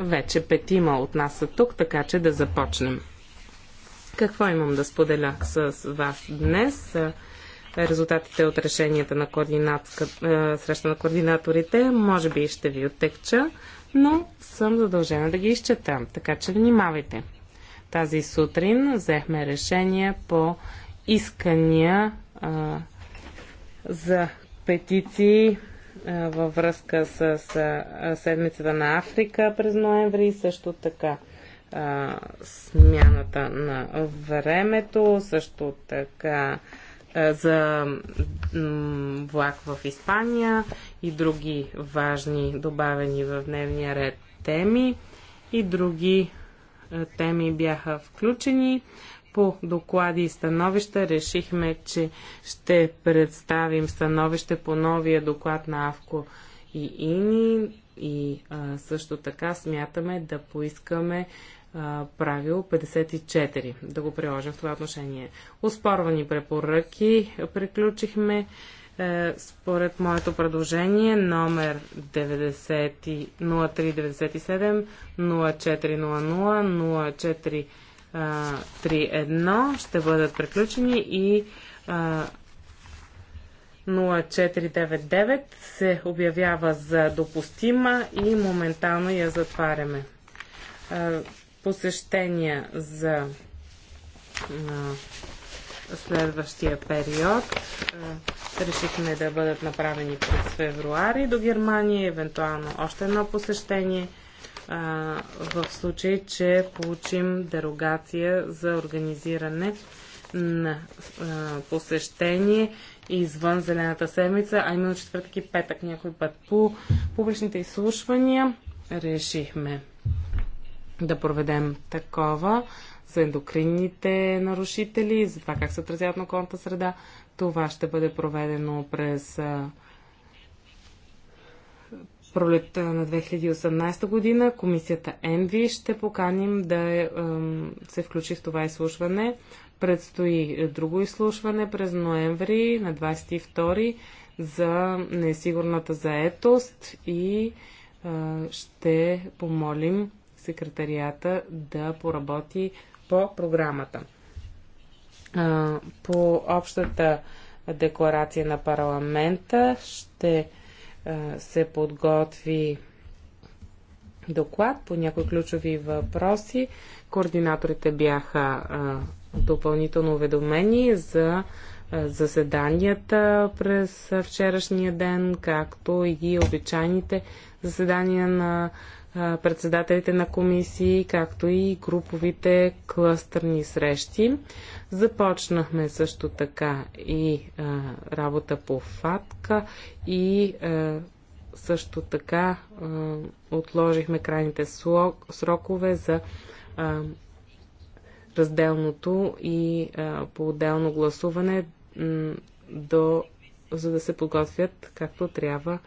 Вече петима от нас са тук, така че да започнем. Какво имам да споделя с вас днес? Резултатите от решенията на координатска, е, среща на координаторите може би ще ви оттекча, но съм задължена да ги изчета, така че внимавайте. Тази сутрин взехме решение по искания а, за петиции във връзка с седмицата на Африка през ноември, също така смяната на времето, също така за влак в Испания и други важни добавени в дневния ред теми и други теми бяха включени по доклади и становища решихме, че ще представим становище по новия доклад на АВКО и ИНИ и а, също така смятаме да поискаме а, правило 54, да го приложим в това отношение. Оспорвани препоръки приключихме е, според моето предложение номер 90, 0397 0400 04 3.1 ще бъдат приключени и 0499 се обявява за допустима и моментално я затваряме. Посещения за следващия период решихме да бъдат направени през февруари до Германия, евентуално още едно посещение – в случай, че получим дерогация за организиране на посещение извън Зелената седмица, а именно четвъртък и петък някой път. По публичните изслушвания решихме да проведем такова за ендокринните нарушители, за това как се отразяват на околната среда. Това ще бъде проведено през пролетта на 2018 година комисията ЕНВИ ще поканим да е, се включи в това изслушване. Предстои е, друго изслушване през ноември на 22 за несигурната заетост и е, ще помолим секретарията да поработи по програмата. Е, по общата декларация на парламента ще се подготви доклад по някои ключови въпроси. Координаторите бяха допълнително уведомени за заседанията през вчерашния ден, както и обичайните заседания на председателите на комисии, както и груповите клъстърни срещи. Започнахме също така и а, работа по ФАТКА и а, също така а, отложихме крайните срокове за а, разделното и а, по-отделно гласуване до, за да се подготвят както трябва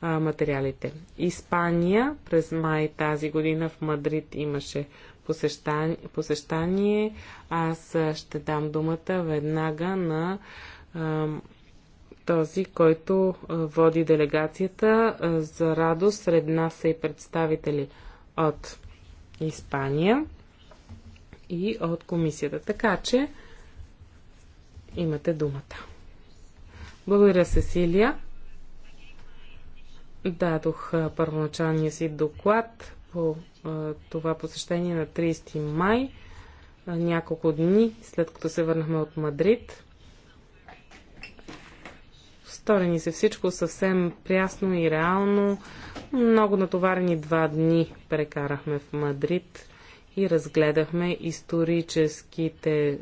а, материалите. Испания през май тази година в Мадрид имаше посещание. посещание. Аз ще дам думата веднага на а, този, който води делегацията. За радост сред нас са и представители от Испания и от комисията. Така че имате думата. Благодаря, Сесилия дадох първоначалния си доклад по това посещение на 30 май, няколко дни след като се върнахме от Мадрид. Стори ни се всичко съвсем прясно и реално. Много натоварени два дни прекарахме в Мадрид и разгледахме историческите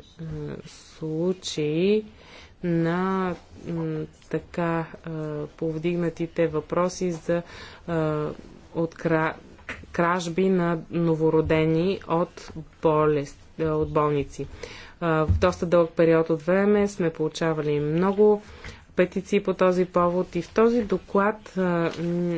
случаи на така повдигнатите въпроси за от кра... кражби на новородени от, болест, от болници. В доста дълъг период от време сме получавали много петиции по този повод и в този доклад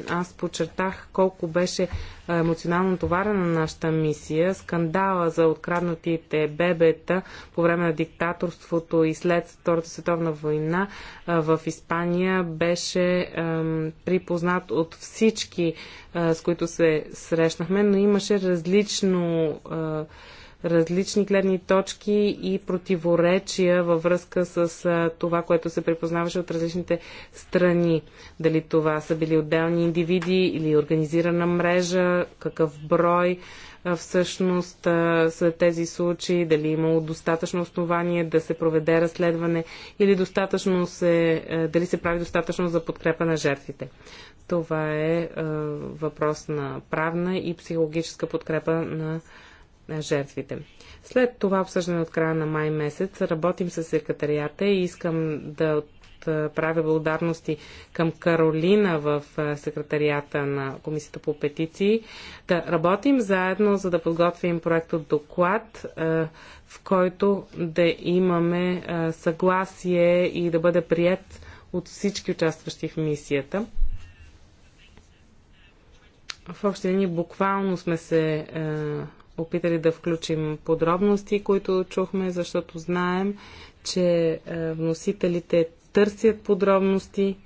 аз подчертах колко беше емоционално товарена на нашата мисия. Скандала за откраднатите бебета по време на диктаторството и след Втората световна война в Испания беше припознат от всички, с които се срещнахме, но имаше различно различни гледни точки и противоречия във връзка с това, което се препознаваше от различните страни. Дали това са били отделни индивиди или организирана мрежа, какъв брой всъщност са тези случаи, дали е имало достатъчно основание да се проведе разследване или достатъчно се, дали се прави достатъчно за подкрепа на жертвите. Това е въпрос на правна и психологическа подкрепа на жертвите. След това обсъждане от края на май месец работим с секретарията и искам да правя благодарности към Каролина в секретарията на Комисията по петиции. Да работим заедно, за да подготвим проект от доклад, в който да имаме съгласие и да бъде прият от всички участващи в мисията. В общи линии буквално сме се опитали да включим подробности, които чухме, защото знаем, че е, вносителите търсят подробности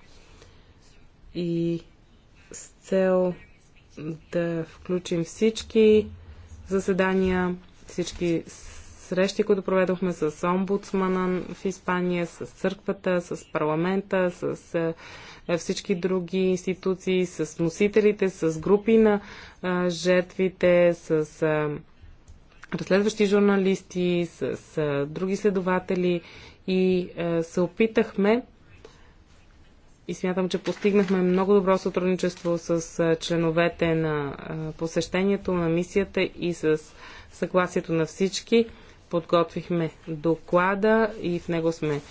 и с цел да включим всички заседания, всички срещи, които проведохме с омбудсмана в Испания, с църквата, с парламента, с е, е, всички други институции, с носителите, с групи на е, жертвите, с разследващи журналисти, с други следователи и се опитахме и смятам, че постигнахме много добро сътрудничество с членовете на посещението, на мисията и с съгласието на всички подготвихме доклада и в него сме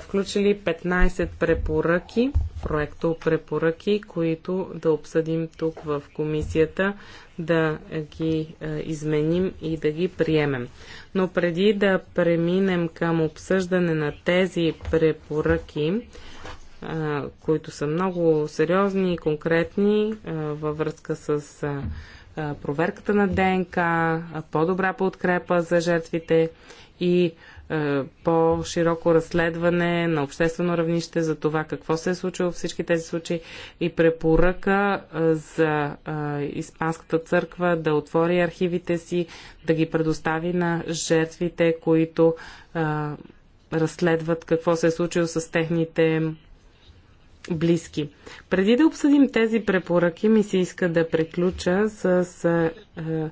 включили 15 препоръки, проекто препоръки, които да обсъдим тук в комисията, да ги изменим и да ги приемем. Но преди да преминем към обсъждане на тези препоръки, които са много сериозни и конкретни във връзка с проверката на ДНК, по-добра подкрепа за жертвите и по-широко разследване на обществено равнище за това какво се е случило в всички тези случаи и препоръка за Испанската църква да отвори архивите си, да ги предостави на жертвите, които разследват какво се е случило с техните близки. Преди да обсъдим тези препоръки, ми се иска да преключа с, е,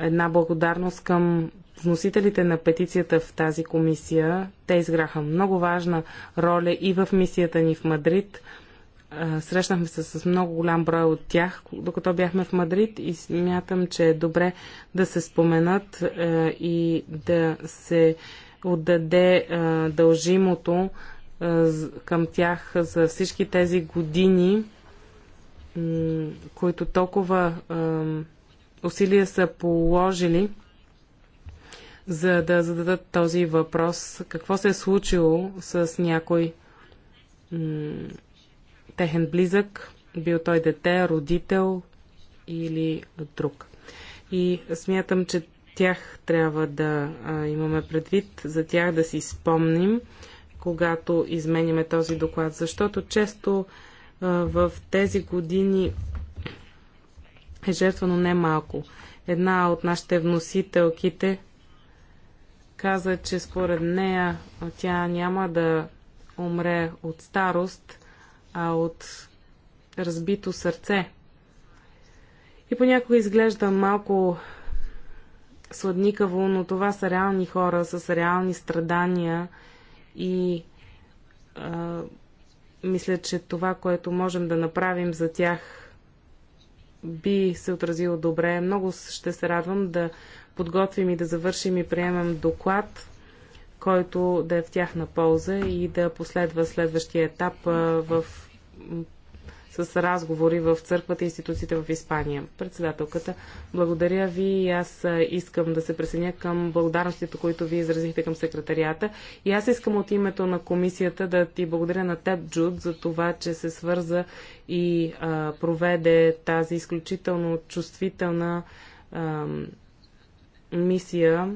една благодарност към вносителите на петицията в тази комисия. Те изграха много важна роля и в мисията ни в Мадрид. Е, срещнахме се с много голям брой от тях, докато бяхме в Мадрид и смятам, че е добре да се споменат е, и да се отдаде е, дължимото е, към тях за всички тези години, които толкова е, усилия са положили, за да зададат този въпрос. Какво се е случило с някой техен близък, бил той дете, родител или друг. И смятам, че тях трябва да имаме предвид, за тях да си спомним, когато изменяме този доклад, защото често в тези години е жертвано не малко. Една от нашите вносителките каза, че според нея тя няма да умре от старост, а от разбито сърце. И понякога изглежда малко сладникаво, но това са реални хора с реални страдания и а, мисля, че това, което можем да направим за тях, би се отразило добре. Много ще се радвам да подготвим и да завършим и приемам доклад, който да е в тяхна полза и да последва следващия етап а, в с разговори в църквата и институциите в Испания. Председателката, благодаря ви и аз искам да се присъединя към благодарностите, които ви изразихте към секретарията. И аз искам от името на комисията да ти благодаря на теб, Джуд, за това, че се свърза и а, проведе тази изключително чувствителна а, мисия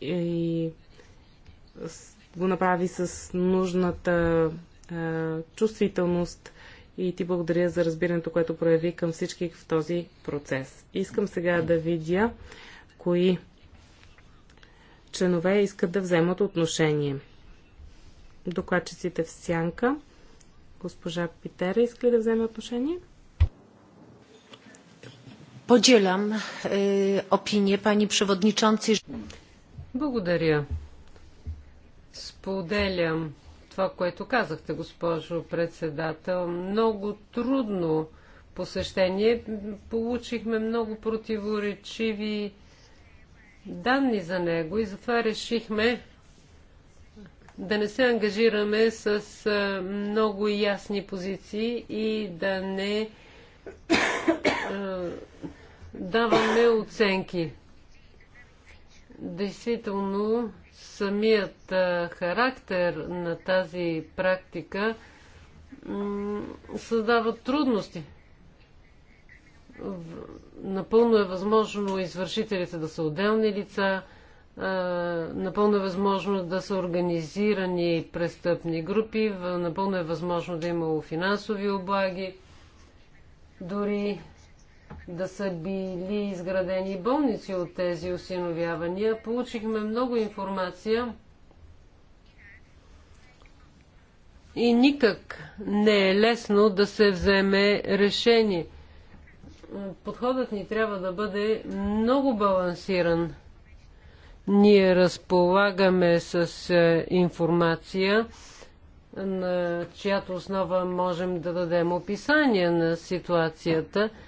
и го направи с нужната а, чувствителност и ти благодаря за разбирането, което прояви към всички в този процес. Искам сега да видя кои членове искат да вземат отношение. Докладчиците в сянка. Госпожа Питера иска ли да вземе отношение? Поделям е, опиния пани преводничанци. Благодаря. Споделям това, което казахте, госпожо председател. Много трудно посещение. Получихме много противоречиви данни за него и затова решихме да не се ангажираме с много ясни позиции и да не даваме оценки. Действително, самият характер на тази практика създава трудности. Напълно е възможно извършителите да са отделни лица, напълно е възможно да са организирани престъпни групи, напълно е възможно да има имало финансови облаги, дори да са били изградени болници от тези осиновявания. Получихме много информация и никак не е лесно да се вземе решение. Подходът ни трябва да бъде много балансиран. Ние разполагаме с е, информация, на чиято основа можем да дадем описание на ситуацията –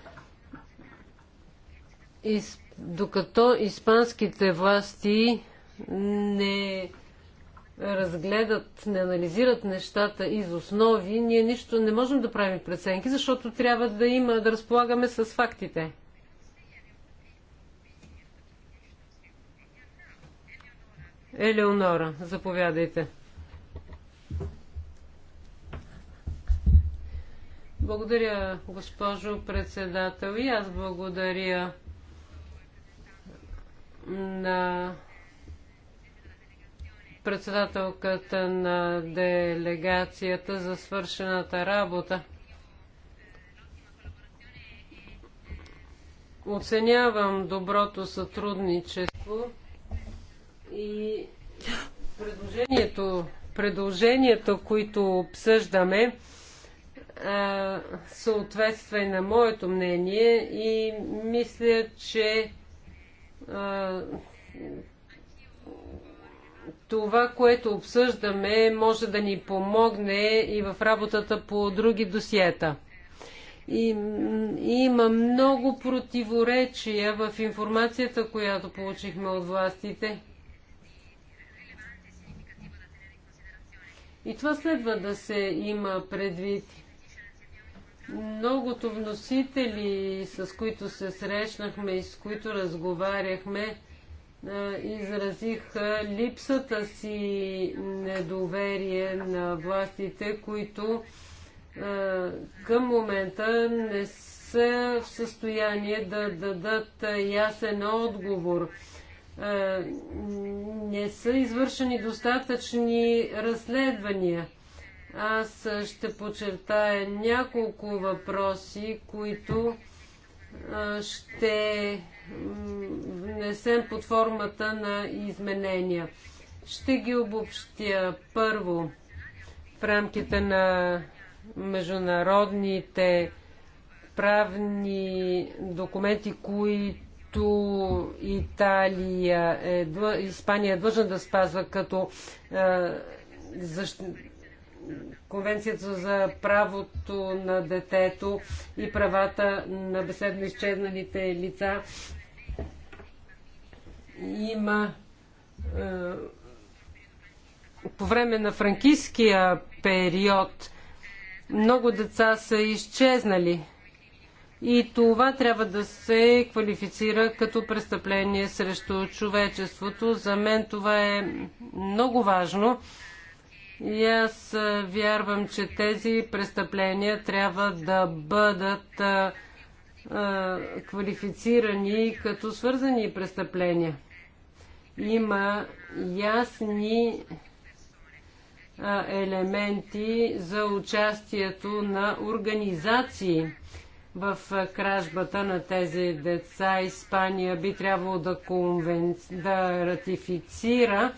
докато испанските власти не разгледат, не анализират нещата из основи, ние нищо не можем да правим преценки, защото трябва да има, да разполагаме с фактите. Елеонора, заповядайте. Благодаря, госпожо председател, и аз благодаря на председателката на делегацията за свършената работа. Оценявам доброто сътрудничество и предложението, предложението които обсъждаме, съответства и на моето мнение и мисля, че това, което обсъждаме, може да ни помогне и в работата по други досиета. И, има много противоречия в информацията, която получихме от властите. И това следва да се има предвид. Многото вносители, с които се срещнахме и с които разговаряхме, изразиха липсата си недоверие на властите, които към момента не са в състояние да дадат ясен отговор. Не са извършени достатъчни разследвания – аз ще подчертая няколко въпроси, които ще внесем под формата на изменения. Ще ги обобщя първо в рамките на международните правни документи, които Италия е, Испания е длъжна да спазва като е, защ... Конвенцията за правото на детето и правата на беседно изчезналите лица има е, по време на франкиския период много деца са изчезнали. И това трябва да се квалифицира като престъпление срещу човечеството. За мен това е много важно. И аз вярвам, че тези престъпления трябва да бъдат а, а, квалифицирани като свързани престъпления. Има ясни а, елементи за участието на организации в кражбата на тези деца. Испания би трябвало да, конвен... да ратифицира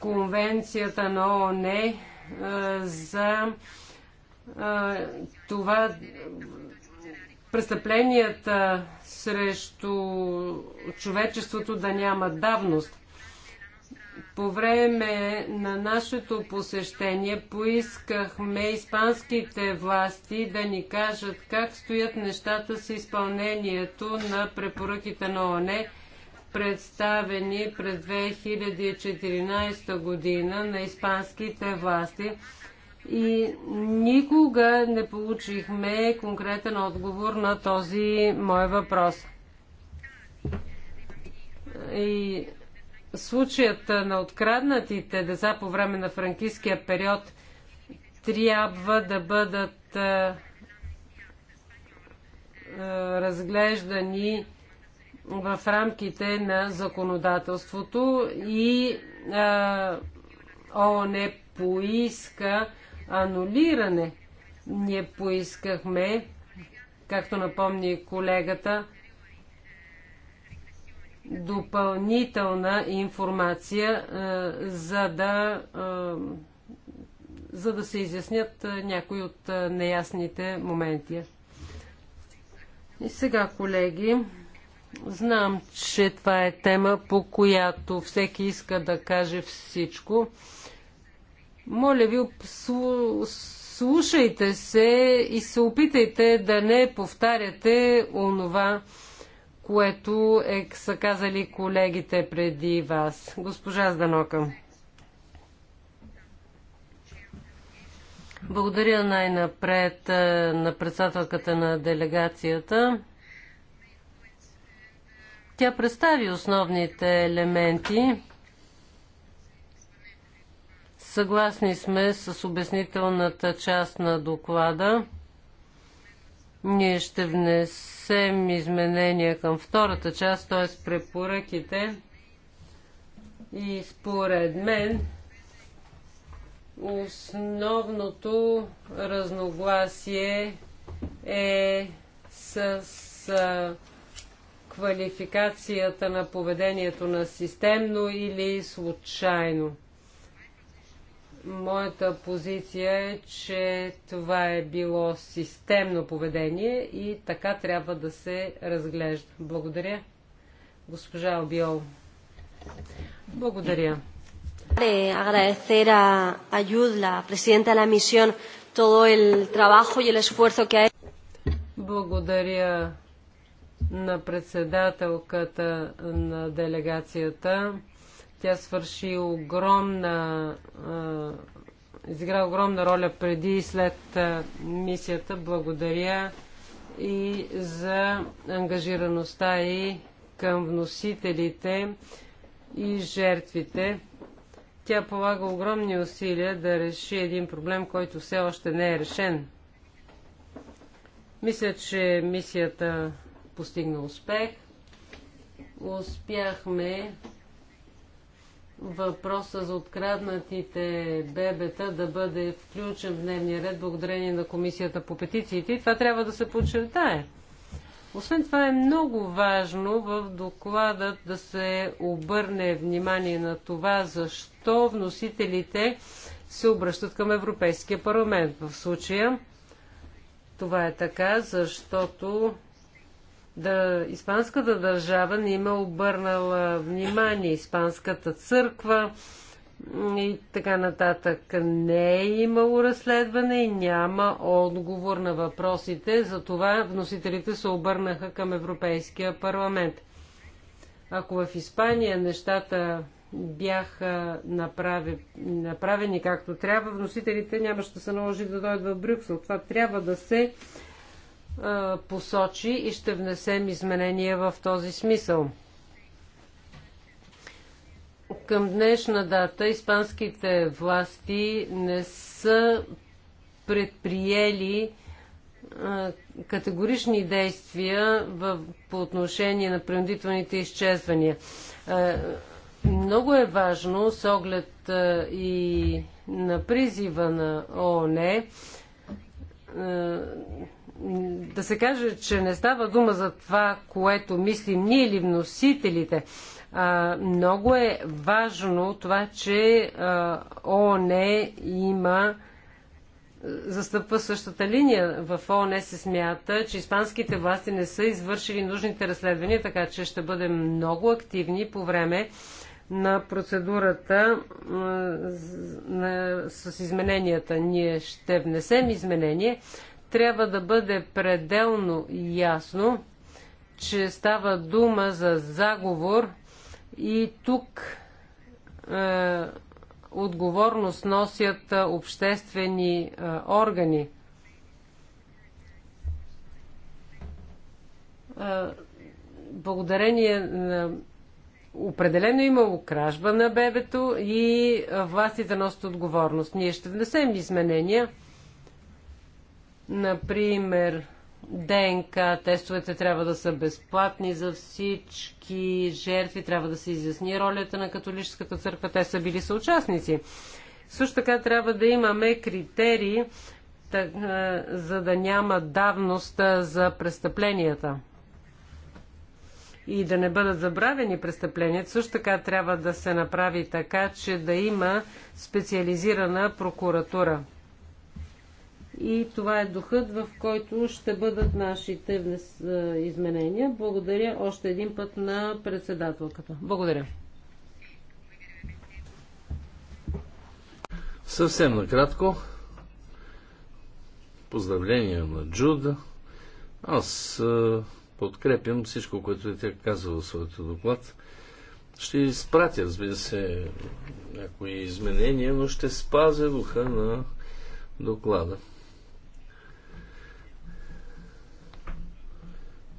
конвенцията на ООН е, за е, това престъпленията срещу човечеството да няма давност. По време на нашето посещение поискахме испанските власти да ни кажат как стоят нещата с изпълнението на препоръките на ОНЕ представени през 2014 година на испанските власти и никога не получихме конкретен отговор на този мой въпрос. И случаят на откраднатите деца по време на франкиския период трябва да бъдат разглеждани в рамките на законодателството и ООН поиска анулиране. Ние поискахме, както напомни колегата, допълнителна информация, за да, за да се изяснят някои от неясните моменти. И сега, колеги, Знам, че това е тема, по която всеки иска да каже всичко. Моля ви, слушайте се и се опитайте да не повтаряте онова, което е, са казали колегите преди вас. Госпожа Зданока. Благодаря най-напред е, на председателката на делегацията. Тя представи основните елементи. Съгласни сме с обяснителната част на доклада. Ние ще внесем изменения към втората част, т.е. препоръките. И според мен основното разногласие е с квалификацията на поведението на системно или случайно. Моята позиция е, че това е било системно поведение и така трябва да се разглежда. Благодаря. Госпожа Обиол. Благодаря. Agradecer todo el trabajo y el esfuerzo que Благодаря на председателката на делегацията. Тя свърши огромна, изигра огромна роля преди и след мисията. Благодаря и за ангажираността и към вносителите и жертвите. Тя полага огромни усилия да реши един проблем, който все още не е решен. Мисля, че мисията постигна успех. Успяхме въпроса за откраднатите бебета да бъде включен в дневния ред благодарение на Комисията по петициите. И това трябва да се подчертае. Освен това е много важно в докладът да се обърне внимание на това, защо вносителите се обръщат към Европейския парламент. В случая това е така, защото да, Испанската държава не има обърнала внимание. Испанската църква и така нататък не е имало разследване и няма отговор на въпросите. Затова вносителите се обърнаха към Европейския парламент. Ако в Испания нещата бяха направи, направени както трябва, вносителите нямаше да се наложи да дойдат в Брюксел. Това трябва да се посочи и ще внесем изменения в този смисъл. Към днешна дата испанските власти не са предприели категорични действия в, по отношение на принудителните изчезвания. Много е важно с оглед и на призива на ООН да се каже, че не става дума за това, което мислим ние или вносителите. А, много е важно това, че ООН има застъпва същата линия. В ООН се смята, че испанските власти не са извършили нужните разследвания, така че ще бъдем много активни по време на процедурата с измененията. Ние ще внесем изменения трябва да бъде пределно ясно, че става дума за заговор и тук е, отговорност носят е, обществени е, органи. Е, благодарение на Определено имало кражба на бебето и властите носят отговорност. Ние ще внесем изменения. Например, ДНК тестовете трябва да са безплатни за всички жертви, трябва да се изясни ролята на католическата църква, те са били съучастници. Също така трябва да имаме критерии, за да няма давност за престъпленията и да не бъдат забравени престъпленията, също така трябва да се направи така, че да има специализирана прокуратура. И това е духът, в който ще бъдат нашите изменения. Благодаря още един път на председателката. Благодаря. Съвсем накратко. Поздравления на Джуда. Аз подкрепям всичко, което е тя казва в своето доклад. Ще изпратя, разбира се, някои изменения, но ще спазя духа на доклада.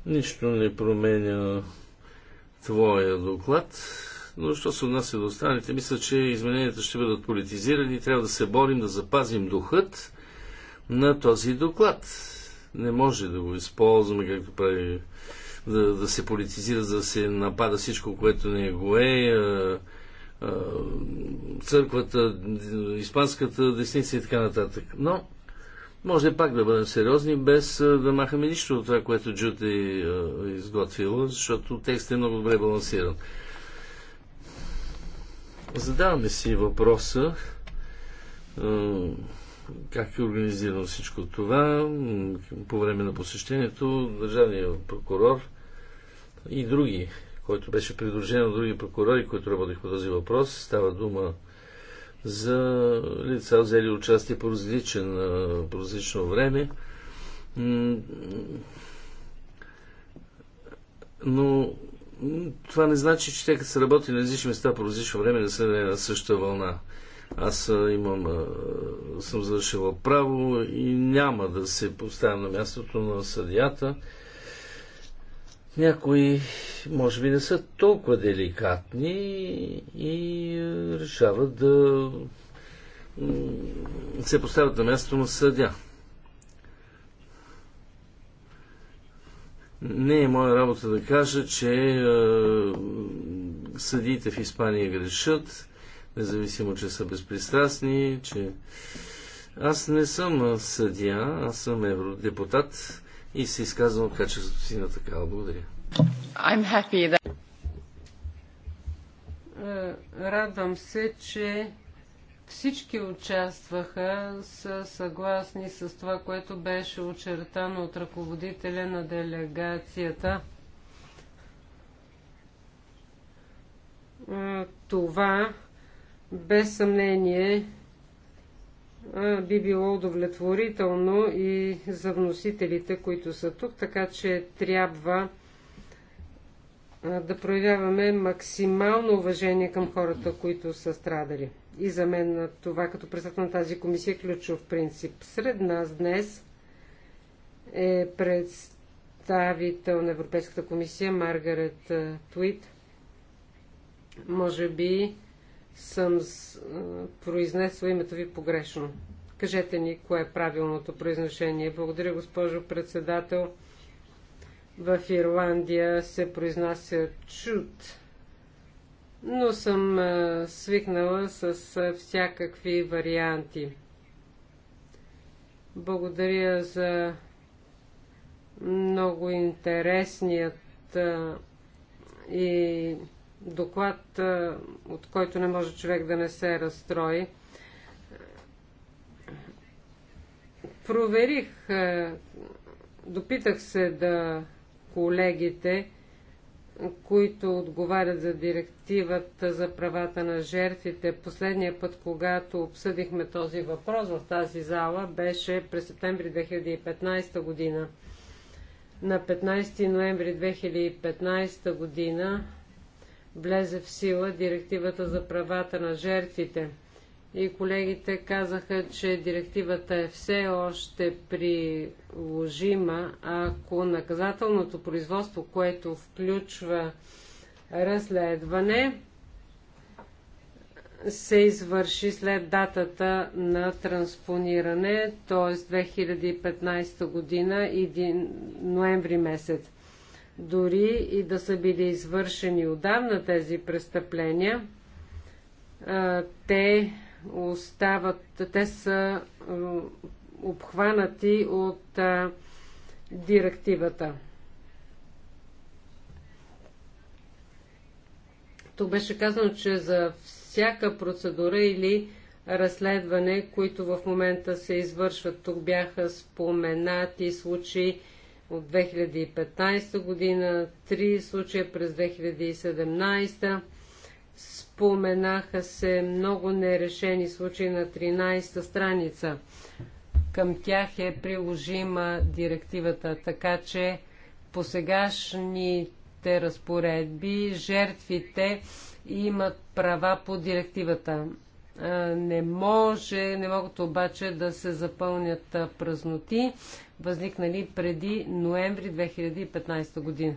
Нищо не променя твоя доклад, но що се отнася до останалите, мисля, че измененията ще бъдат политизирани и трябва да се борим да запазим духът на този доклад. Не може да го използваме, както прави да, да се политизира, за да се напада всичко, което не го е. Църквата, испанската десница и така нататък. Но може пак да бъдем сериозни, без да махаме нищо от това, което Джуд е изготвила, защото текстът е много добре балансиран. Задаваме си въпроса как е организирано всичко това. По време на посещението държавният прокурор и други, който беше придружен от други прокурори, които работих по този въпрос, става дума за лица взели участие по, различен, по различно време. Но това не значи, че те като са работили на различни места по различно време не са на същата вълна. Аз имам, съм завършила право и няма да се поставям на мястото на съдията. Някои, може би, не са толкова деликатни и е, решават да се поставят на място на съдя. Не е моя работа да кажа, че е, съдиите в Испания грешат, независимо, че са безпристрастни, че... Аз не съм съдия, аз съм евродепутат и се изказвам качеството си на такава. Благодаря. I'm happy that... Е, радвам се, че всички участваха, са съгласни с това, което беше очертано от ръководителя на делегацията. Това без съмнение би било удовлетворително и за вносителите, които са тук, така че трябва да проявяваме максимално уважение към хората, които са страдали. И за мен това, като председател на тази комисия, е ключов принцип. Сред нас днес е представител на Европейската комисия Маргарет Туит. Може би съм произнесла името ви погрешно. Кажете ни кое е правилното произношение. Благодаря, госпожо председател. В Ирландия се произнася чуд, но съм свикнала с всякакви варианти. Благодаря за много интересният и доклад, от който не може човек да не се разстрои. Проверих, допитах се да колегите, които отговарят за директивата за правата на жертвите. Последния път, когато обсъдихме този въпрос в тази зала, беше през септември 2015 година. На 15 ноември 2015 година влезе в сила директивата за правата на жертвите. И колегите казаха, че директивата е все още приложима, ако наказателното производство, което включва разследване, се извърши след датата на транспониране, т.е. 2015 година, 1 ноември месец. Дори и да са били извършени отдавна тези престъпления, те остават, те са обхванати от директивата. Тук беше казано, че за всяка процедура или разследване, които в момента се извършват, тук бяха споменати случаи от 2015 година, три случая през 2017. Споменаха се много нерешени случаи на 13-та страница. Към тях е приложима директивата, така че по сегашните разпоредби жертвите имат права по директивата. Не може, не могат обаче да се запълнят празноти възникнали преди ноември 2015 година.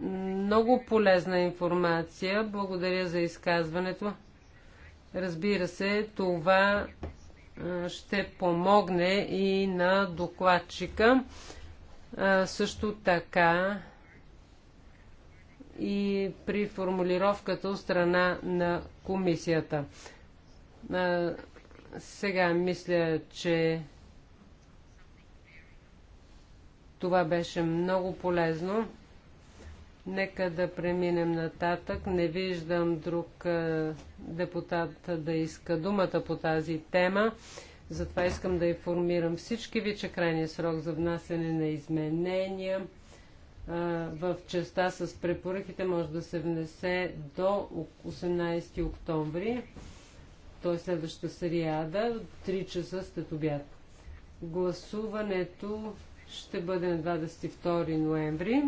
Много полезна информация. Благодаря за изказването. Разбира се, това ще помогне и на докладчика. Също така и при формулировката от страна на комисията. Сега мисля, че това беше много полезно. Нека да преминем нататък. Не виждам друг депутат да иска думата по тази тема. Затова искам да информирам всички ви, че крайният срок за внасяне на изменения в частта с препоръките може да се внесе до 18 октомври. Той е следващата сериада. 3 часа след обяд. Гласуването ще бъде на 22 ноември,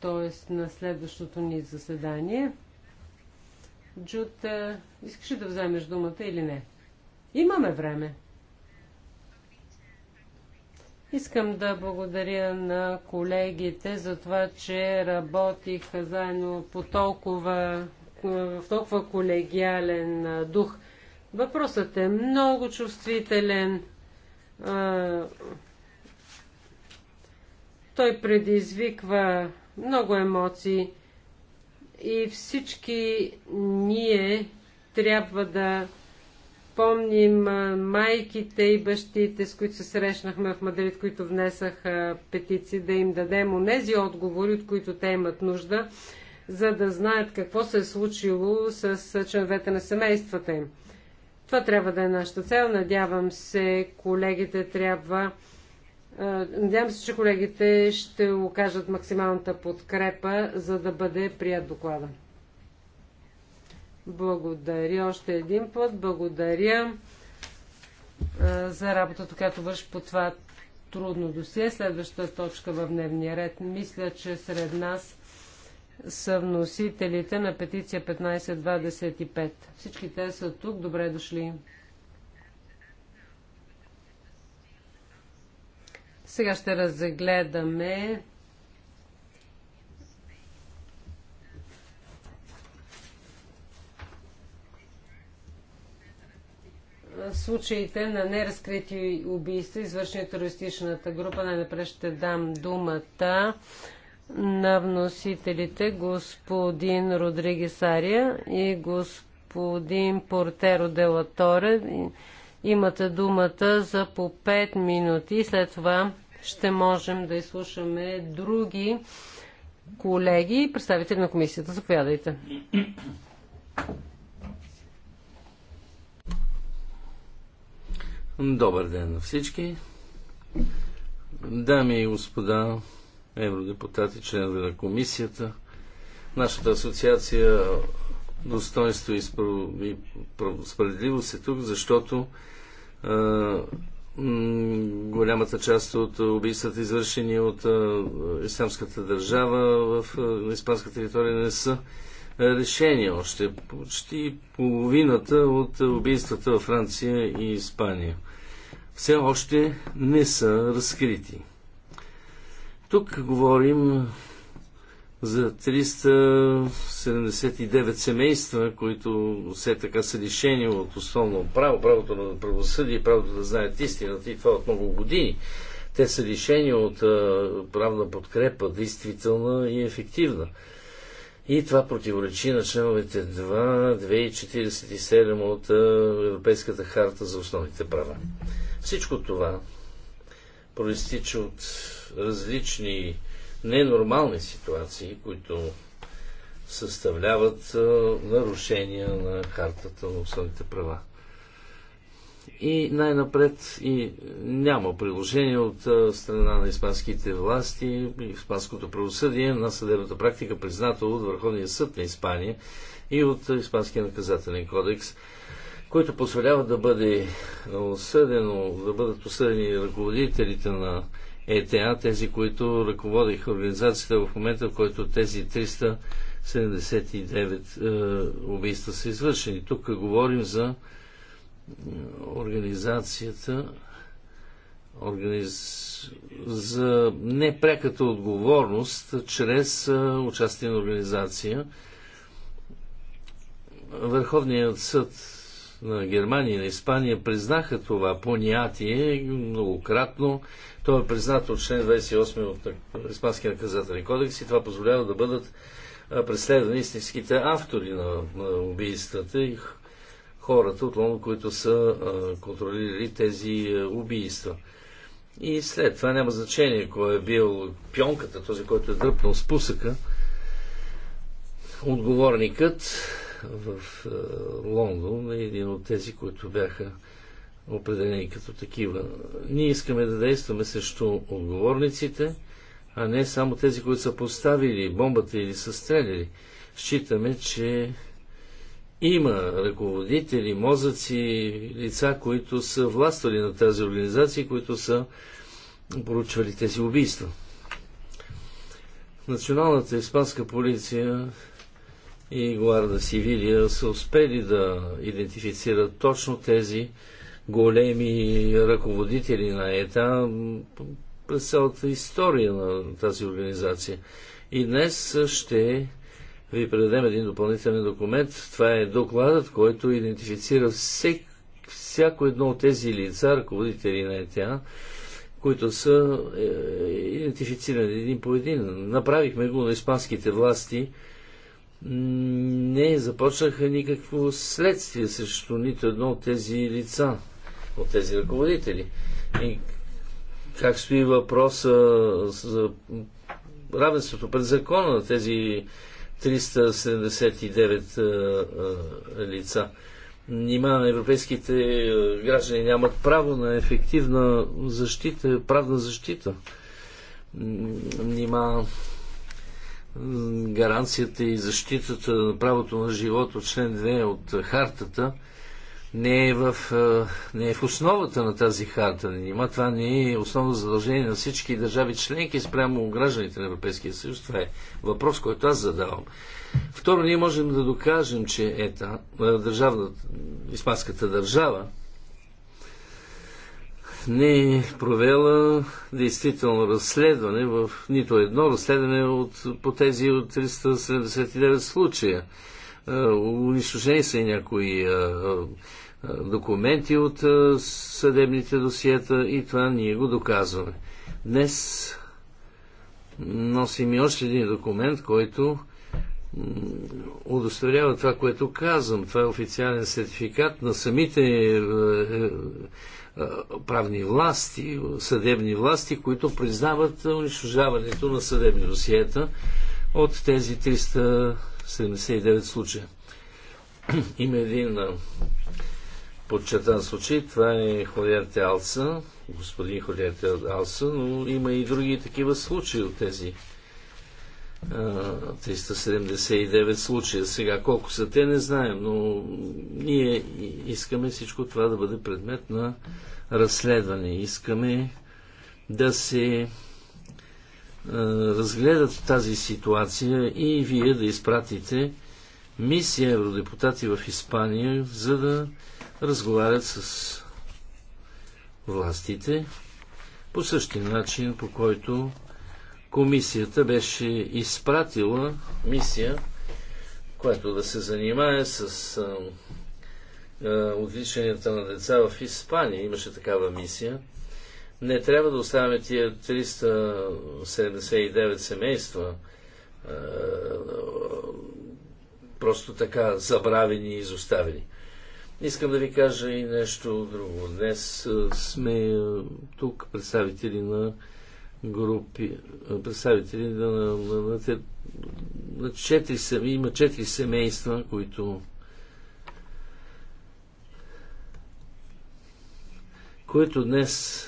т.е. на следващото ни заседание. Джута, искаш ли да вземеш думата или не? Имаме време. Искам да благодаря на колегите за това, че работиха заедно по толкова в толкова колегиален дух. Въпросът е много чувствителен. Той предизвиква много емоции и всички ние трябва да помним майките и бащите, с които се срещнахме в Мадрид, които внесаха петиции, да им дадем онези отговори, от които те имат нужда, за да знаят какво се е случило с членовете на семействата им. Това трябва да е нашата цел. Надявам се, колегите трябва. Надявам се, че колегите ще окажат максималната подкрепа, за да бъде прият доклада. Благодаря още един път. Благодаря за работата, която върши по това трудно досие. Следващата точка в дневния ред. Мисля, че сред нас са вносителите на петиция 1525. Всички те са тук. Добре дошли. Сега ще разгледаме случаите на неразкрити убийства, извършени от терористичната група. Най-напред ще дам думата на вносителите господин Родригес Ария и господин Портеро Делаторе. Имате думата за по 5 минути. След това ще можем да изслушаме други колеги и представители на комисията. Заповядайте. Добър ден на всички. Дами и господа, евродепутати, членове на комисията, нашата асоциация достоинство и справедливост е тук, защото а, голямата част от убийствата, извършени от а, исламската държава в а, испанска територия, не са решени още. Почти половината от убийствата във Франция и Испания все още не са разкрити. Тук говорим за 379 семейства, които все така са лишени от основно право, правото на правосъдие, правото да знаят истината и това от много години. Те са лишени от правна подкрепа, действителна и ефективна. И това противоречи на членовете 2, 2 от Европейската харта за основните права. Всичко това проистича от различни ненормални ситуации, които съставляват нарушения на хартата на основните права. И най-напред и няма приложение от страна на испанските власти, испанското правосъдие на съдебната практика, призната от Върховния съд на Испания и от Испанския наказателен кодекс, който позволява да бъде осъдено, да бъдат осъдени ръководителите на ЕТА, тези, които ръководиха организацията в момента, в който тези 379 е, убийства са извършени. Тук говорим за организацията организ... за непреката отговорност чрез е, участие на организация. Върховният съд на Германия и на Испания признаха това понятие многократно. То е признато от член 28 от Испанския наказателен кодекс и това позволява да бъдат преследвани истинските автори на, убийствата и хората, отново, които са контролирали тези убийства. И след това няма значение кой е бил пионката, този, който е дръпнал спусъка, отговорникът в Лондон е един от тези, които бяха определени като такива. Ние искаме да действаме срещу отговорниците, а не само тези, които са поставили бомбата или са стреляли. Считаме, че има ръководители, мозъци, лица, които са властвали на тази организация, които са поручвали тези убийства. Националната испанска полиция и Гуарда Сивилия са успели да идентифицират точно тези големи ръководители на ЕТА през цялата история на тази организация. И днес ще ви предадем един допълнителен документ. Това е докладът, който идентифицира всек, всяко едно от тези лица, ръководители на ЕТА, които са е, идентифицирани един по един. Направихме го на испанските власти. Не започнаха никакво следствие срещу нито едно от тези лица от тези ръководители. И как стои въпроса за равенството пред закона на тези 379 лица. Нима европейските граждани нямат право на ефективна защита, правна защита. Нима гаранцията и защитата на правото на живот от член 2 от хартата – не е, в, не е в основата на тази харта. Нима това не е основно задължение на всички държави членки спрямо гражданите на Европейския съюз. Това е въпрос, който аз задавам. Второ, ние можем да докажем, че ета, държавната, испанската държава не е провела действително разследване в нито едно разследване от, по тези от 379 случая. Е, унищожени са и някои е, е, документи от съдебните досиета и това ние го доказваме. Днес носим и още един документ, който удостоверява това, което казвам. Това е официален сертификат на самите правни власти, съдебни власти, които признават унищожаването на съдебни досиета от тези 300 79 случая. Има един подчертан случай, това е Холиарте Алса, господин Холиарте Алса, но има и други такива случаи от тези 379 случая. Сега колко са те, не знаем, но ние искаме всичко това да бъде предмет на разследване. Искаме да се е, разгледат тази ситуация и вие да изпратите мисия евродепутати в Испания, за да разговарят с властите по същия начин, по който комисията беше изпратила мисия, която да се занимае с а, е, е, отвличанията на деца в Испания. Имаше такава мисия. Не трябва да оставяме тия 379 семейства просто така забравени и изоставени. Искам да ви кажа и нещо друго. Днес сме тук представители на групи, представители на, на, на, на, на четири има четири семейства, които които днес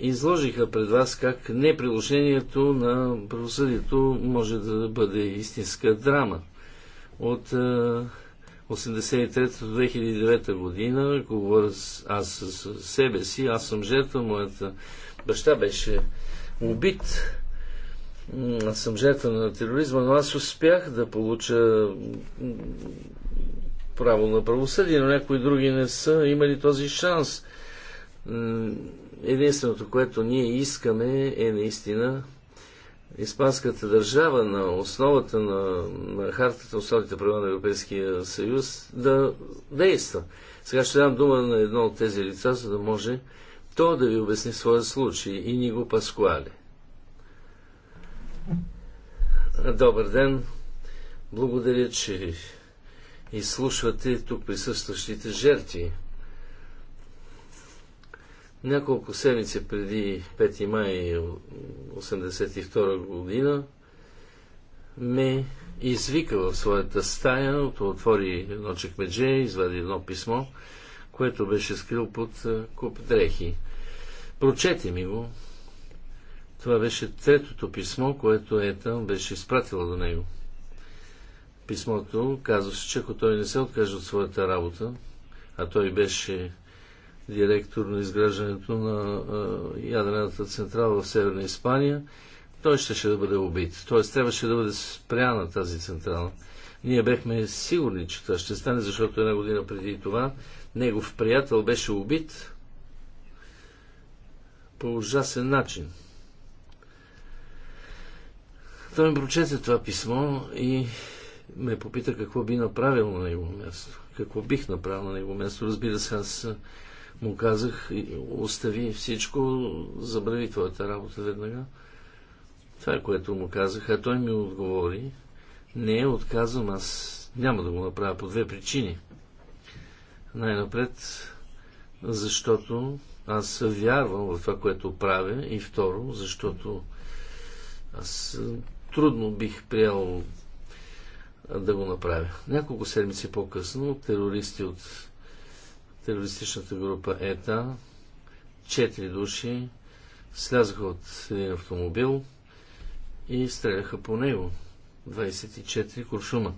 изложиха пред вас как неприложението на правосъдието може да бъде истинска драма. От 1983 е, до 2009 година, ако говоря аз с себе си, аз съм жертва, моята баща беше убит, аз съм жертва на тероризма, но аз успях да получа право на правосъдие, но някои други не са имали този шанс Единственото, което ние искаме е наистина Испанската държава на основата на, на хартата, основните права на Европейския съюз да действа. Сега ще дам дума на едно от тези лица, за да може то да ви обясни своя случай. И ни го паскуали. Добър ден. Благодаря, че изслушвате тук присъстващите жертви. Няколко седмици преди 5 май 1982 година ме извика в своята стая, отвори едно чекмедже, извади едно писмо, което беше скрил под е, куп дрехи. Прочете ми го. Това беше третото писмо, което Ета беше изпратила до него. Писмото казваше, че ако той не се откаже от своята работа, а той беше директор на изграждането на ядрената централа в Северна Испания, той ще, ще да бъде убит. Т.е. трябваше да бъде спряна тази централа. Ние бехме сигурни, че това ще стане, защото една година преди това негов приятел беше убит по ужасен начин. Той ми прочете това писмо и ме попита какво би направил на него място. Какво бих направил на него място. Разбира се, аз му казах, остави всичко, забрави твоята работа веднага. Това е което му казах, а той ми отговори, не, е отказвам, аз няма да го направя по две причини. Най-напред, защото аз вярвам в това, което правя и второ, защото аз трудно бих приел да го направя. Няколко седмици по-късно терористи от терористичната група ЕТА. Четири души слязаха от един автомобил и стреляха по него. 24 куршума.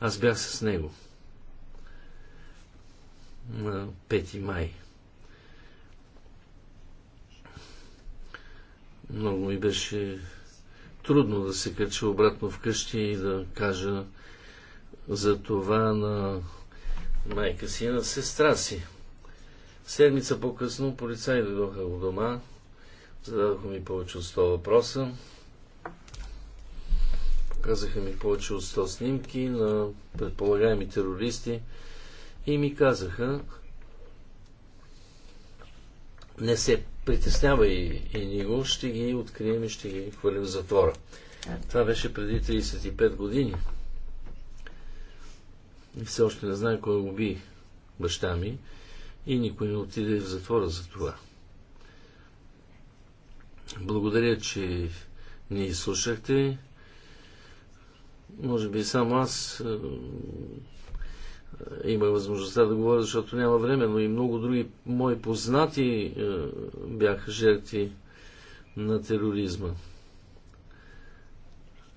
Аз бях с него на 5 май. Много ми беше трудно да се кача обратно вкъщи и да кажа за това на майка си и на сестра си. Седмица по-късно полицаи дойдоха у дома, зададоха ми повече от 100 въпроса, показаха ми повече от 100 снимки на предполагаеми терористи и ми казаха, не се притеснява и, и него, ще ги открием и ще ги хвърлим в затвора. Това беше преди 35 години. И все още не знае кой уби баща ми и никой не отиде в затвора за това. Благодаря, че ни изслушахте. Може би само аз е, е, има възможността да говоря, защото няма време, но и много други мои познати е, бяха жертви на тероризма.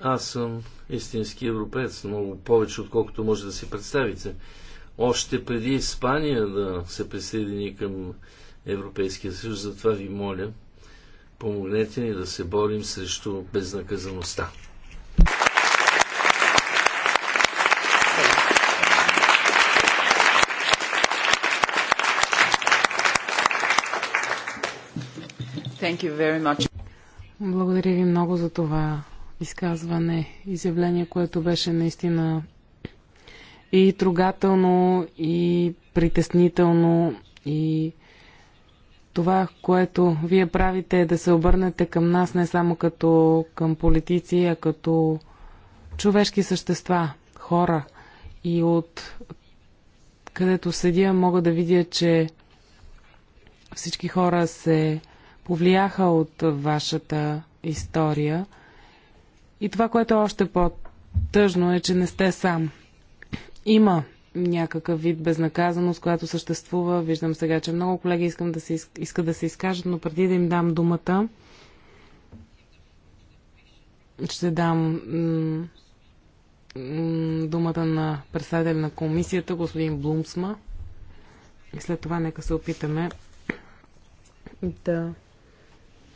Аз съм истински европеец, много повече отколкото може да си представите. Още преди Испания да се присъедини към Европейския съюз, затова ви моля, помогнете ни да се борим срещу безнаказаността. Благодаря ви много за това изказване, изявление, което беше наистина и трогателно, и притеснително, и това, което вие правите е да се обърнете към нас не само като към политици, а като човешки същества, хора. И от където седя мога да видя, че всички хора се повлияха от вашата история – и това, което е още по-тъжно е, че не сте сам. Има някакъв вид безнаказаност, която съществува. Виждам сега, че много колеги искам да се, искат да се изкажат, но преди да им дам думата, ще дам думата на председателя на комисията, господин Блумсма. И след това нека се опитаме да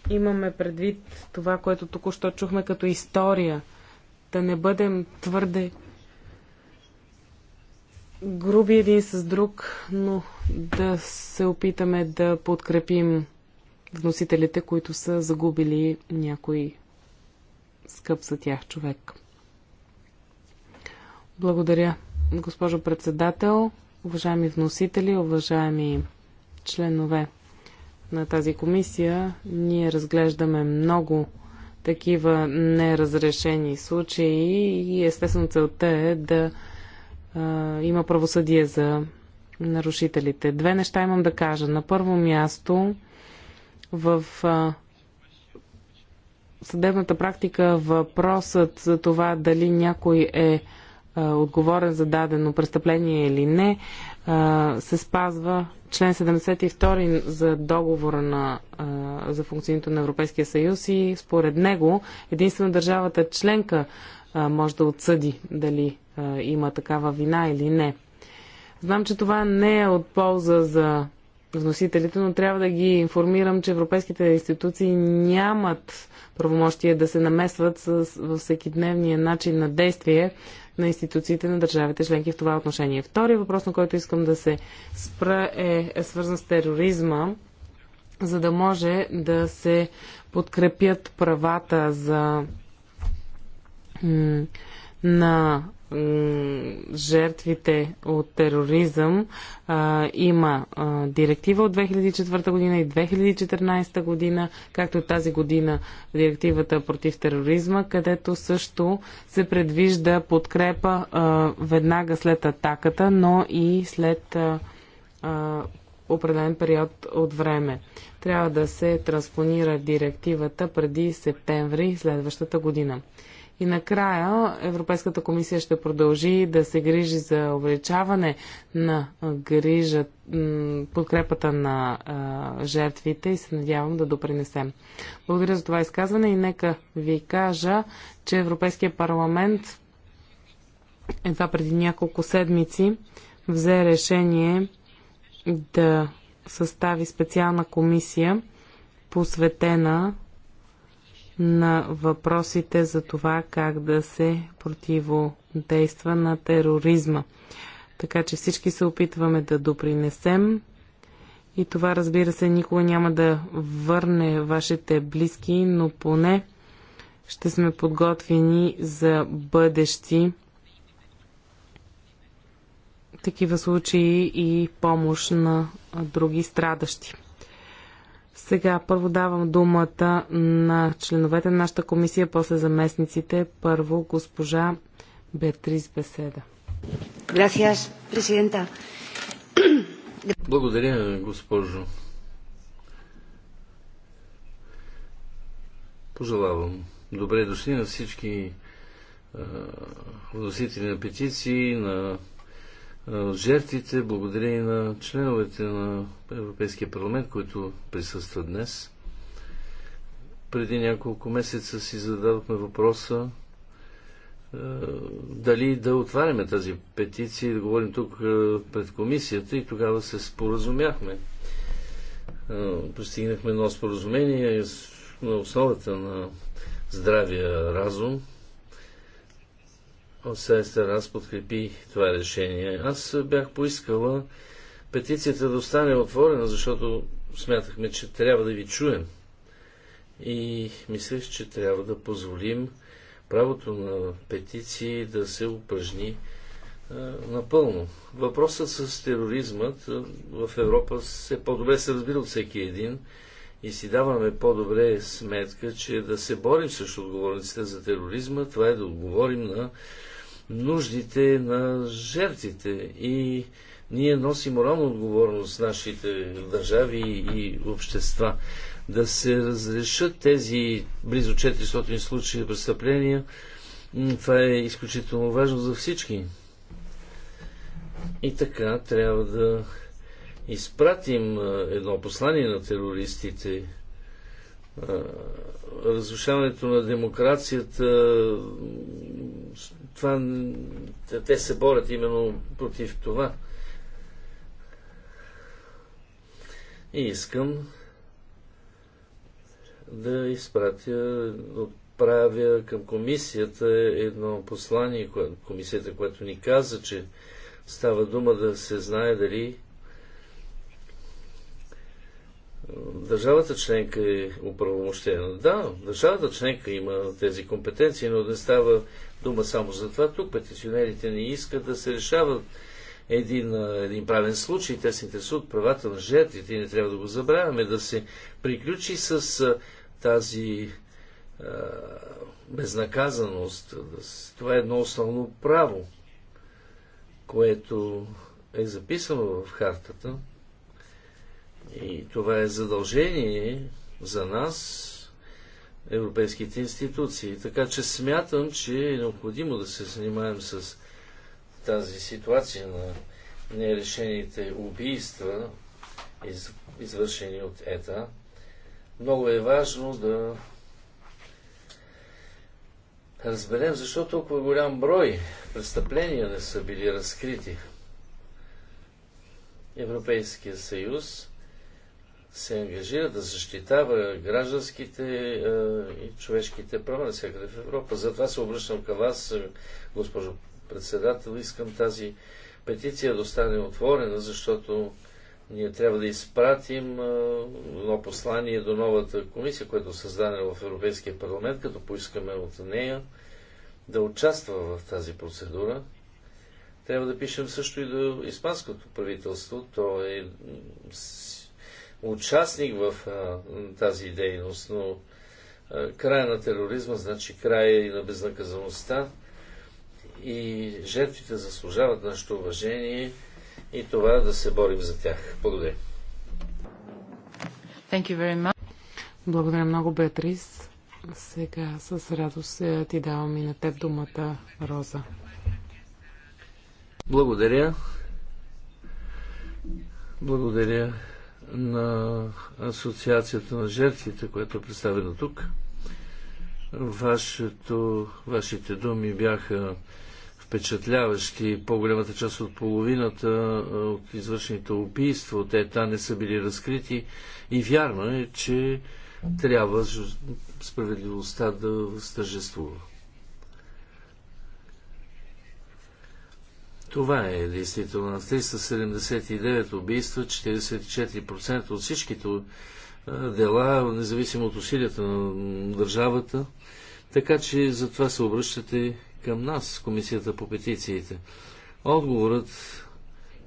имаме предвид това, което току-що чухме като история. Да не бъдем твърде груби един с друг, но да се опитаме да подкрепим вносителите, които са загубили някой скъп за тях човек. Благодаря, госпожо председател, уважаеми вносители, уважаеми членове на тази комисия ние разглеждаме много такива неразрешени случаи и естествено целта е да а, има правосъдие за нарушителите. Две неща имам да кажа. На първо място в а, съдебната практика въпросът за това дали някой е а, отговорен за дадено престъпление или не се спазва член 72 за договора на, за функционирането на Европейския съюз и според него единствено държавата членка може да отсъди дали има такава вина или не. Знам, че това не е от полза за вносителите, но трябва да ги информирам, че европейските институции нямат правомощие да се намесват с, във дневния начин на действие на институциите на държавите членки в това отношение. Втория въпрос, на който искам да се спра е, е свързан с тероризма, за да може да се подкрепят правата за на жертвите от тероризъм а, има а, директива от 2004 година и 2014 година, както тази година директивата против тероризма, където също се предвижда подкрепа а, веднага след атаката, но и след а, а, определен период от време. Трябва да се транспонира директивата преди септември следващата година. И накрая Европейската комисия ще продължи да се грижи за увеличаване на грижа, подкрепата на жертвите и се надявам да допринесем. Благодаря за това изказване и нека ви кажа, че Европейския парламент едва преди няколко седмици взе решение да състави специална комисия, посветена на въпросите за това как да се противодейства на тероризма. Така че всички се опитваме да допринесем и това разбира се никога няма да върне вашите близки, но поне ще сме подготвени за бъдещи такива случаи и помощ на други страдащи. Сега първо давам думата на членовете на нашата комисия, после заместниците. Първо госпожа Беатрис Беседа. Gracias, президента. Благодаря, госпожо. Пожелавам добре дошли на всички вносители на петиции, на жертвите, благодарение на членовете на Европейския парламент, които присъстват днес. Преди няколко месеца си зададохме въпроса е, дали да отваряме тази петиция и да говорим тук е, пред комисията и тогава се споразумяхме. Е, пристигнахме едно споразумение на основата на здравия разум, от своя страна подкрепи това решение. Аз бях поискала петицията да остане отворена, защото смятахме, че трябва да ви чуем. И мислех, че трябва да позволим правото на петиции да се упражни напълно. Въпросът с тероризмът в Европа се по-добре се разбира от всеки един и си даваме по-добре сметка, че да се борим срещу отговорниците за тероризма, това е да отговорим на нуждите на жертвите и ние носим морална отговорност нашите държави и общества да се разрешат тези близо 400 случаи престъпления. Това е изключително важно за всички. И така трябва да изпратим едно послание на терористите, е, разрушаването на демокрацията, това, те се борят именно против това. И искам да изпратя, отправя към комисията едно послание, комисията, което ни каза, че става дума да се знае дали Държавата членка е оправомощена. Да, държавата членка има тези компетенции, но не става дума само за това. Тук петиционерите не искат да се решават един, един правен случай. Те се интересуват правата на жертвите и не трябва да го забравяме. Да се приключи с тази а, безнаказаност. Това е едно основно право, което е записано в хартата. И това е задължение за нас, европейските институции. Така че смятам, че е необходимо да се занимаем с тази ситуация на нерешените убийства, извършени от ЕТА. Много е важно да разберем защо толкова голям брой престъпления не са били разкрити. Европейския съюз се ангажира да защитава гражданските е, и човешките права навсякъде в Европа. Затова се обръщам към вас, е, госпожо председател. Искам тази петиция да остане отворена, защото ние трябва да изпратим е, едно послание до новата комисия, която е създадена в Европейския парламент, като поискаме от нея да участва в тази процедура. Трябва да пишем също и до испанското правителство. То е участник в а, тази дейност, но а, края на тероризма значи края и на безнаказаността и жертвите заслужават нашето уважение и това да се борим за тях. Благодаря. Thank you very much. Благодаря много, Беатрис. Сега с радост е, ти давам и на теб думата, Роза. Благодаря. Благодаря на Асоциацията на жертвите, което е представено тук. Вашето, вашите думи бяха впечатляващи. По-голямата част от половината от извършените убийства от ЕТА не са били разкрити. И вярно е, че трябва справедливостта да възтържествува. Това е действително. 379 убийства, 44% от всичките дела, независимо от усилията на държавата. Така че затова се обръщате към нас, Комисията по петициите. Отговорът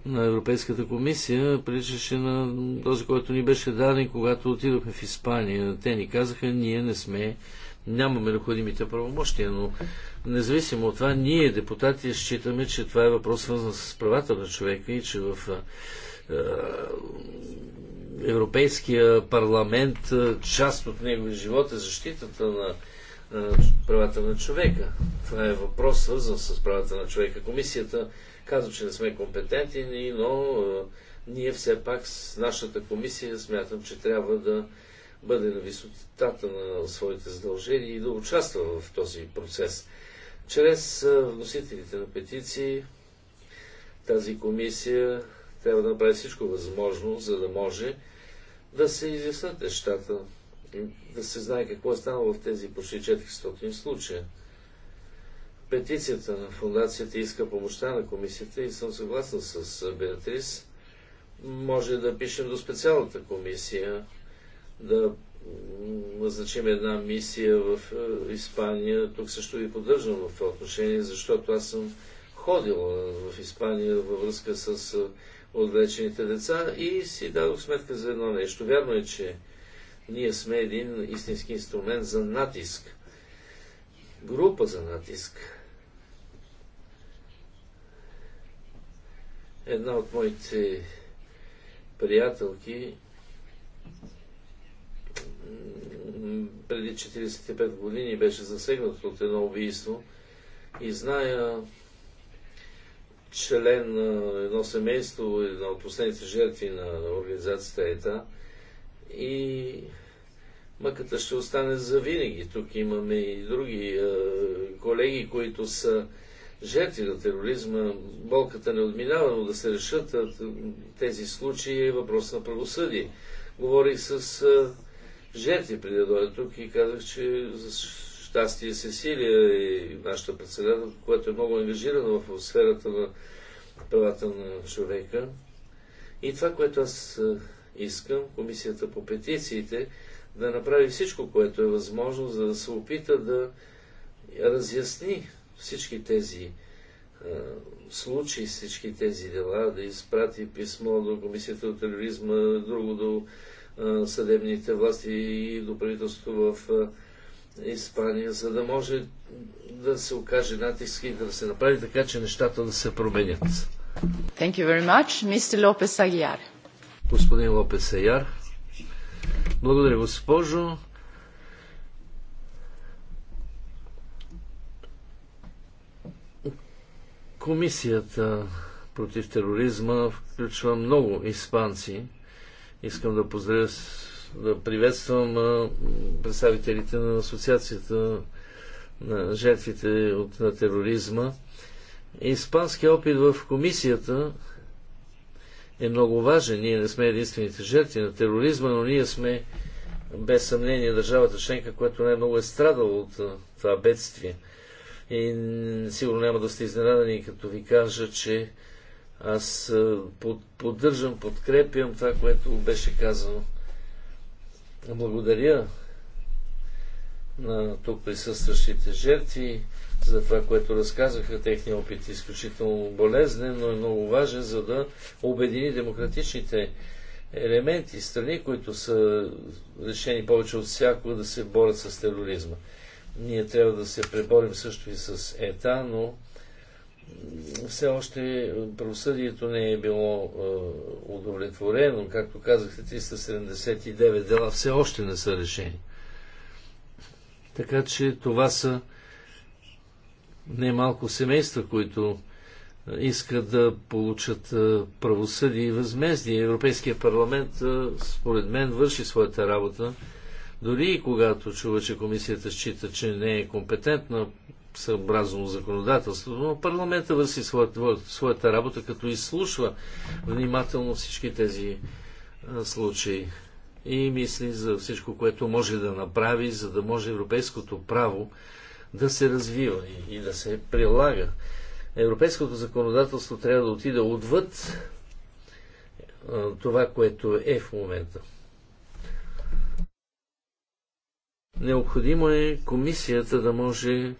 на Европейската комисия приличаше на този, който ни беше даден, когато отидохме в Испания. Те ни казаха, ние не сме нямаме необходимите правомощия, но независимо от това, ние, депутати, считаме, че това е въпрос свързан с правата на човека и че в Европейския парламент, част от неговия живот е защитата на правата на човека. Това е въпрос свързан с правата на човека. Комисията казва, че не сме компетентни, но ние все пак с нашата комисия смятам, че трябва да бъде на висотата на своите задължения и да участва в този процес. Чрез вносителите на петиции тази комисия трябва да направи всичко възможно, за да може да се изяснат нещата, да се знае какво е станало в тези почти 400 случая. Петицията на фундацията иска помощта на комисията и съм съгласен с Беатрис. Може да пишем до специалната комисия да назначим една мисия в е, Испания. Тук също ви поддържам в това отношение, защото аз съм ходил е, в Испания във връзка с е, отвлечените деца и си дадох сметка за едно нещо. Вярно е, че ние сме един истински инструмент за натиск. Група за натиск. Една от моите приятелки преди 45 години беше засегнат от едно убийство и зная член на едно семейство, една от последните жертви на организацията ЕТА и мъката ще остане за винаги. Тук имаме и други е, колеги, които са жертви на тероризма. Болката не отминава, но да се решат е, тези случаи е въпрос на правосъдие. Говорих с е, жертви преди да дойда тук и казах, че за щастие Сесилия и нашата председател, която е много ангажирана в сферата на правата на човека. И това, което аз искам, комисията по петициите, да направи всичко, което е възможно, за да се опита да разясни всички тези случаи, всички тези дела, да изпрати писмо до Комисията от тероризма, друго до съдебните власти и до правителството в Испания, за да може да се окаже натиск и да се направи така, че нещата да се променят. Thank you very much, Mr. Lopez Aguiar. Господин Лопес Аяр. Благодаря, госпожо. Комисията против тероризма включва много испанци, Искам да поздравя, да приветствам представителите на Асоциацията на жертвите от, на тероризма. Испанският опит в комисията е много важен. Ние не сме единствените жертви на тероризма, но ние сме без съмнение държавата членка, която най-много е страдала от това бедствие. И сигурно няма да сте изненадани, като ви кажа, че аз поддържам, подкрепям това, което беше казано. Благодаря на тук присъстващите жертви за това, което разказаха. Техния опит е изключително болезнен, но е много важен, за да обедини демократичните елементи, страни, които са решени повече от всяко да се борят с тероризма. Ние трябва да се преборим също и с ЕТА, но все още правосъдието не е било е, удовлетворено. Както казахте, 379 дела все още не са решени. Така че това са немалко семейства, които е, искат да получат е, правосъдие и възмездие. Европейския парламент, според мен, върши своята работа. Дори и когато чува, че комисията счита, че не е компетентна съобразно законодателство, но парламента върши своята, своята работа, като изслушва внимателно всички тези а, случаи и мисли за всичко, което може да направи, за да може европейското право да се развива и, и да се прилага. Европейското законодателство трябва да отиде отвъд а, това, което е в момента. Необходимо е комисията да може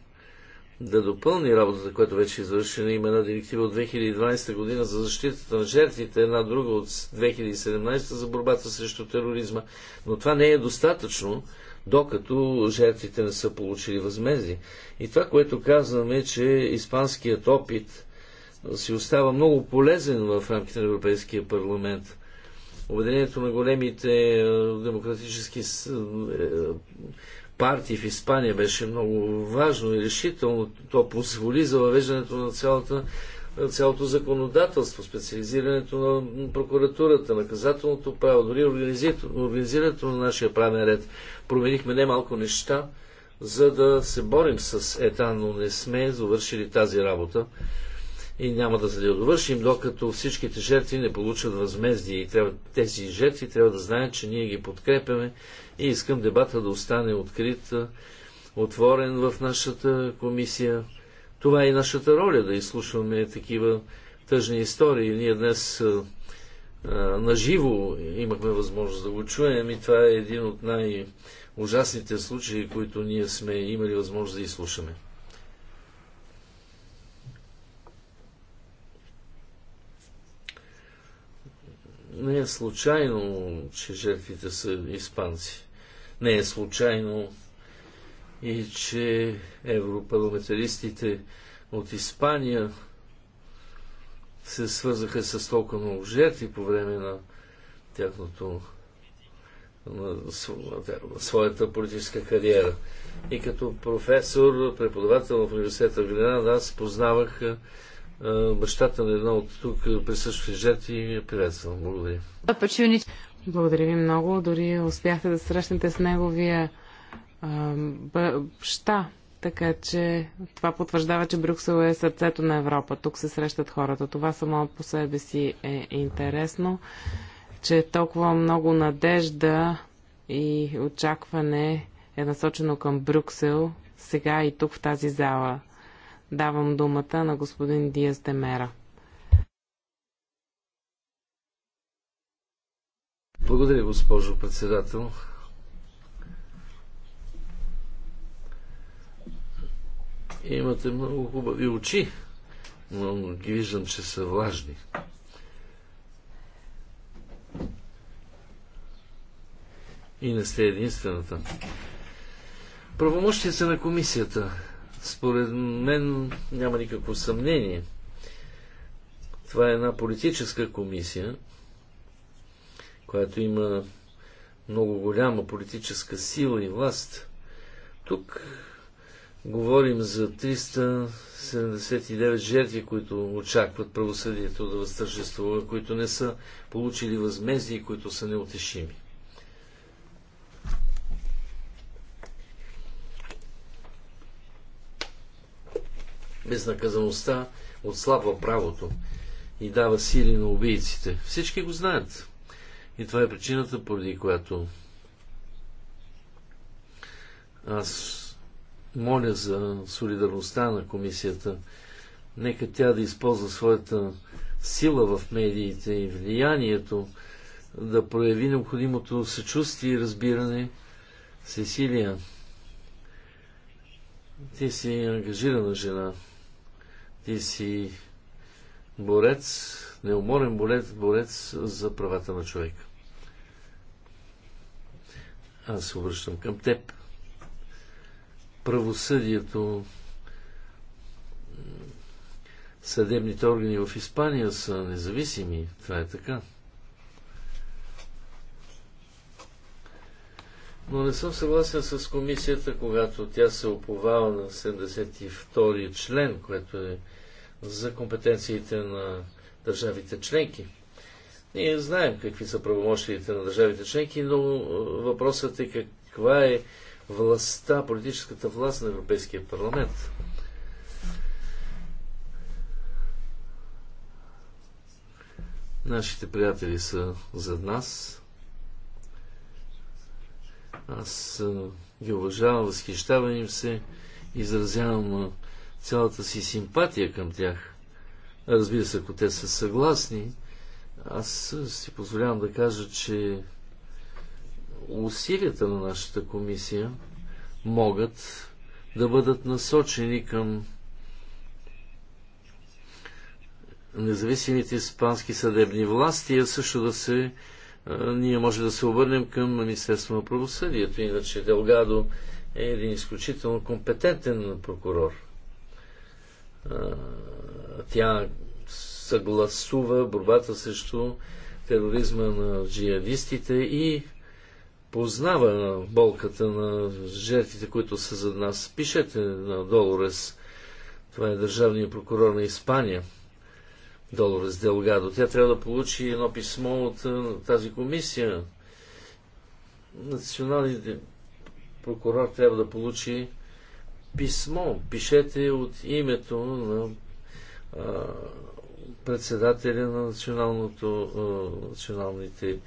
да допълни работата, която вече е извършена. Има една директива от 2012 година за защитата на жертвите, една друга от 2017 за борбата срещу тероризма. Но това не е достатъчно, докато жертвите не са получили възмези. И това, което казваме, е, че испанският опит си остава много полезен в рамките на Европейския парламент. Обединението на големите е, демократически е, партии в Испания беше много важно и решително. То позволи за въвеждането на цялата, цялото законодателство, специализирането на прокуратурата, наказателното право, дори организирането на нашия правен ред. Променихме немалко неща, за да се борим с ета, но не сме завършили тази работа и няма да се довършим, докато всичките жертви не получат възмездие. И трябва, тези жертви трябва да знаят, че ние ги подкрепяме и искам дебата да остане открит, отворен в нашата комисия. Това е и нашата роля да изслушваме такива тъжни истории. Ние днес наживо имахме възможност да го чуем и това е един от най-ужасните случаи, които ние сме имали възможност да изслушаме. Не е случайно, че жертвите са испанци. Не е случайно и че европарламентаристите от Испания се свързаха с толкова много жертви по време на тяхното на своята политическа кариера. И като професор, преподавател в университета в Гренада, аз познавах е, бащата на една от тук присъщи жертви и я е приветствам. Благодаря. Благодаря ви много. Дори успяхте да срещнете с неговия баща. Така че това потвърждава, че Брюксел е сърцето на Европа. Тук се срещат хората. Това само по себе си е интересно, че толкова много надежда и очакване е насочено към Брюксел сега и тук в тази зала. Давам думата на господин Диас Демера. Благодаря, госпожо председател. Имате много хубави очи, но ги виждам, че са влажни. И не сте единствената. Правомощие са на комисията според мен няма никакво съмнение. Това е една политическа комисия, която има много голяма политическа сила и власт. Тук говорим за 379 жертви, които очакват правосъдието да възтържествува, които не са получили възмезди и които са неотешими. Безнаказаността отслабва правото и дава сили на убийците. Всички го знаят. И това е причината, поради която аз моля за солидарността на комисията. Нека тя да използва своята сила в медиите и влиянието, да прояви необходимото съчувствие и разбиране. Сесилия, ти си ангажирана жена. Ти си борец, неуморен борец, борец за правата на човека. Аз се обръщам към теб. Правосъдието, съдебните органи в Испания са независими. Това е така. Но не съм съгласен с комисията, когато тя се оповава на 72 член, което е за компетенциите на държавите членки. Ние знаем какви са правомощите на държавите членки, но е, въпросът е каква е властта, политическата власт на Европейския парламент. Нашите приятели са зад нас. Аз ги уважавам, възхищавам им се, изразявам цялата си симпатия към тях. Разбира се, ако те са съгласни, аз си позволявам да кажа, че усилията на нашата комисия могат да бъдат насочени към независимите испански съдебни власти, а също да се ние може да се обърнем към Министерство на правосъдието, иначе Делгадо е един изключително компетентен прокурор. Тя съгласува борбата срещу тероризма на джиадистите и познава болката на жертвите, които са зад нас. Пишете на Долорес, това е държавният прокурор на Испания – Долорес Делгадо. Тя трябва да получи едно писмо от е, тази комисия. Националният прокурор трябва да получи писмо. Пишете от името на а, е, председателя на националното, а, е, националните,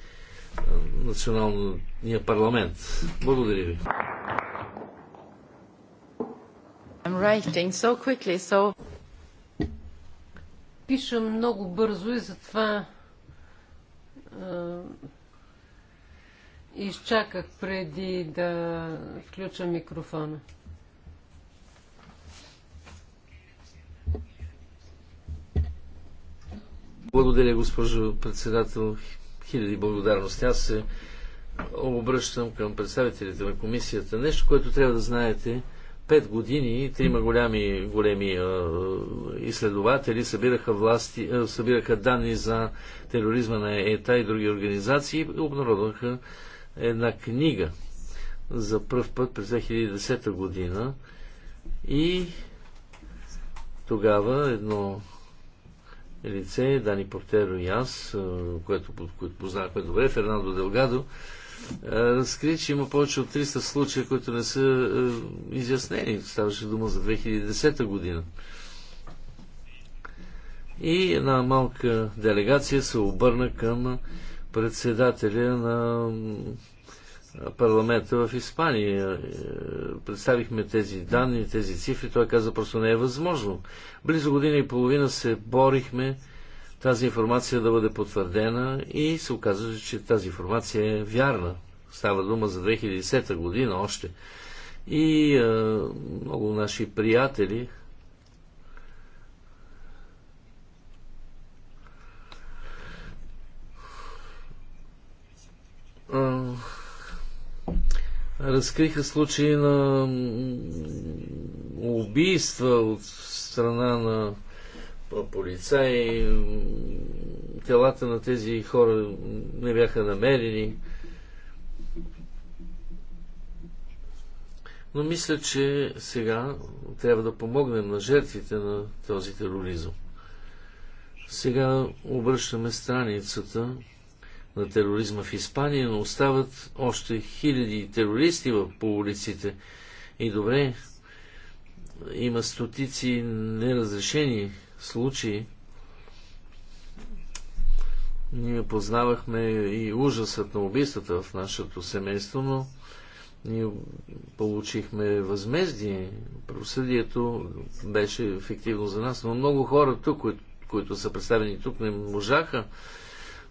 а, националния парламент. Благодаря ви. I'm writing so quickly, so пиша много бързо и затова е, изчаках преди да включа микрофона. Благодаря, госпожо председател. Хиляди благодарности. Аз се обръщам към представителите на комисията. Нещо, което трябва да знаете пет години трима големи, големи а, изследователи събираха, власти, а, събираха данни за тероризма на ЕТА и други организации и обнародваха една книга за първ път през 2010 година и тогава едно лице, Дани Портеро и аз, което, което познахме добре, Фернандо Делгадо, е, разкри, че има повече от 300 случая, които не са е, изяснени. Ставаше дума за 2010 година. И една малка делегация се обърна към председателя на парламента в Испания. Е, представихме тези данни, тези цифри. Той каза, просто не е възможно. Близо година и половина се борихме тази информация да бъде потвърдена и се оказа, че тази информация е вярна. Става дума за 2010 година още. И е, много наши приятели разкриха случаи на убийства от страна на полицаи. Телата на тези хора не бяха намерени. Но мисля, че сега трябва да помогнем на жертвите на този тероризъм. Сега обръщаме страницата на тероризма в Испания, но остават още хиляди терористи в по улиците. И добре, има стотици неразрешени случаи ние познавахме и ужасът на убийствата в нашето семейство, но ние получихме възмездие. Правосъдието беше ефективно за нас, но много хора тук, които, които са представени тук, не можаха,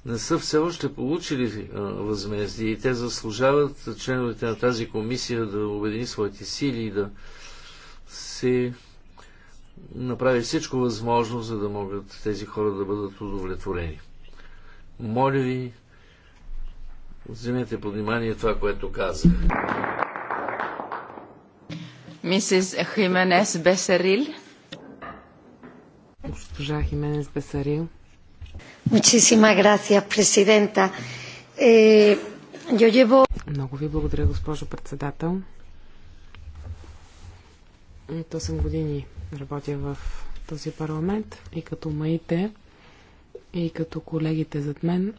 не са все още получили а, възмездие и те заслужават членовете на тази комисия да обедини своите сили и да се направи всичко възможно, за да могат тези хора да бъдат удовлетворени. Моля ви, вземете под внимание това, което казах. Мисис Хименес Бесарил. Госпожа Хименес Бесарил. Мучисима грация, президента. Много ви благодаря, госпожо председател. Ето 8 години работя в този парламент и като маите, и като колегите зад мен,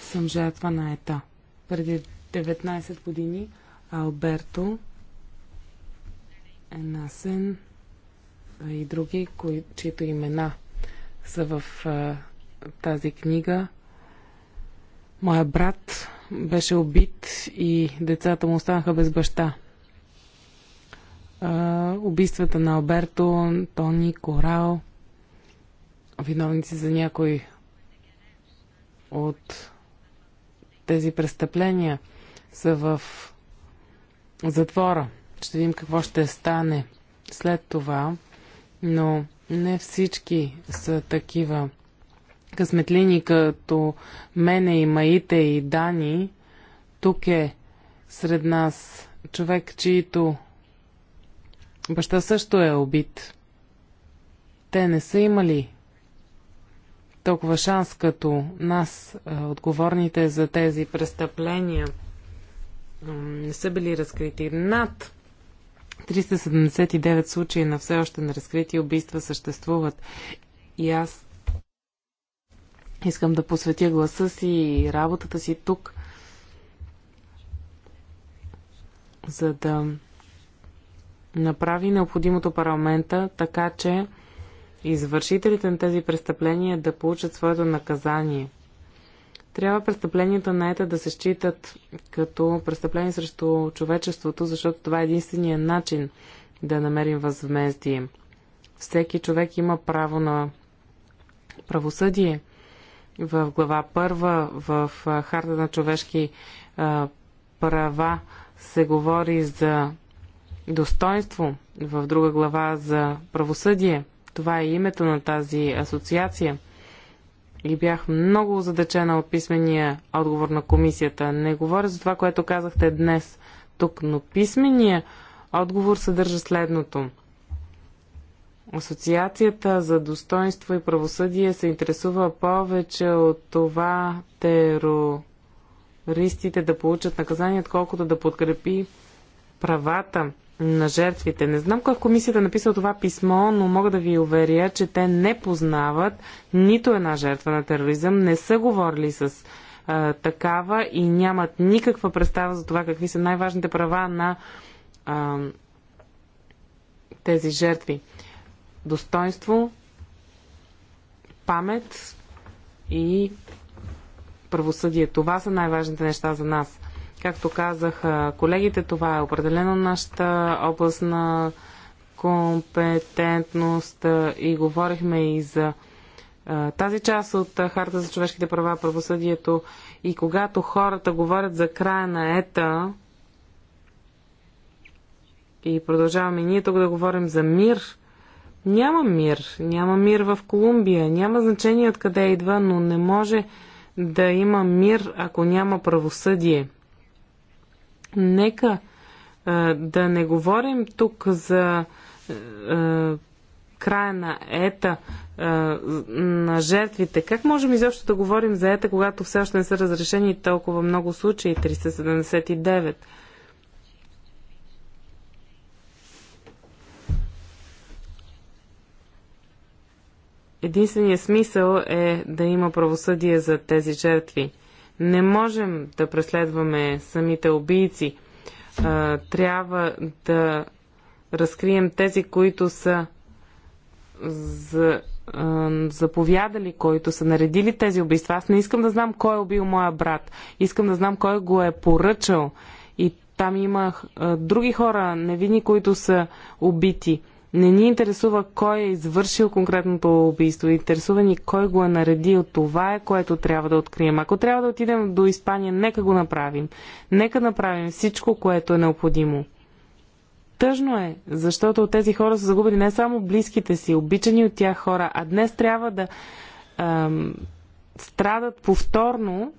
съм жертва на ета. Преди 19 години Алберто Енасен и други, кои, чието имена са в а, тази книга. Моя брат беше убит и децата му останаха без баща убийствата на Алберто, Тони, Корал, виновници за някои от тези престъпления са в затвора. Ще видим какво ще стане след това, но не всички са такива късметлини като мене и Маите и Дани. Тук е сред нас човек, чието Баща също е убит. Те не са имали толкова шанс като нас, отговорните за тези престъпления, не са били разкрити. Над 379 случаи на все още неразкрити убийства съществуват. И аз искам да посветя гласа си и работата си тук, за да направи необходимото парламента, така че извършителите на тези престъпления да получат своето наказание. Трябва престъпленията на ета да се считат като престъпление срещу човечеството, защото това е единствения начин да намерим възмездие. Всеки човек има право на правосъдие. В глава първа, в Харта на човешки права се говори за достоинство, в друга глава за правосъдие. Това е името на тази асоциация. И бях много задачена от писмения отговор на комисията. Не говоря за това, което казахте днес тук, но писмения отговор съдържа следното. Асоциацията за достоинство и правосъдие се интересува повече от това терористите да получат наказание, отколкото да подкрепи правата на жертвите. Не знам кой в комисията написал това писмо, но мога да ви уверя, че те не познават нито една жертва на тероризъм, не са говорили с а, такава и нямат никаква представа за това какви са най-важните права на а, тези жертви. Достоинство, памет и правосъдие. Това са най-важните неща за нас. Както казах колегите, това е определено нашата област на компетентност и говорихме и за тази част от Харта за човешките права, правосъдието и когато хората говорят за края на ета и продължаваме ние тук да говорим за мир, няма мир. Няма мир в Колумбия. Няма значение откъде идва, но не може да има мир, ако няма правосъдие. Нека да не говорим тук за края на ета на жертвите. Как можем изобщо да говорим за ета, когато все още не са разрешени толкова много случаи? 379. Единственият смисъл е да има правосъдие за тези жертви. Не можем да преследваме самите убийци. Трябва да разкрием тези, които са за, заповядали, които са наредили тези убийства. Аз не искам да знам кой е убил моя брат. Искам да знам кой го е поръчал. И там има а, други хора, невини, които са убити. Не ни интересува кой е извършил конкретното убийство. Интересува ни кой го е наредил. Това е което трябва да открием. Ако трябва да отидем до Испания, нека го направим. Нека направим всичко, което е необходимо. Тъжно е, защото от тези хора са загубили не само близките си, обичани от тях хора, а днес трябва да ам, страдат повторно,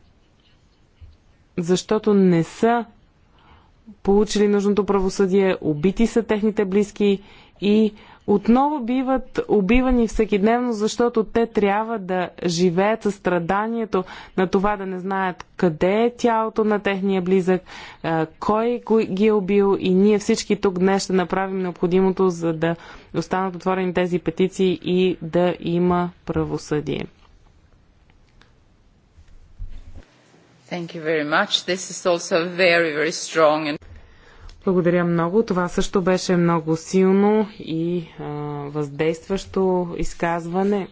защото не са получили нужното правосъдие, убити са техните близки и отново биват убивани всекидневно, защото те трябва да живеят със страданието на това да не знаят къде е тялото на техния близък, кой ги е убил и ние всички тук днес ще направим необходимото, за да останат отворени тези петиции и да има правосъдие. Thank you very much. This is also very, very strong and благодаря много. Това също беше много силно и а, въздействащо изказване.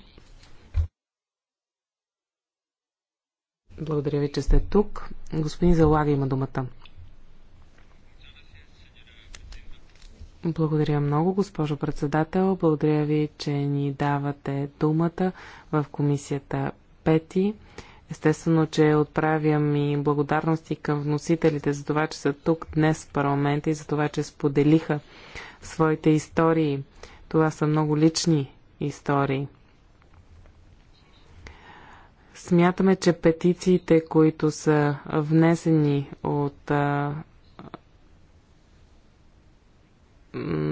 Благодаря ви, че сте тук. Господин Залага има думата. Благодаря много, госпожо председател. Благодаря ви, че ни давате думата в комисията Пети. Естествено, че отправям и благодарности към вносителите за това, че са тук днес в парламента и за това, че споделиха своите истории. Това са много лични истории. Смятаме, че петициите, които са внесени от а,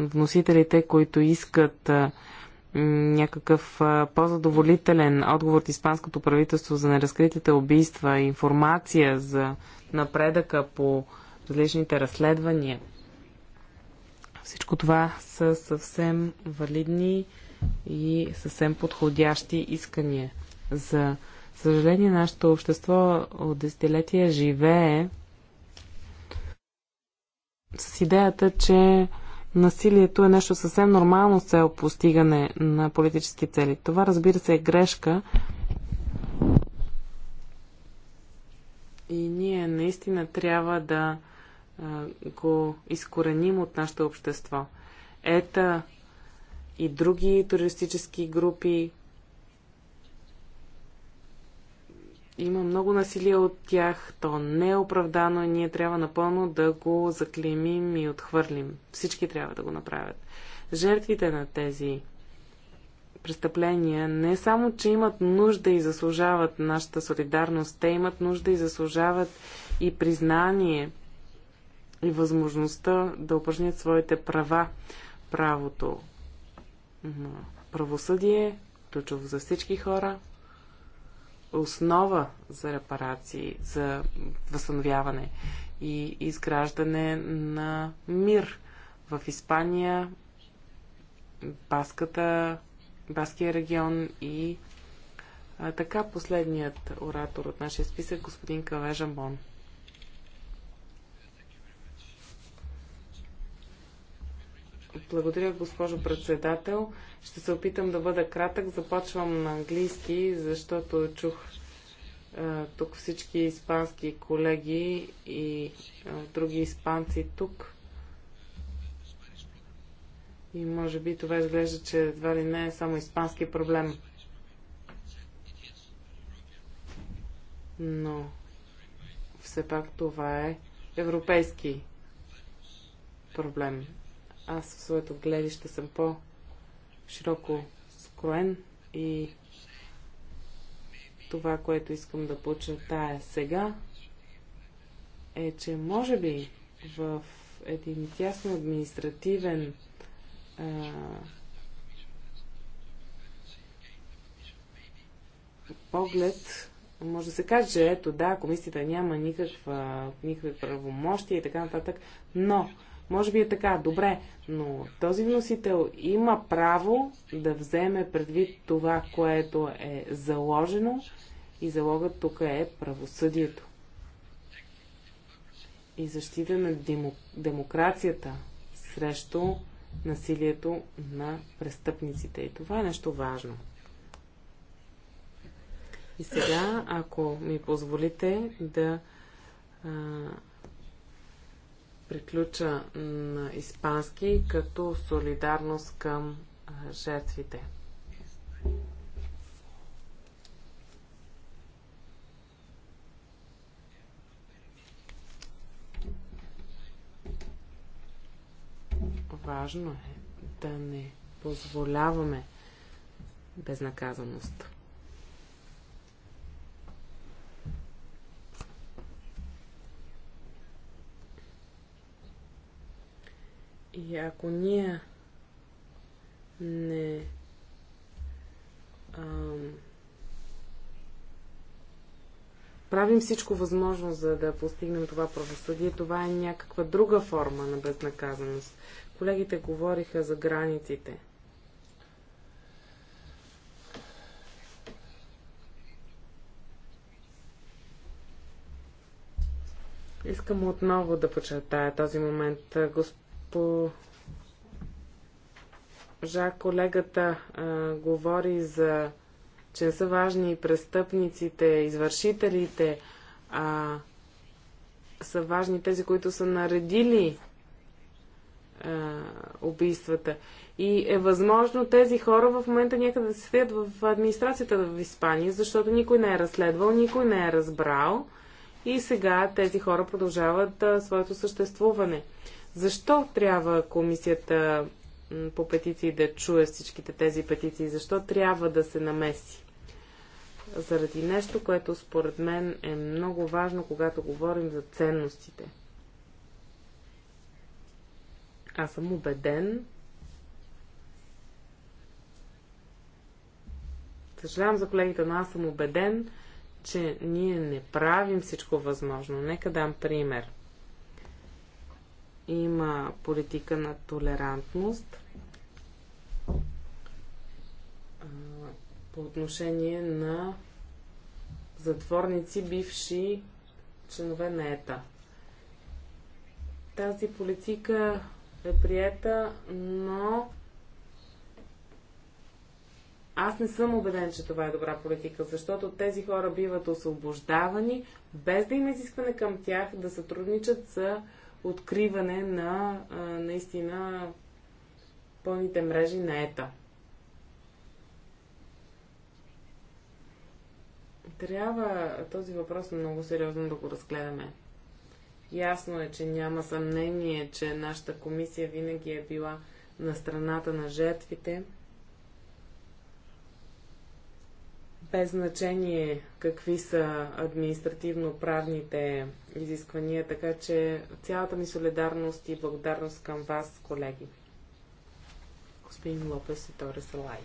вносителите, които искат а, някакъв по-задоволителен отговор от испанското правителство за неразкритите убийства, информация за напредъка по различните разследвания. Всичко това са съвсем валидни и съвсем подходящи искания. За съжаление, нашето общество от десетилетия живее с идеята, че насилието е нещо съвсем нормално с цел постигане на политически цели. Това, разбира се, е грешка. И ние наистина трябва да го изкореним от нашето общество. Ета и други туристически групи Има много насилие от тях, то не е оправдано и ние трябва напълно да го заклемим и отхвърлим. Всички трябва да го направят. Жертвите на тези престъпления не само, че имат нужда и заслужават нашата солидарност, те имат нужда и заслужават и признание и възможността да упражнят своите права. Правото на правосъдие, ключово за всички хора, основа за репарации, за възстановяване и изграждане на мир. В Испания, Баската, Баския регион и а, така последният оратор от нашия списък, господин Кавежа Бон. Благодаря, госпожо председател. Ще се опитам да бъда кратък. Започвам на английски, защото чух а, тук всички испански колеги и а, други испанци тук. И може би това изглежда, че едва ли не е само испански проблем. Но все пак това е европейски проблем. Аз в своето гледище съм по-широко скроен и това, което искам да подчертая сега, е, че може би в един тясно административен а, поглед може да се каже, че ето да, комисията няма никаква, никакви правомощия и така нататък, но може би е така, добре, но този вносител има право да вземе предвид това, което е заложено и залогът тук е правосъдието и защита на демокрацията срещу насилието на престъпниците. И това е нещо важно. И сега, ако ми позволите да а, приключа на испански като солидарност към жертвите. Важно е да не позволяваме безнаказаност. И ако ние не ам, правим всичко възможно, за да постигнем това правосъдие, това е някаква друга форма на безнаказаност. Колегите говориха за границите. Искам отново да подчертая този момент. Госп Жа колегата а, говори за, че не са важни и престъпниците, извършителите, а са важни тези, които са наредили а, убийствата. И е възможно тези хора в момента някъде да седят в администрацията в Испания, защото никой не е разследвал, никой не е разбрал. И сега тези хора продължават а, своето съществуване. Защо трябва комисията по петиции да чуе всичките тези петиции? Защо трябва да се намеси? Заради нещо, което според мен е много важно, когато говорим за ценностите. Аз съм убеден, съжалявам за колегите, но аз съм убеден, че ние не правим всичко възможно. Нека дам пример – има политика на толерантност по отношение на затворници, бивши членове на ЕТА. Тази политика е приета, но аз не съм убеден, че това е добра политика, защото тези хора биват освобождавани, без да има изискване към тях да сътрудничат за откриване на а, наистина пълните мрежи на ета. Трябва този въпрос много сериозно да го разгледаме. Ясно е, че няма съмнение, че нашата комисия винаги е била на страната на жертвите – без значение какви са административно-правните изисквания, така че цялата ми солидарност и благодарност към вас, колеги. Господин Лопес и Торе Салай.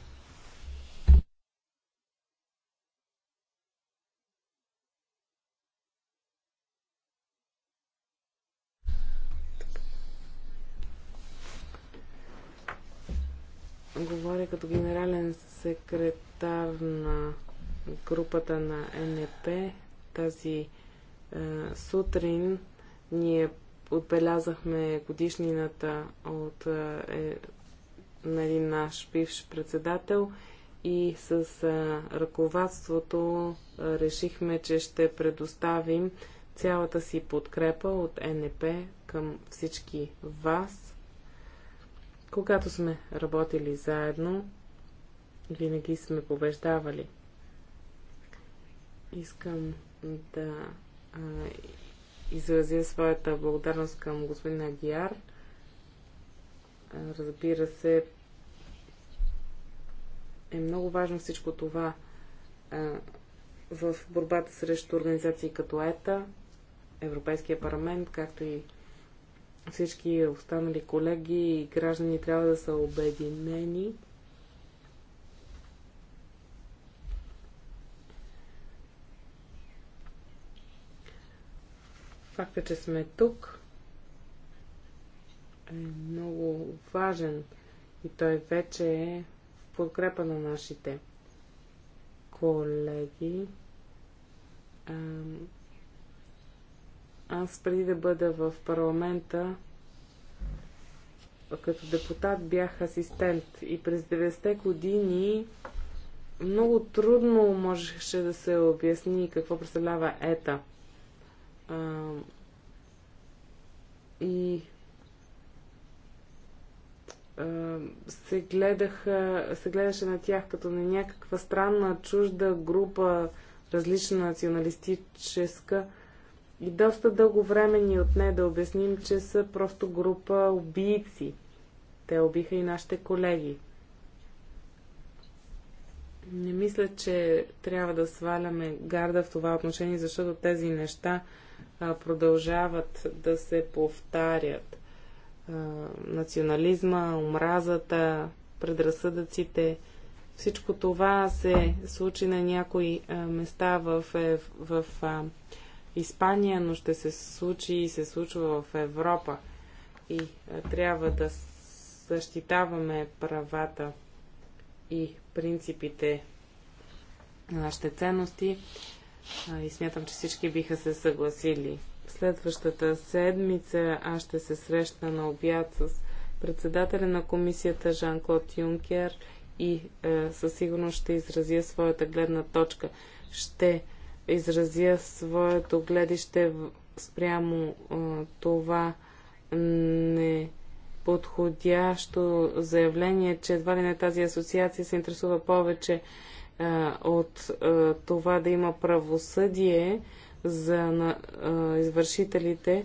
Говоря като генерален секретар на групата на НП тази е, сутрин ние отбелязахме годишнината от, е, е, на един наш бивш председател и с е, ръководството е, решихме, че ще предоставим цялата си подкрепа от НП към всички вас. Когато сме работили заедно, винаги сме побеждавали. Искам да а, изразя своята благодарност към господин Агиар. Разбира се, е много важно всичко това а, в борбата срещу организации като ЕТА, Европейския парламент, както и всички останали колеги и граждани трябва да са обединени Факта, че сме тук е много важен и той вече е в подкрепа на нашите колеги. Аз преди да бъда в парламента, като депутат бях асистент и през 90-те години много трудно можеше да се обясни какво представлява ета – а, и а, се, гледаха, се гледаше на тях като на някаква странна, чужда група, различна националистическа. И доста дълго време ни е отне да обясним, че са просто група убийци. Те убиха и нашите колеги. Не мисля, че трябва да сваляме гарда в това отношение, защото тези неща продължават да се повтарят. Национализма, омразата, предразсъдъците, всичко това се случи на някои места в, в, в Испания, но ще се случи и се случва в Европа. И трябва да защитаваме правата и принципите на нашите ценности и смятам, че всички биха се съгласили. Следващата седмица аз ще се срещна на обяд с председателя на комисията Жан-Клод Юнкер и е, със сигурност ще изразя своята гледна точка. Ще изразя своето гледище спрямо е, това не подходящо заявление, че едва ли не тази асоциация се интересува повече от това да има правосъдие за извършителите.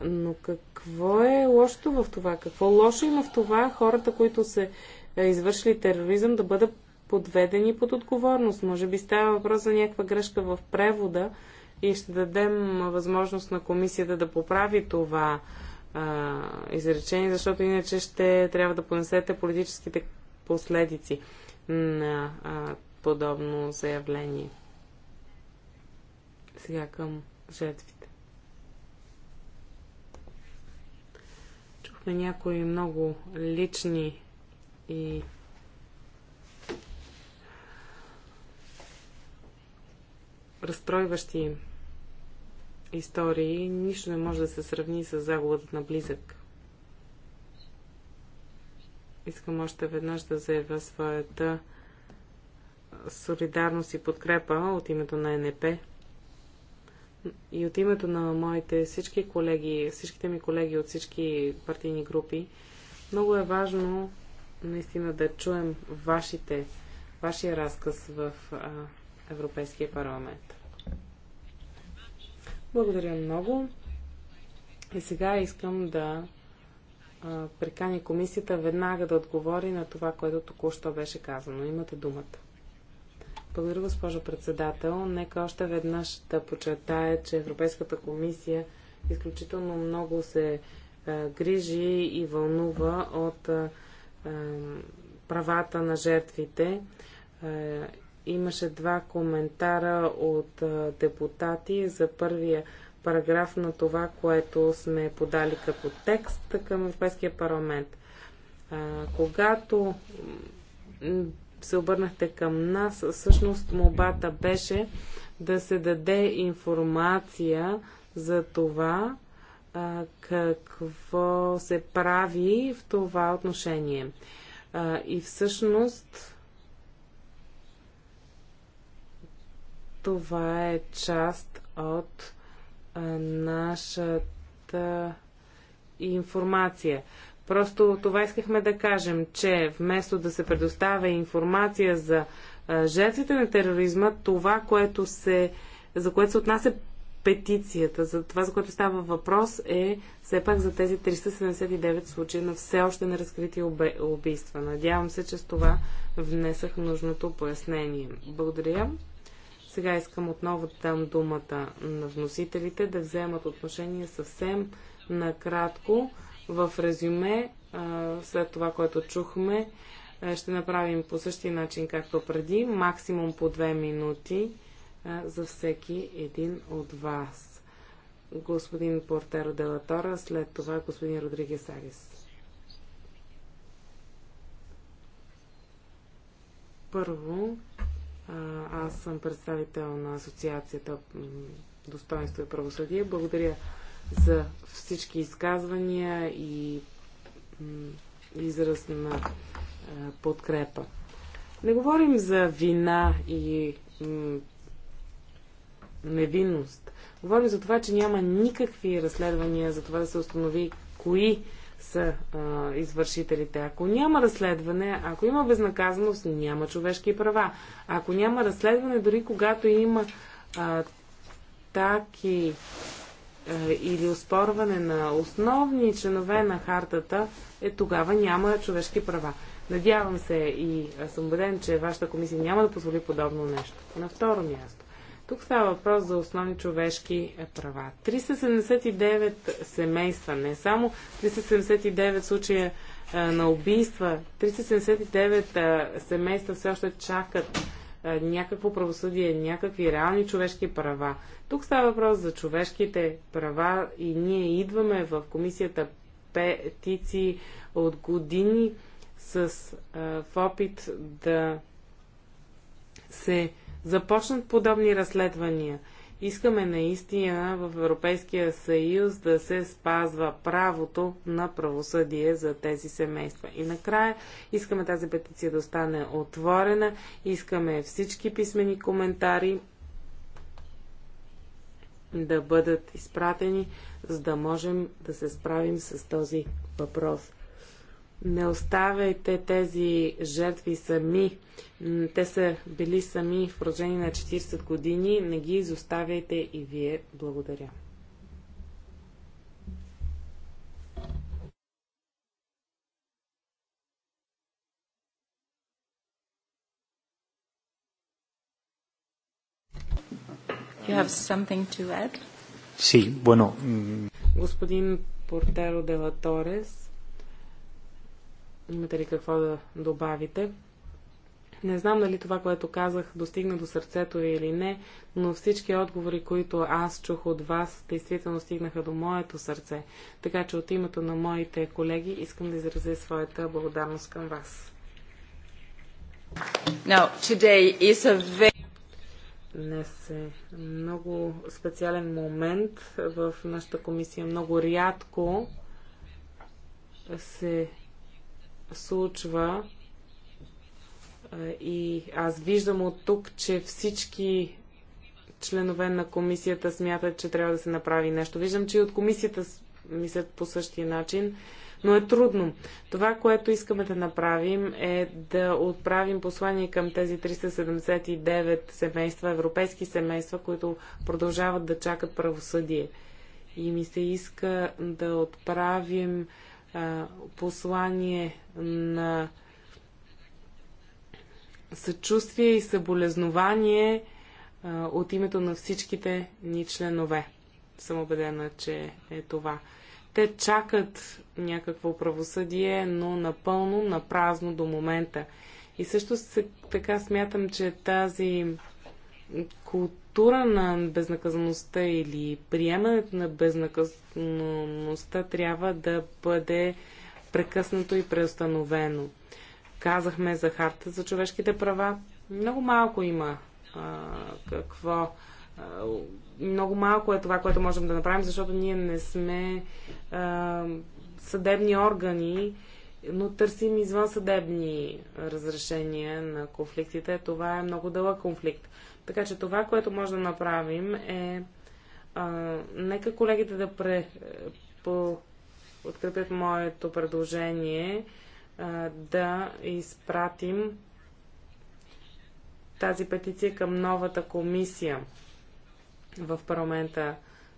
Но какво е лошото в това? Какво лошо има в това хората, които са извършили тероризъм, да бъдат подведени под отговорност? Може би става въпрос за някаква грешка в превода и ще дадем възможност на комисията да поправи това а, изречение, защото иначе ще трябва да понесете политическите последици на а, подобно заявление. Сега към жертвите. Чухме някои много лични и разстройващи истории. Нищо не може да се сравни с загубата на близък искам още веднъж да заявя своята солидарност и подкрепа от името на НП и от името на моите всички колеги, всичките ми колеги от всички партийни групи. Много е важно наистина да чуем вашите, вашия разказ в а, Европейския парламент. Благодаря много. И сега искам да прикани комисията веднага да отговори на това, което току-що беше казано. Имате думата. Благодаря, госпожо председател. Нека още веднъж да подчертая, че Европейската комисия изключително много се е, грижи и вълнува от е, е, правата на жертвите. Имаше два коментара от депутати за първия параграф на това, което сме подали като текст към Европейския парламент. А, когато се обърнахте към нас, всъщност мобата беше да се даде информация за това, а, какво се прави в това отношение. А, и всъщност това е част от нашата информация. Просто това искахме да кажем, че вместо да се предоставя информация за жертвите на тероризма, това, което се, за което се отнася петицията, за това, за което става въпрос, е все пак за тези 379 случаи на все още неразкрити убийства. Надявам се, че с това внесах нужното пояснение. Благодаря. Сега искам отново да дам думата на вносителите да вземат отношение съвсем накратко в резюме, след това, което чухме, ще направим по същия начин, както преди, максимум по две минути за всеки един от вас. Господин Портеро Делатора, след това господин Родригес Арис. Първо, аз съм представител на Асоциацията Достоинство и правосъдие. Благодаря за всички изказвания и израз на подкрепа. Не говорим за вина и невинност. Говорим за това, че няма никакви разследвания за това да се установи кои са а, извършителите. Ако няма разследване, ако има безнаказаност, няма човешки права. Ако няма разследване, дори когато има а, или оспорване на основни членове на хартата, е, тогава няма човешки права. Надявам се и съм убеден, че вашата комисия няма да позволи подобно нещо. На второ място. Тук става въпрос за основни човешки права. 379 семейства, не само 379 случая на убийства, 379 семейства все още чакат някакво правосъдие, някакви реални човешки права. Тук става въпрос за човешките права и ние идваме в комисията петиции от години с в опит да се започнат подобни разследвания. Искаме наистина в Европейския съюз да се спазва правото на правосъдие за тези семейства. И накрая искаме тази петиция да стане отворена, искаме всички писмени коментари да бъдат изпратени, за да можем да се справим с този въпрос. Не оставяйте тези жертви сами. Те са били сами в продължение на 40 години. Не ги изоставяйте и вие. Благодаря. You have something to add? Sí, bueno. Mm. Господин Портеро de Имате ли какво да добавите? Не знам дали това, което казах, достигна до сърцето ви или не, но всички отговори, които аз чух от вас, действително стигнаха до моето сърце. Така че от името на моите колеги искам да изразя своята благодарност към вас. Now, today is a very... Днес е много специален момент в нашата комисия. Много рядко се случва и аз виждам от тук, че всички членове на комисията смятат, че трябва да се направи нещо. Виждам, че и от комисията мислят по същия начин, но е трудно. Това, което искаме да направим е да отправим послание към тези 379 семейства, европейски семейства, които продължават да чакат правосъдие. И ми се иска да отправим послание на съчувствие и съболезнование от името на всичките ни членове. Съм убедена, че е това. Те чакат някакво правосъдие, но напълно, напразно до момента. И също така смятам, че тази култура култура на безнаказаността или приемането на безнаказаността трябва да бъде прекъснато и преустановено. Казахме за харта за човешките права. Много малко има а, какво. А, много малко е това, което можем да направим, защото ние не сме а, съдебни органи но търсим извън съдебни разрешения на конфликтите. Това е много дълъг конфликт. Така че това, което може да направим е а, нека колегите да пре, по, открепят моето предложение а, да изпратим тази петиция към новата комисия в парламента,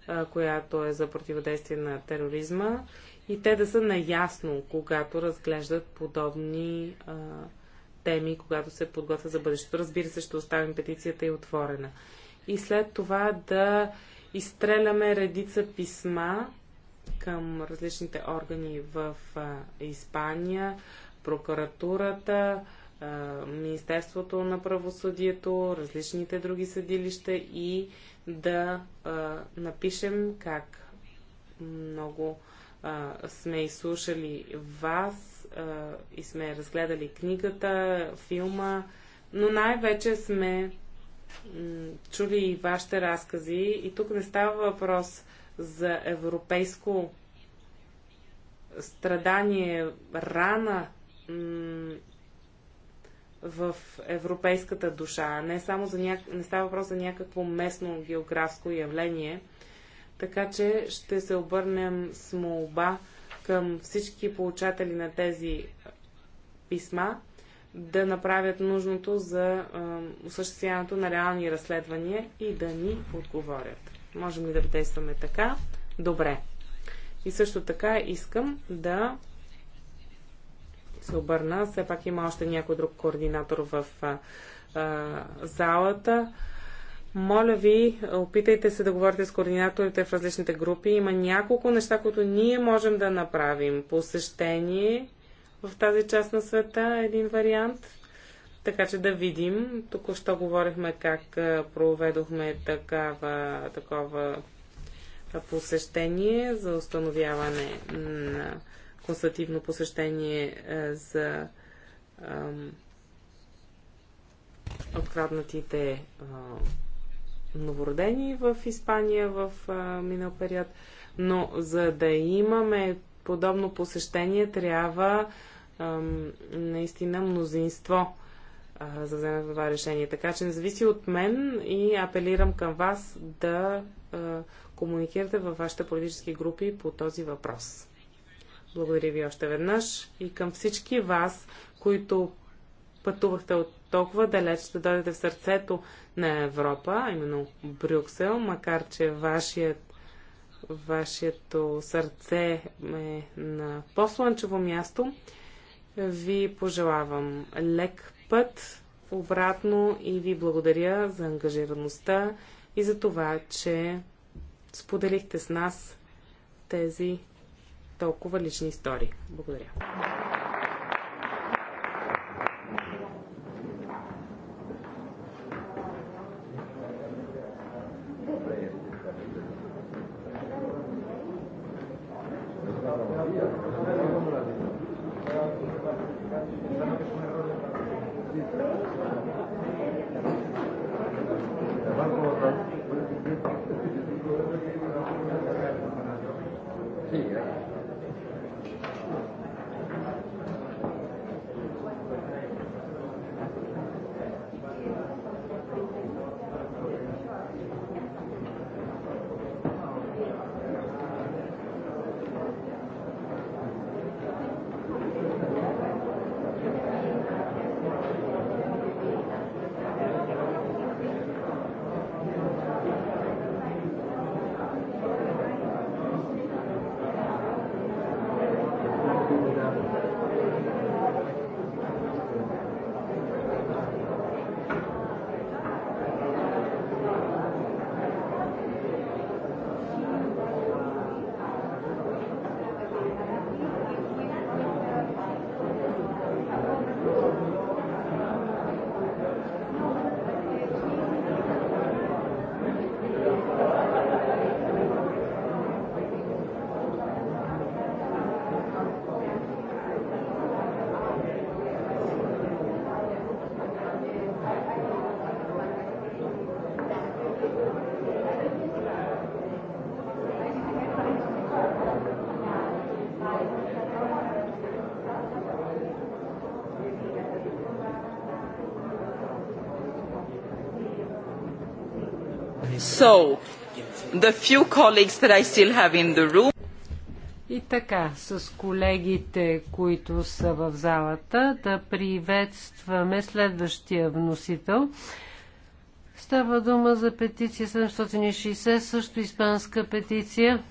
а, която е за противодействие на тероризма и те да са наясно, когато разглеждат подобни а, теми, когато се подготвя за бъдещето. Разбира се, ще оставим петицията и отворена. И след това да изстреляме редица писма към различните органи в Испания, прокуратурата, Министерството на правосъдието, различните други съдилища и да а, напишем как много а, сме изслушали вас и сме разгледали книгата, филма, но най-вече сме чули и вашите разкази и тук не става въпрос за европейско страдание, рана в европейската душа, не, само за няк... не става въпрос за някакво местно географско явление. Така че ще се обърнем с молба към всички получатели на тези писма да направят нужното за осъществяването на реални разследвания и да ни отговорят. Можем ли да действаме така? Добре. И също така искам да се обърна. Все пак има още някой друг координатор в а, а, залата. Моля ви, опитайте се да говорите с координаторите в различните групи. Има няколко неща, които ние можем да направим. Посещение в тази част на света е един вариант. Така че да видим. Току-що говорихме как проведохме такава, такова посещение за установяване на констативно посещение за откраднатите новородени в Испания в а, минал период, но за да имаме подобно посещение трябва ам, наистина мнозинство а, за вземе това решение. Така че не зависи от мен и апелирам към вас да а, комуникирате във вашите политически групи по този въпрос. Благодаря ви още веднъж и към всички вас, които пътувахте от толкова далеч, да дойдете в сърцето на Европа, а именно Брюксел, макар че вашият, вашето сърце е на по-слънчево място, ви пожелавам лек път обратно и ви благодаря за ангажираността и за това, че споделихте с нас тези толкова лични истории. Благодаря. So, the few colleagues that I still have in the room. И така, с колегите, които са в залата, да приветстваме следващия вносител. Става дума за петиция 760, също испанска петиция.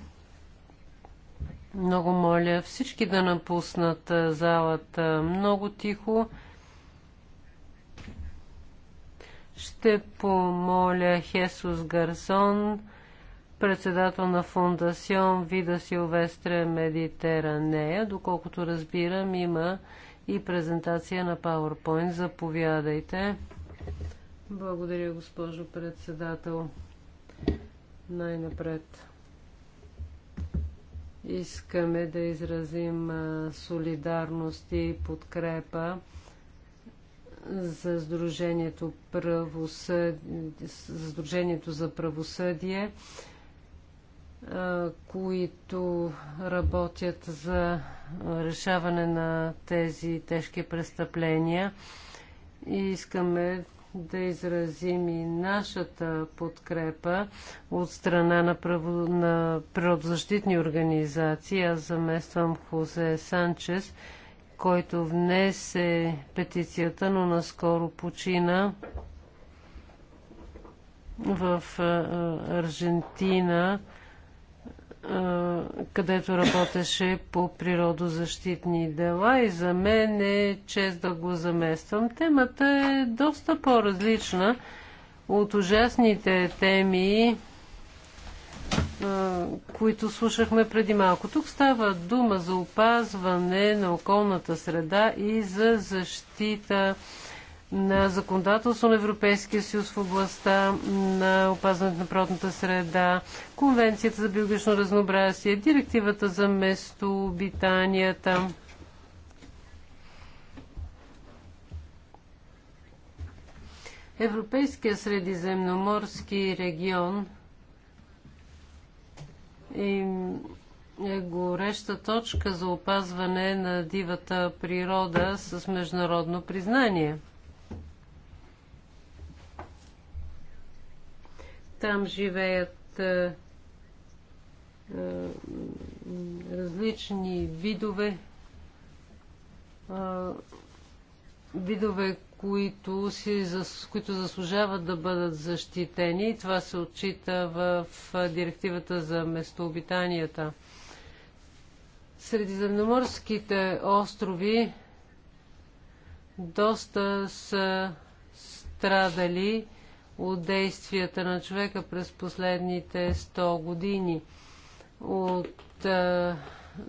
Много моля всички да напуснат залата много тихо. Ще помоля Хесус Гарсон, председател на фундацион Вида Силвестре Медитеранея. Доколкото разбирам, има и презентация на PowerPoint. Заповядайте. Благодаря, госпожо председател. Най-напред искаме да изразим солидарност и подкрепа за Сдружението, правосъд... за Сдружението за правосъдие, които работят за решаване на тези тежки престъпления. И искаме да изразим и нашата подкрепа от страна на, право, на природозащитни организации. Аз замествам Хозе Санчес – който внесе петицията, но наскоро почина в Аржентина, където работеше по природозащитни дела и за мен е чест да го замествам. Темата е доста по-различна от ужасните теми, които слушахме преди малко. Тук става дума за опазване на околната среда и за защита на законодателство на Европейския съюз в областта на опазването на природната среда, Конвенцията за биологично разнообразие, Директивата за местообитанията. Европейския средиземноморски регион и е гореща точка за опазване на дивата природа с международно признание. Там живеят е, е различни видове, е, видове, които, си, които заслужават да бъдат защитени. това се отчита в директивата за местообитанията. Средиземноморските острови доста са страдали от действията на човека през последните 100 години. От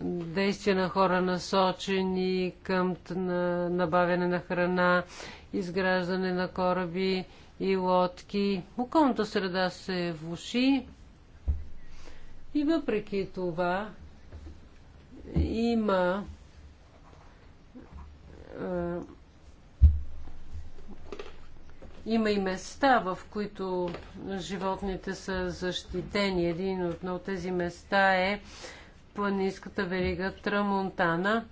действия на хора насочени към набавяне на храна, изграждане на кораби и лодки. Околната среда се влуши и въпреки това има има и места, в които животните са защитени. Един от тези места е планинската верига Трамонтана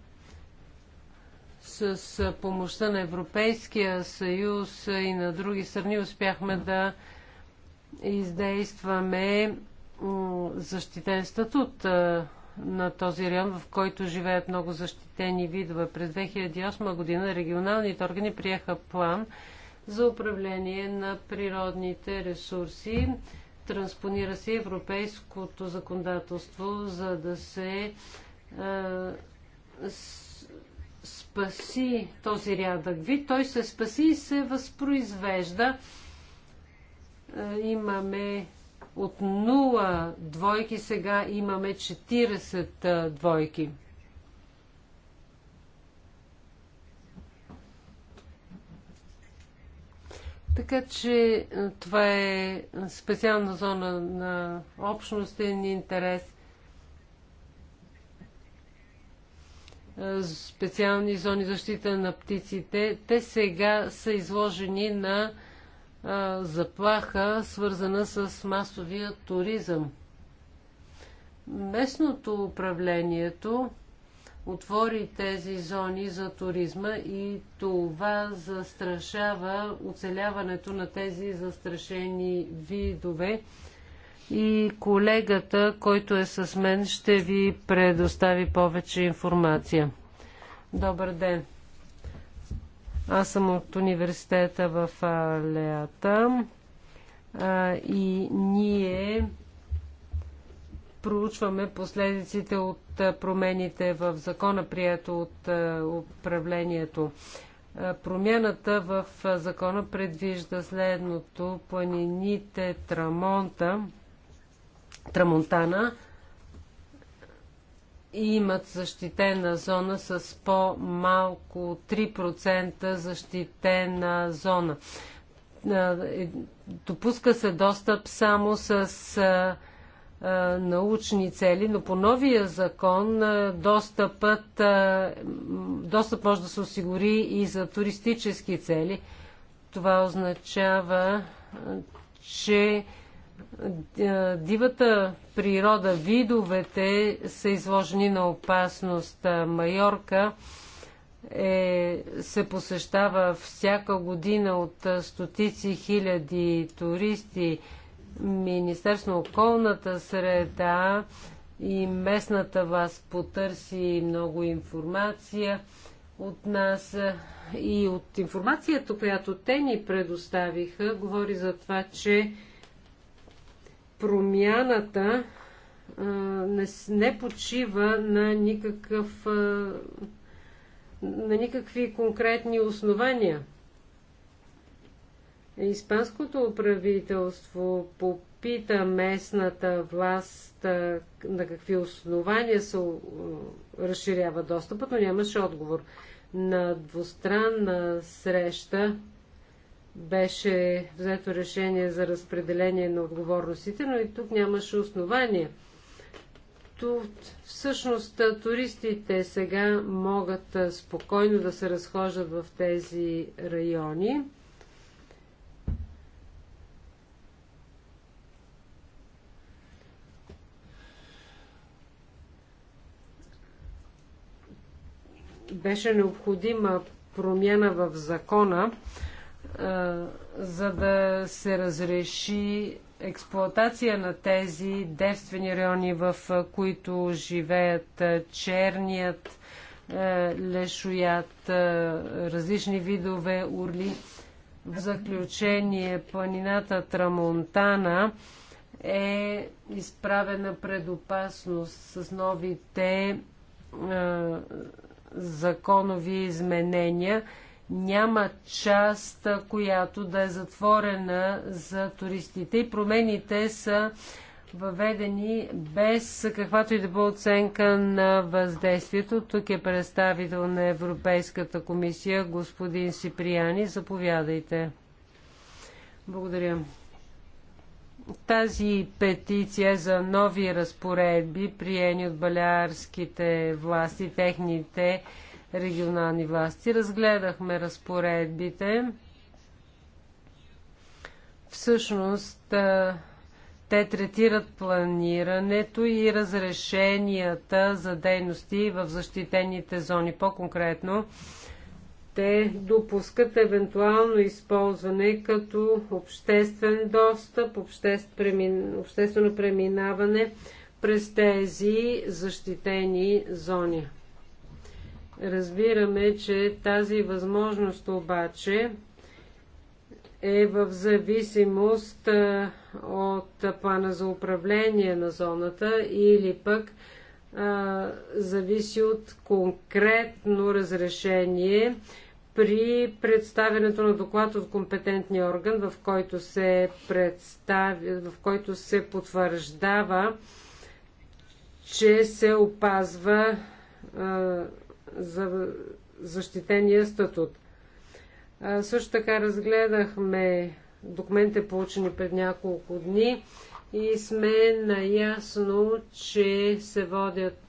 с помощта на Европейския съюз и на други страни успяхме да издействаме защитен статут на този район, в който живеят много защитени видове. През 2008 година регионалните органи приеха план за управление на природните ресурси Транспонира се европейското законодателство, за да се е, спаси този рядък вид. Той се спаси и се възпроизвежда. А, имаме от 0 двойки, сега имаме 40 двойки. Така че е, това е специална зона на общностен интерес. Е, специални зони защита на птиците, те сега са изложени на е, заплаха, свързана с масовия туризъм. Местното управлението отвори тези зони за туризма и това застрашава оцеляването на тези застрашени видове. И колегата, който е с мен, ще ви предостави повече информация. Добър ден! Аз съм от университета в Леата а, и ние проучваме последиците от промените в закона, прието от управлението. Промяната в закона предвижда следното. Планините Трамонта, Трамонтана имат защитена зона с по-малко 3% защитена зона. Е, допуска се достъп само с научни цели, но по новия закон достъпът, достъп може да се осигури и за туристически цели. Това означава, че дивата природа, видовете са изложени на опасност. Майорка е, се посещава всяка година от стотици хиляди туристи Министерство на околната среда и местната вас потърси много информация от нас и от информацията, която те ни предоставиха, говори за това, че промяната не, почива на никакъв на никакви конкретни основания. Испанското правителство попита местната власт на какви основания се разширява достъпът, но нямаше отговор. На двустранна среща беше взето решение за разпределение на отговорностите, но и тук нямаше основания. Тут всъщност туристите сега могат спокойно да се разхождат в тези райони беше необходима промяна в закона, за да се разреши експлоатация на тези девствени райони, в които живеят черният, лешоят, различни видове урли. В заключение, планината Трамонтана е изправена пред опасност с новите законови изменения, няма част, която да е затворена за туристите и промените са въведени без каквато и да бъде оценка на въздействието. Тук е представител на Европейската комисия господин Сиприяни. Заповядайте. Благодаря. Тази петиция е за нови разпоредби, приени от балярските власти, техните регионални власти. Разгледахме разпоредбите. Всъщност, те третират планирането и разрешенията за дейности в защитените зони. По-конкретно, те допускат евентуално използване като обществен достъп, обществено преминаване през тези защитени зони. Разбираме, че тази възможност обаче е в зависимост от плана за управление на зоната или пък а, зависи от конкретно разрешение при представянето на доклад от компетентния орган, в който се, представи, в който се потвърждава, че се опазва а, за защитения статут. А, също така разгледахме документите, получени пред няколко дни и сме наясно, че се водят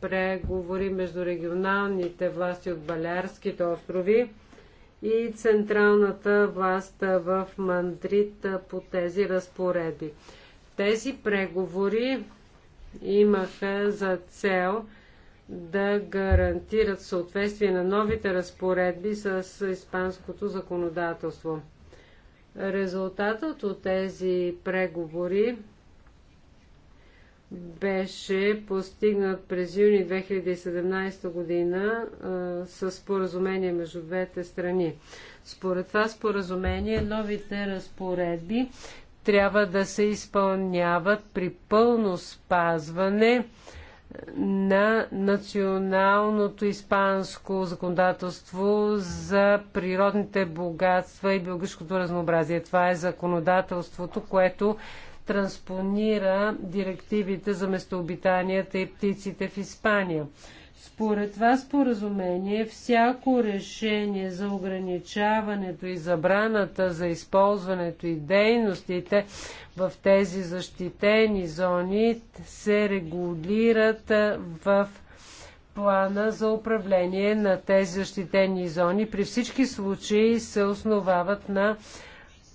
преговори между регионалните власти от Балярските острови и централната власт в Мандрит по тези разпоредби. Тези преговори имаха за цел да гарантират съответствие на новите разпоредби с испанското законодателство. Резултатът от тези преговори беше постигнат през юни 2017 година а, с споразумение между двете страни. Според това споразумение новите разпоредби трябва да се изпълняват при пълно спазване на националното испанско законодателство за природните богатства и биологическото разнообразие. Това е законодателството, което транспонира директивите за местообитанията и птиците в Испания. Според това споразумение, всяко решение за ограничаването и забраната за използването и дейностите в тези защитени зони се регулират в плана за управление на тези защитени зони. При всички случаи се основават на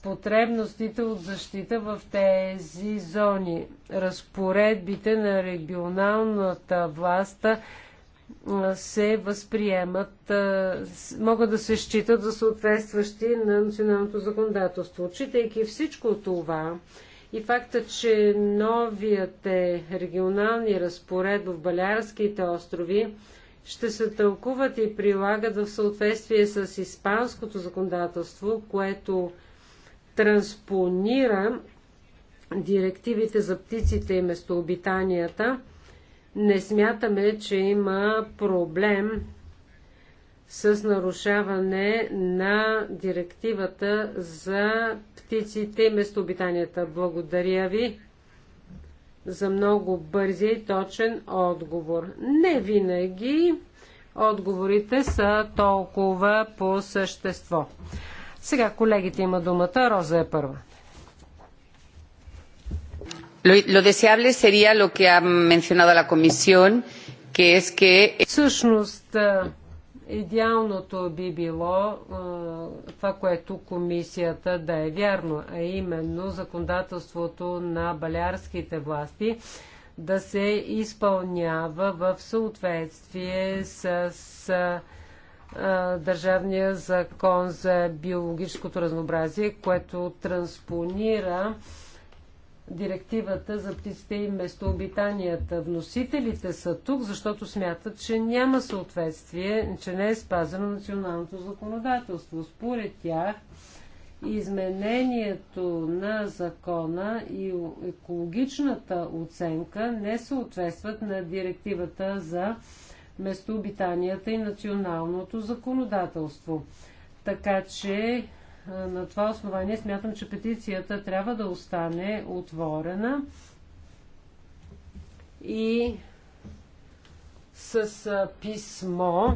потребностите от защита в тези зони. Разпоредбите на регионалната власт се възприемат, могат да се считат за съответстващи на националното законодателство. Отчитайки всичко това и факта, че новите регионални разпоред в Балярските острови ще се тълкуват и прилагат в съответствие с испанското законодателство, което транспонира директивите за птиците и местообитанията – не смятаме, че има проблем с нарушаване на директивата за птиците и местообитанията. Благодаря ви за много бързия и точен отговор. Не винаги отговорите са толкова по същество. Сега колегите има думата. Роза е първа. Lo deseable sería lo que ha mencionado la Comisión, que es que... идеалното би било това, което комисията да е вярно, а именно законодателството на балярските власти да се изпълнява в съответствие с Държавния закон за биологическото разнообразие, което транспонира директивата за птиците и местообитанията. Вносителите са тук, защото смятат, че няма съответствие, че не е спазено националното законодателство. Според тях, изменението на закона и екологичната оценка не съответстват на директивата за местообитанията и националното законодателство. Така че на това основание смятам, че петицията трябва да остане отворена и с писмо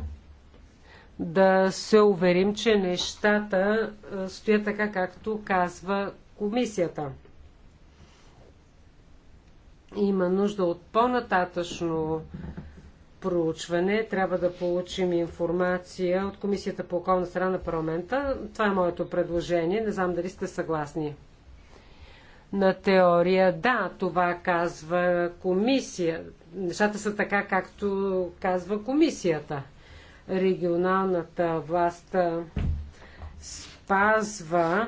да се уверим, че нещата стоят така, както казва комисията. Има нужда от по-нататъчно проучване. Трябва да получим информация от Комисията по околна страна на парламента. Това е моето предложение. Не знам дали сте съгласни. На теория, да, това казва комисия. Нещата са така, както казва комисията. Регионалната власт спазва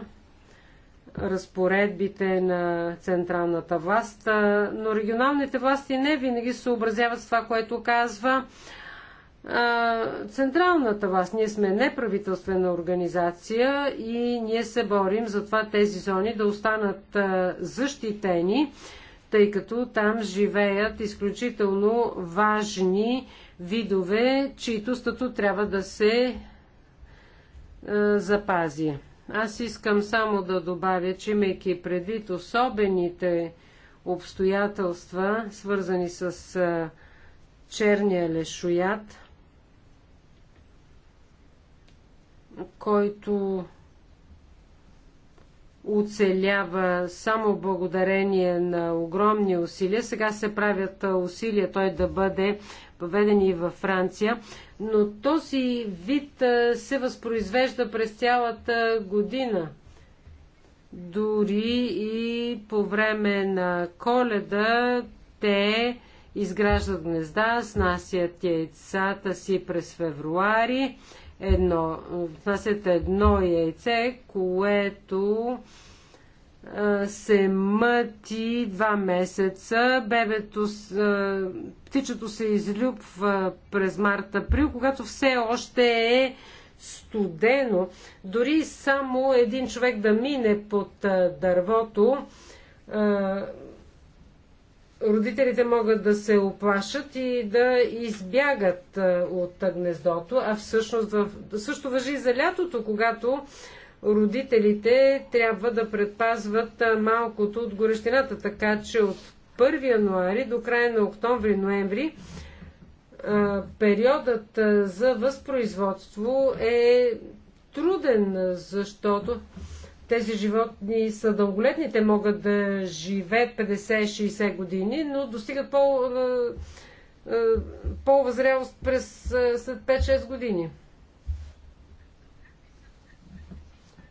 разпоредбите на централната власт, но регионалните власти не винаги се съобразяват с това, което казва централната власт. Ние сме неправителствена организация и ние се борим за това тези зони да останат защитени, тъй като там живеят изключително важни видове, чието статут трябва да се запази. Аз искам само да добавя, че имайки предвид особените обстоятелства, свързани с черния лешоят, който оцелява само благодарение на огромни усилия. Сега се правят усилия той да бъде поведен и във Франция, но този вид се възпроизвежда през цялата година. Дори и по време на коледа те изграждат гнезда, снасят яйцата си през февруари едно, внасят едно яйце, което се мъти два месеца. Бебето, птичето се излюбва през март-април, когато все още е студено. Дори само един човек да мине под дървото, родителите могат да се оплашат и да избягат от гнездото, а всъщност също въжи и за лятото, когато родителите трябва да предпазват малкото от горещината, така че от 1 януари до края на октомври-ноември периодът за възпроизводство е труден, защото тези животни са дълголетни, те могат да живеят 50-60 години, но достигат по, е, е, по-възрялост през е, след 5-6 години.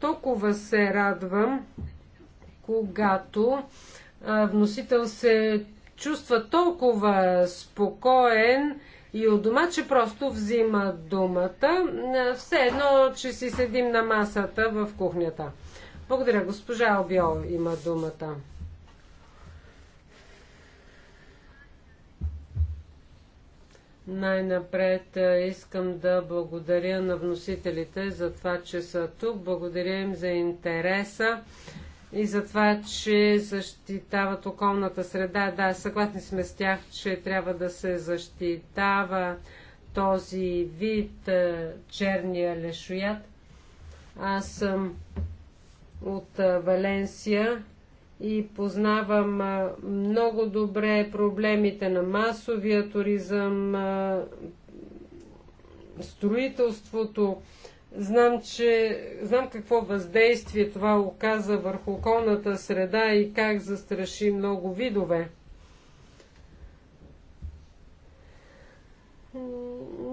Толкова се радвам, когато вносител се чувства толкова спокоен и от дома, че просто взима думата. Все едно, че си седим на масата в кухнята. Благодаря. Госпожа Обиол има думата. Най-напред е, искам да благодаря на вносителите за това, че са тук. Благодаря им за интереса и за това, че защитават околната среда. Да, съгласни сме с тях, че трябва да се защитава този вид е, черния лешоят. Аз съм от Валенсия и познавам много добре проблемите на масовия туризъм, строителството. Знам, че знам какво въздействие това оказа върху околната среда и как застраши много видове.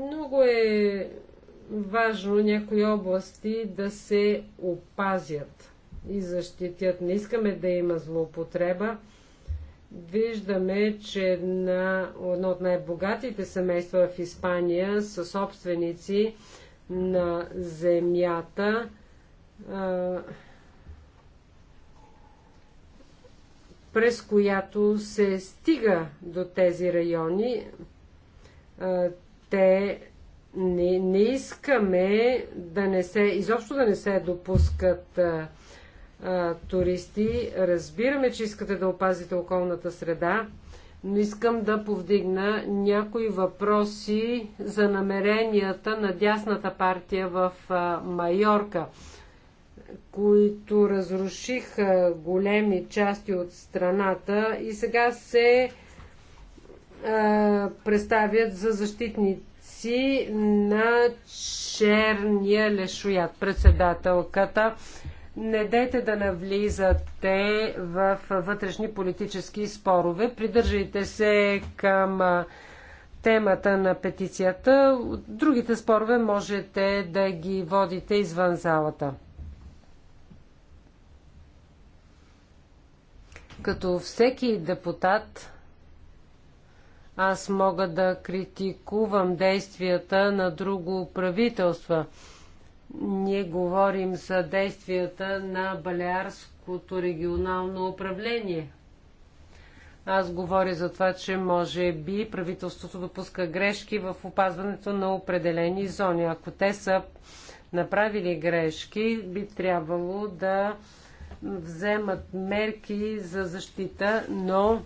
Много е важно някои области да се опазят и защитят. Не искаме да има злоупотреба. Виждаме, че на едно от най-богатите семейства в Испания са собственици на земята. през която се стига до тези райони. Те не, не искаме да не се, изобщо да не се допускат туристи. Разбираме, че искате да опазите околната среда, но искам да повдигна някои въпроси за намеренията на дясната партия в Майорка, които разрушиха големи части от страната и сега се представят за защитници на черния лешоят. Председателката не дейте да навлизате в вътрешни политически спорове. Придържайте се към темата на петицията. Другите спорове можете да ги водите извън залата. Като всеки депутат, аз мога да критикувам действията на друго правителство – ние говорим за действията на Балеарското регионално управление. Аз говоря за това, че може би правителството допуска грешки в опазването на определени зони. Ако те са направили грешки, би трябвало да вземат мерки за защита, но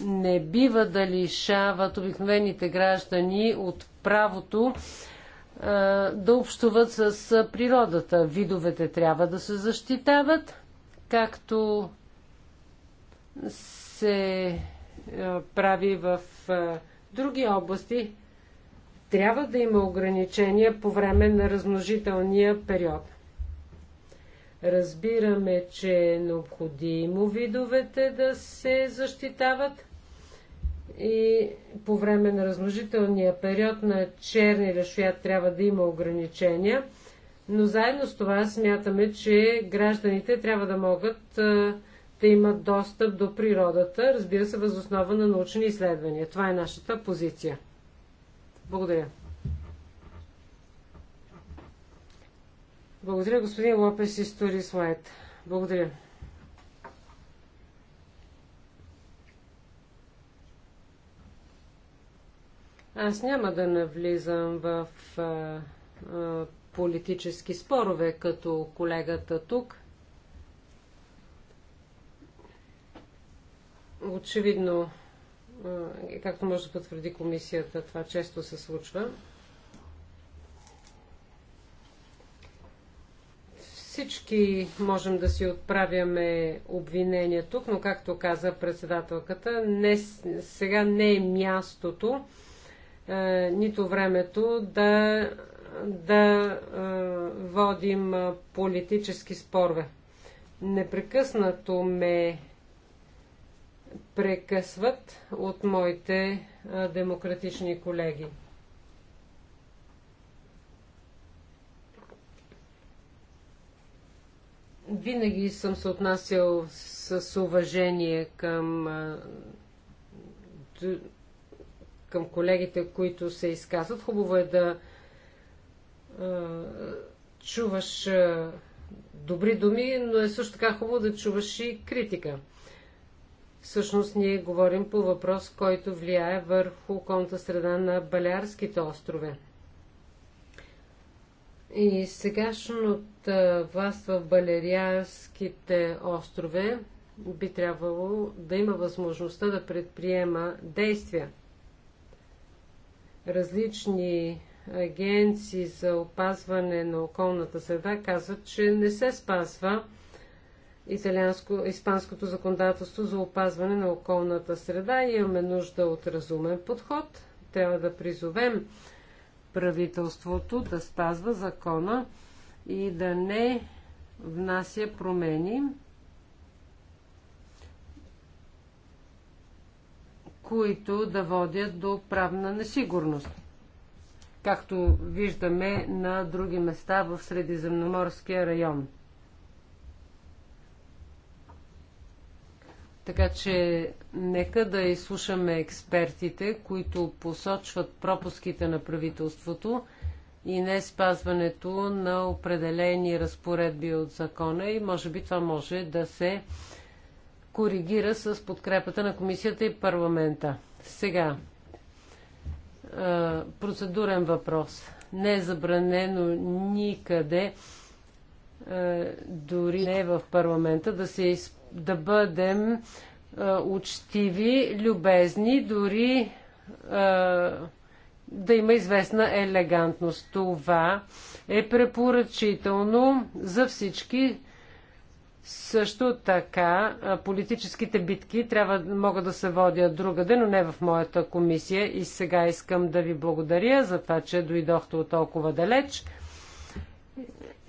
не бива да лишават обикновените граждани от правото да общуват с природата. Видовете трябва да се защитават, както се прави в други области. Трябва да има ограничения по време на размножителния период. Разбираме, че е необходимо видовете да се защитават, и по време на размножителния период на черни лешоят трябва да има ограничения, но заедно с това смятаме, че гражданите трябва да могат да имат достъп до природата, разбира се, възоснова на научни изследвания. Това е нашата позиция. Благодаря. Благодаря, господин Лопес Историс Лайт. Благодаря. Аз няма да навлизам в а, а, политически спорове, като колегата тук. Очевидно, както може да потвърди комисията, това често се случва. Всички можем да си отправяме обвинения тук, но както каза председателката, не, сега не е мястото е, нито времето да, да е, водим е, политически спорве. Непрекъснато ме прекъсват от моите демократични колеги. винаги съм се отнасял с уважение към към колегите, които се изказват. Хубаво е да чуваш добри думи, но е също така хубаво да чуваш и критика. Всъщност ние говорим по въпрос, който влияе върху околната среда на Балярските острове. И от вас в Балярските острове би трябвало да има възможността да предприема действия – Различни агенции за опазване на околната среда казват, че не се спазва италианско, испанското законодателство за опазване на околната среда. Имаме нужда от разумен подход. Трябва да призовем правителството да спазва закона и да не внася промени които да водят до правна несигурност, както виждаме на други места в Средиземноморския район. Така че нека да изслушаме експертите, които посочват пропуските на правителството и не спазването на определени разпоредби от закона и може би това може да се коригира с подкрепата на комисията и парламента. Сега, процедурен въпрос. Не е забранено никъде, дори не в парламента, да, се, да бъдем учтиви, любезни, дори да има известна елегантност. Това е препоръчително за всички също така, политическите битки трябва, могат да се водят другаде, но не в моята комисия. И сега искам да ви благодаря за това, че дойдохте от толкова далеч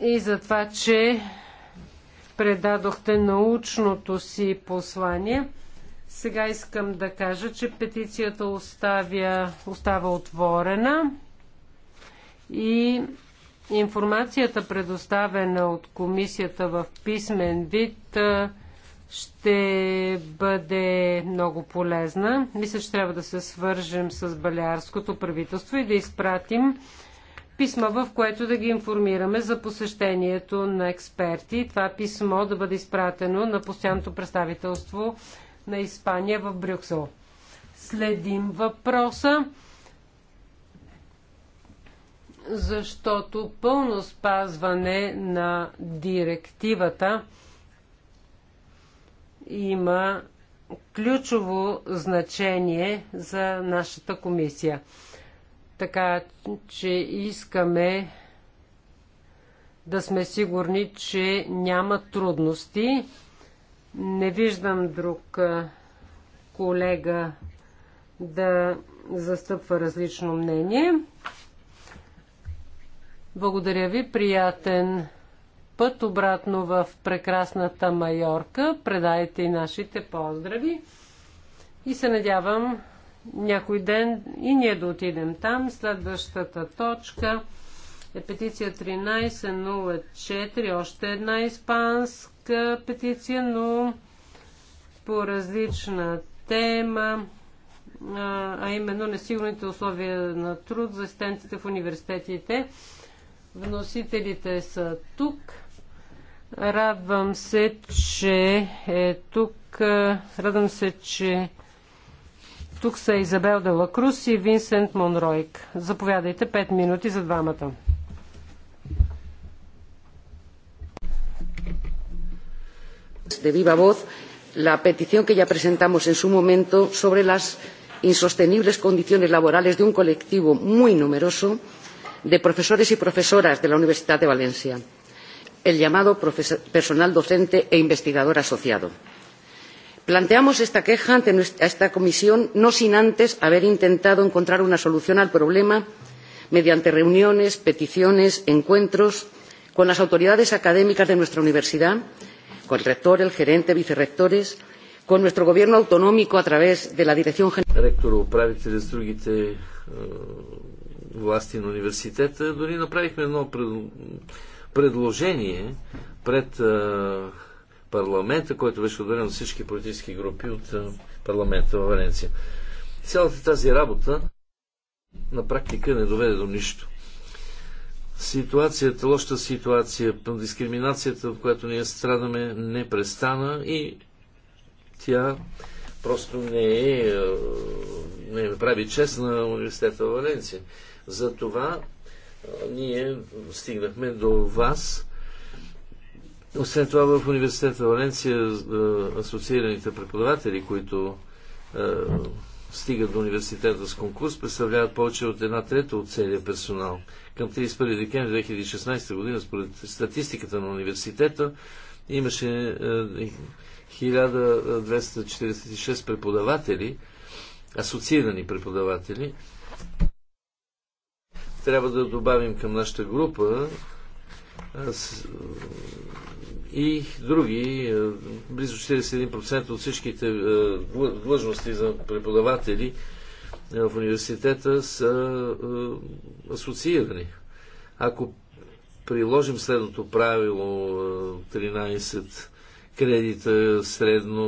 и за това, че предадохте научното си послание. Сега искам да кажа, че петицията оставя, остава отворена и Информацията, предоставена от комисията в писмен вид, ще бъде много полезна. Мисля, че трябва да се свържем с Балярското правителство и да изпратим писма, в което да ги информираме за посещението на експерти. Това писмо да бъде изпратено на постоянното представителство на Испания в Брюксел. Следим въпроса защото пълно спазване на директивата има ключово значение за нашата комисия. Така че искаме да сме сигурни, че няма трудности. Не виждам друг колега да застъпва различно мнение. Благодаря ви, приятен път обратно в прекрасната Майорка. Предайте и нашите поздрави. И се надявам някой ден и ние да отидем там. Следващата точка е петиция 1304, още една испанска петиция, но по различна тема, а именно несигурните условия на труд за асистентите в университетите. Вносителите са тук. Радвам се, че е тук. Радвам се, че тук са Изабел Дела Крус и Винсент Монройк. Заповядайте 5 минути за двамата. De viva voz la petición que ya presentamos en su momento sobre las insostenibles condiciones laborales de un colectivo muy numeroso de profesores y profesoras de la Universidad de Valencia, el llamado personal docente e investigador asociado. Planteamos esta queja ante esta comisión no sin antes haber intentado encontrar una solución al problema mediante reuniones, peticiones, encuentros con las autoridades académicas de nuestra universidad, con el rector, el gerente, vicerrectores, con nuestro gobierno autonómico a través de la Dirección General власти на университета. Дори направихме едно предложение пред парламента, който беше одобрен от всички политически групи от парламента във Валенция. Цялата тази работа на практика не доведе до нищо. Ситуацията, лоша ситуация, дискриминацията, от която ние страдаме, не престана и тя просто не е, не е прави чест на университета в Валенция. За това ние стигнахме до вас. Освен това в университета Валенция асоциираните преподаватели, които стигат до университета с конкурс, представляват повече от една трета от целия персонал. Към 31 декември 2016 година, според статистиката на университета, имаше 1246 преподаватели, асоциирани преподаватели, трябва да добавим към нашата група и други, близо 41% от всичките длъжности за преподаватели в университета са асоциирани. Ако приложим следното правило 13 кредита средно,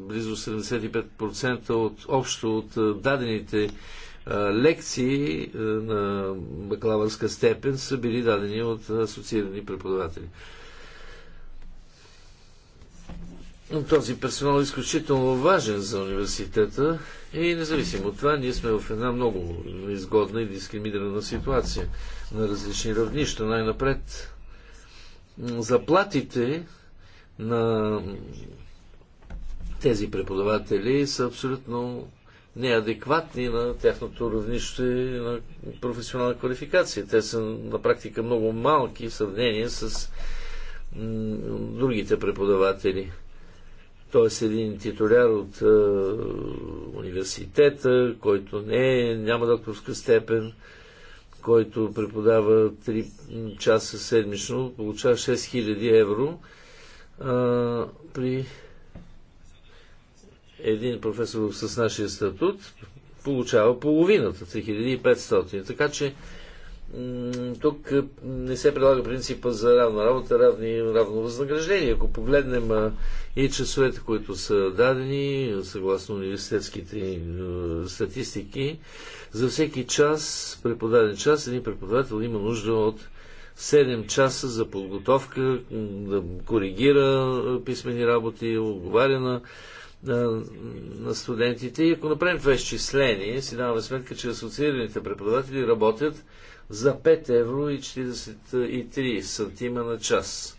близо 75% от общо от дадените лекции на бакалавърска степен са били дадени от асоциирани преподаватели. Този персонал е изключително важен за университета и независимо от това, ние сме в една много изгодна и дискриминирана ситуация на различни равнища. Най-напред заплатите на тези преподаватели са абсолютно неадекватни на тяхното равнище на професионална квалификация. Те са на практика много малки в сравнение с другите преподаватели. Тоест един титуляр от е, университета, който не е, няма докторска степен, който преподава 3 часа седмично, получава 6000 евро а, при един професор с нашия статут получава половината, 3500. Така че тук е, не се прилага принципа за равна работа, равни, равно възнаграждение. Ако погледнем и часовете, които са дадени, съгласно университетските е, статистики, за всеки час, преподаден час, един преподавател има нужда от 7 часа за подготовка, да коригира писмени работи, отговаря на на, на студентите. И ако направим това изчисление, си даваме сметка, че асоциираните преподаватели работят за 5 евро и 43 сантима на час.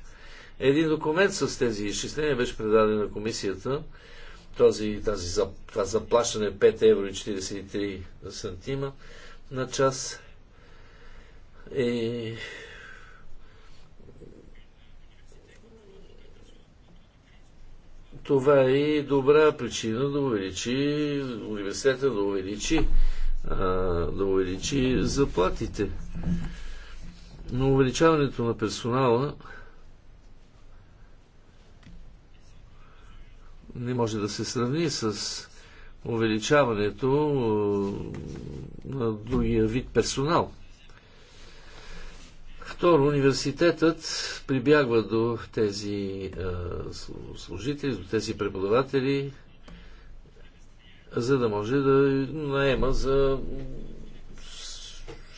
Един документ с тези изчисления беше предаден на комисията. Този, тази, това заплащане 5 е евро и 43 сантима на час. И Това е и добра причина да увеличи университета, да увеличи, да увеличи заплатите. Но увеличаването на персонала не може да се сравни с увеличаването на другия вид персонал – Второ, университетът прибягва до тези е, служители, до тези преподаватели, за да може да наема за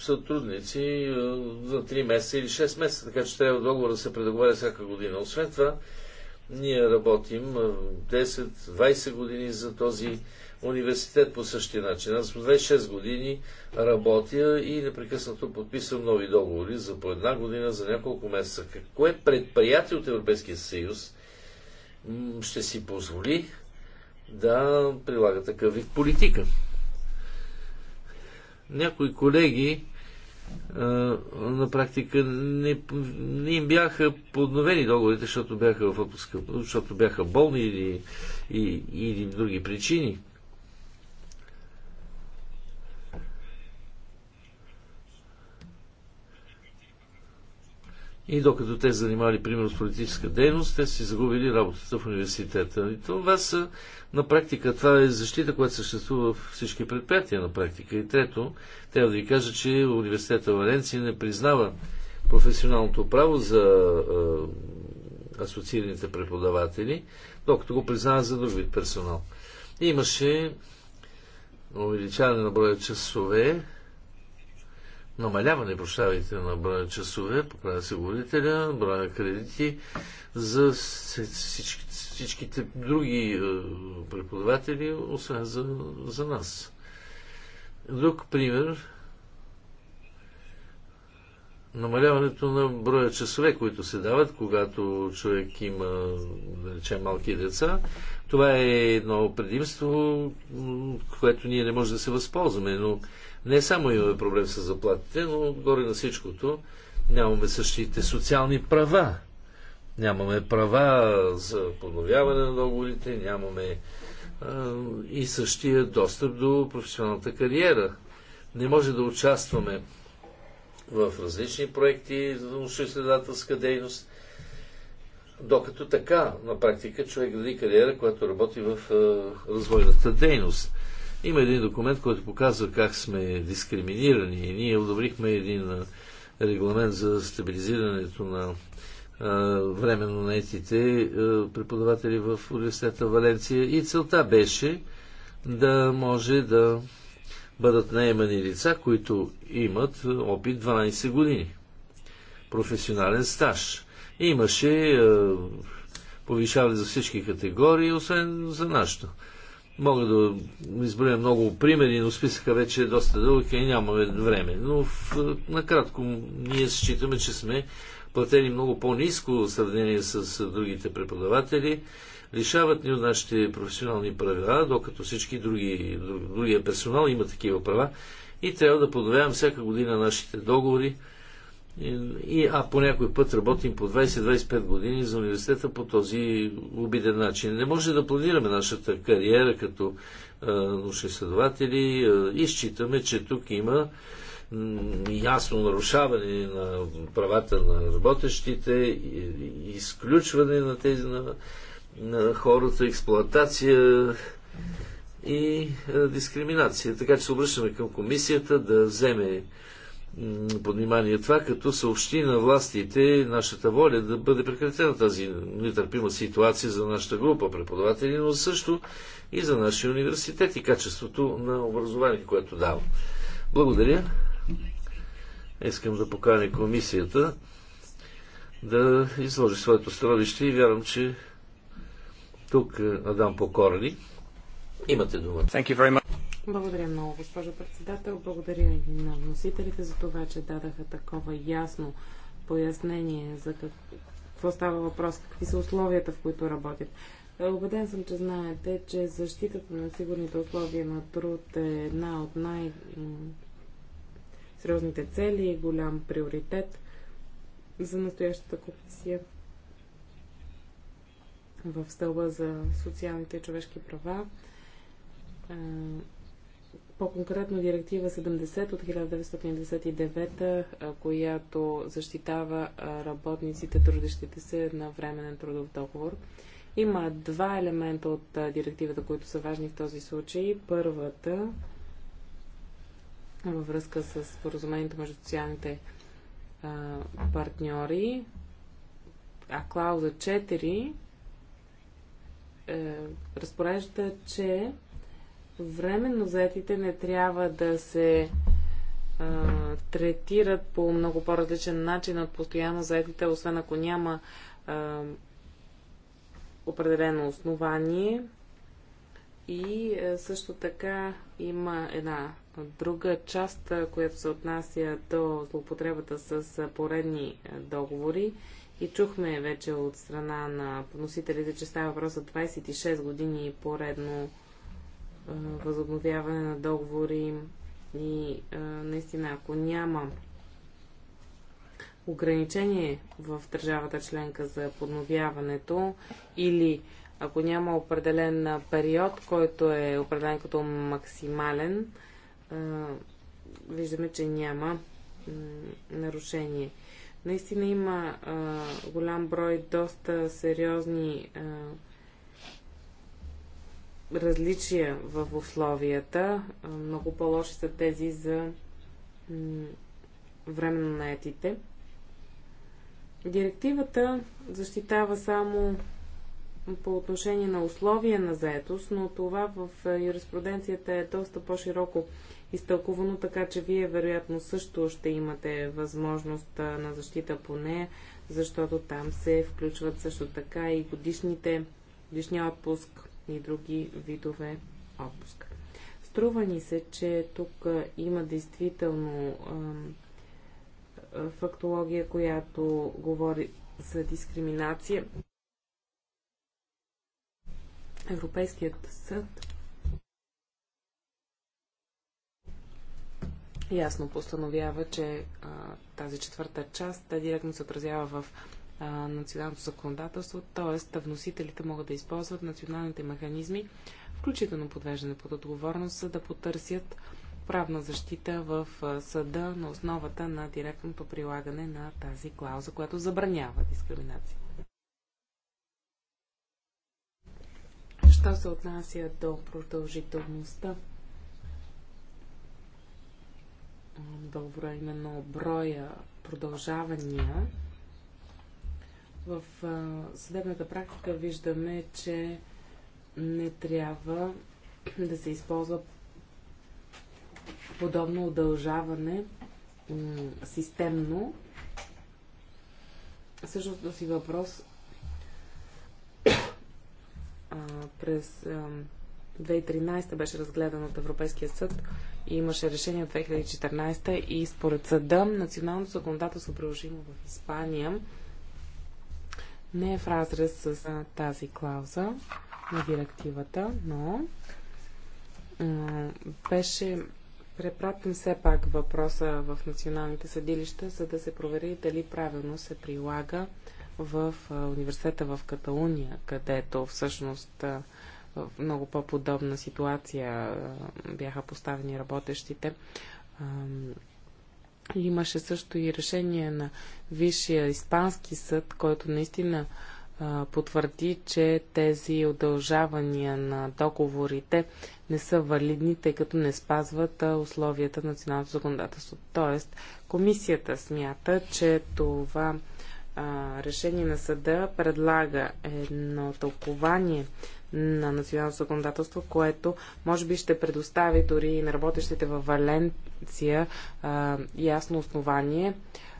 сътрудници е, за 3 месеца или 6 месеца, така че трябва договор да се предоговаря всяка година. Освен това, ние работим 10-20 е, години за този университет по същия начин. Аз по 26 години работя и непрекъснато подписвам нови договори за по една година, за няколко месеца. Какво е предприятие от Европейския съюз ще си позволи да прилага такъв вид политика? Някои колеги на практика не, не им бяха подновени договорите, защото бяха в отпуска, защото бяха болни или, и, или други причини. И докато те занимали, примерно, с политическа дейност, те си загубили работата в университета. И това са, на практика, това е защита, която съществува в всички предприятия на практика. И трето, трябва да ви кажа, че университета Валенция не признава професионалното право за а, асоциираните преподаватели, докато го признава за друг вид персонал. И имаше увеличаване на броя часове, намаляване, прощавайте, на броя часове, по на говорителя, броя кредити за всички, всичките други е, преподаватели, освен за, за нас. Друг пример намаляването на броя часове, които се дават, когато човек има, да речем, малки деца. Това е едно предимство, което ние не можем да се възползваме, но не само имаме проблем с заплатите, но горе на всичкото нямаме същите социални права. Нямаме права за подновяване на договорите, нямаме а, и същия достъп до професионалната кариера. Не може да участваме в различни проекти за научно-изследователска дейност, докато така на практика човек гради кариера, която работи в е, развойната дейност. Има един документ, който показва как сме дискриминирани и ние одобрихме един е, регламент за стабилизирането на е, временно наетите преподаватели в университета Валенция и целта беше да може да бъдат наемани лица, които имат опит 12 години. Професионален стаж. Имаше е, повишаване за всички категории, освен за нашата. Мога да изброя много примери, но списъка вече е доста дълъг и нямаме време. Но в, накратко ние считаме, че сме платени много по-низко в сравнение с другите преподаватели лишават ни от нашите професионални правила, докато всички други, другия персонал има такива права и трябва да подновявам всяка година нашите договори. И, а по някой път работим по 20-25 години за университета по този обиден начин. Не може да планираме нашата кариера като научни следователи. Изчитаме, че тук има ясно нарушаване на правата на работещите, изключване на тези на на хората, експлоатация и дискриминация. Така че се обръщаме към комисията да вземе под внимание това, като съобщи на властите нашата воля да бъде прекратена тази нетърпима ситуация за нашата група преподаватели, но също и за нашия университет и качеството на образование, което дава. Благодаря. Искам да поканя комисията да изложи своето становище и вярвам, че тук е, Адам Покорни. Имате думата. Thank you very much. Благодаря много, госпожо председател. Благодаря и на вносителите за това, че дадаха такова ясно пояснение за какво става въпрос, какви са условията, в които работят. Обеден е, съм, че знаете, че защитата на сигурните условия на труд е една от най- сериозните цели и голям приоритет за настоящата комисия в стълба за социалните и човешки права. По-конкретно директива 70 от 1999, която защитава работниците, трудещите се на временен трудов договор. Има два елемента от директивата, които са важни в този случай. Първата във връзка с споразумението между социалните партньори, а клауза 4 е, разпорежда, че временно заетите не трябва да се е, третират по много по-различен начин от постоянно заетите, освен ако няма е, определено основание. И е, също така има една друга част, която се отнася до злоупотребата с поредни договори и чухме вече от страна на поносителите, че става въпрос за 26 години поредно е, възобновяване на договори и а, е, наистина, ако няма ограничение в държавата членка за подновяването или ако няма определен период, който е определен като максимален, е, виждаме, че няма нарушение. Наистина има а, голям брой доста сериозни а, различия в условията. А, много по-лоши са тези за временно наетите. Директивата защитава само по отношение на условия на заетост, но това в е, юриспруденцията е доста по-широко изтълкувано, така че вие вероятно също ще имате възможност на защита по нея, защото там се включват също така и годишните, годишния отпуск и други видове отпуск. Струва ни се, че тук има действително фактология, която говори за дискриминация. Европейският съд ясно постановява, че а, тази четвърта част да директно се отразява в а, националното законодателство, т.е. вносителите могат да използват националните механизми, включително подвеждане под отговорност, за да потърсят правна защита в съда на основата на директното прилагане на тази клауза, която забранява дискриминация. Що се отнася до продължителността? Добро, е именно броя продължавания. В съдебната практика виждаме, че не трябва да се използва подобно удължаване системно. Същото си въпрос през 2013 беше разгледан от Европейския съд и имаше решение от 2014 и според съда националното законодателство приложимо в Испания не е в разрез с тази клауза на директивата, но беше препратен все пак въпроса в националните съдилища, за да се провери дали правилно се прилага в университета в Каталуния, където всъщност в много по-подобна ситуация бяха поставени работещите. Имаше също и решение на Висшия Испански съд, който наистина потвърди, че тези удължавания на договорите не са валидни, тъй като не спазват условията на националното законодателство. Тоест, комисията смята, че това решение на съда предлага едно тълкование на национално законодателство, което може би ще предостави дори и на работещите във Валенция а, ясно основание,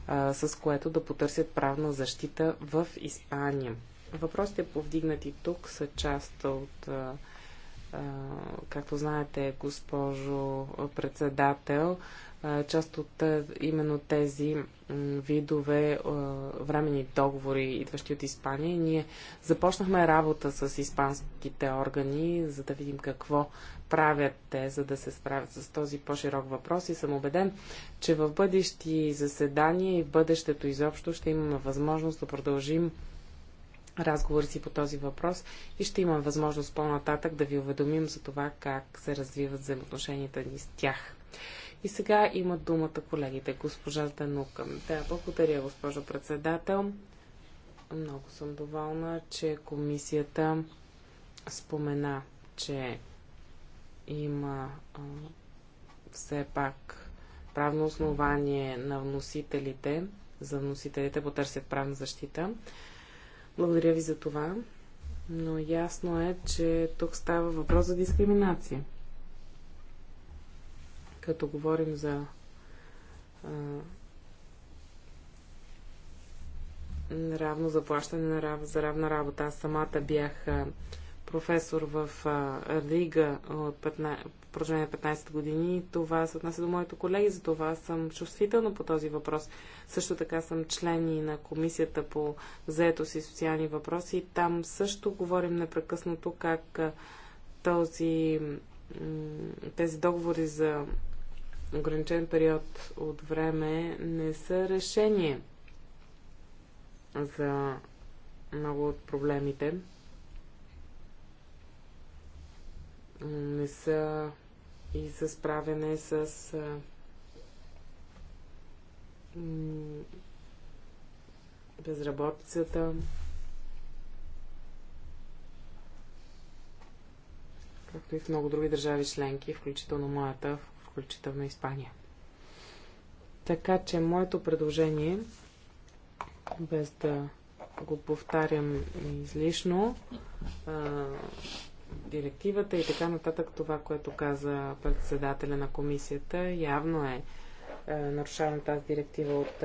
а, с което да потърсят правна защита в Испания. Въпросите повдигнати тук са част от, а, а, както знаете, госпожо председател, а, част от именно тези видове времени договори, идващи от Испания. Ние започнахме работа с испанските органи, за да видим какво правят те, за да се справят с този по-широк въпрос и съм убеден, че в бъдещи заседания и в бъдещето изобщо ще имаме възможност да продължим разговор си по този въпрос и ще имам възможност по-нататък да ви уведомим за това как се развиват взаимоотношенията ни с тях. И сега има думата колегите, госпожа Данука. Да, благодаря, госпожо председател. Много съм доволна, че комисията спомена, че има а, все пак правно основание на вносителите, за вносителите потърсят правна защита. Благодаря ви за това, но ясно е, че тук става въпрос за дискриминация като говорим за а, равно заплащане на, за равна работа. Аз самата бях а, професор в а, Рига от 15, продължение 15 години. Това се отнася до моите колеги, за това съм чувствителна по този въпрос. Също така съм член и на комисията по заетост и социални въпроси. Там също говорим непрекъснато как а, този, тези договори за ограничен период от време не са решение за много от проблемите. Не са и за справяне с безработицата. Както и в много други държави членки, включително моята, в включително Испания. Така че моето предложение, без да го повтарям излишно, а, директивата и така нататък, това, което каза председателя на комисията, явно е, е нарушаваме тази директива от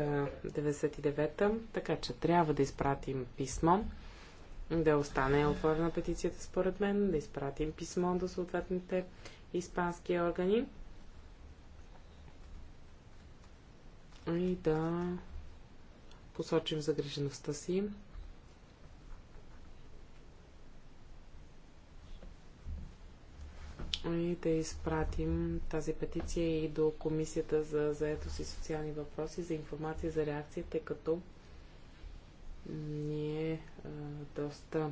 99-та, така че трябва да изпратим писмо, да остане отворена петицията според мен, да изпратим писмо до съответните испански органи и да посочим загрижеността си. И да изпратим тази петиция и до Комисията за заетост и социални въпроси за информация за реакция, тъй като ние е, доста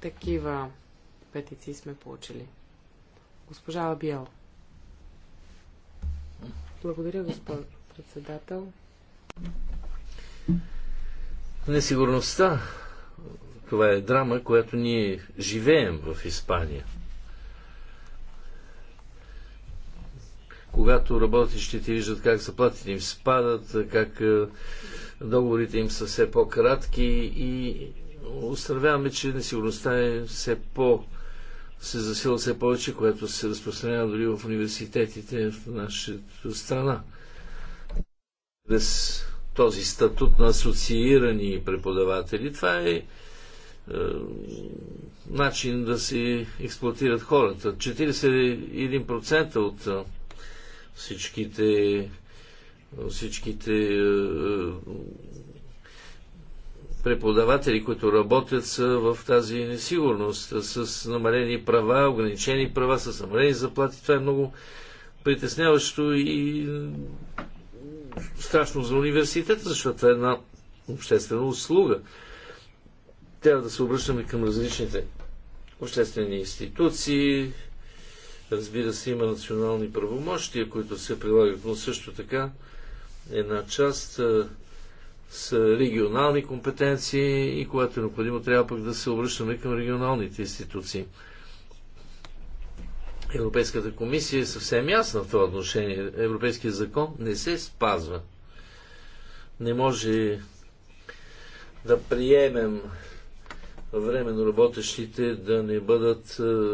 такива петиции сме получили. Госпожа Абиел. Mm-hmm. Благодаря, госпожо председател. Несигурността, това е драма, която ние живеем в Испания. Когато работещите виждат как заплатите им спадат, как е, договорите им са все по-кратки и установяваме, че несигурността е все по-кратка се засила все повече, което се разпространява дори в университетите в нашата страна. През този статут на асоциирани преподаватели, това е, е начин да се експлуатират хората. 41% от е, всичките всичките е, преподаватели, които работят, са в тази несигурност, с намалени права, ограничени права, с намалени заплати. Това е много притесняващо и страшно за университета, защото това е една обществена услуга. Трябва да се обръщаме към различните обществени институции. Разбира се, има национални правомощия, които се прилагат, но също така една част са регионални компетенции и когато е необходимо, трябва пък да се обръщаме към регионалните институции. Европейската комисия е съвсем ясна в това отношение. Европейският закон не се спазва. Не може да приемем временно работещите да не бъдат е,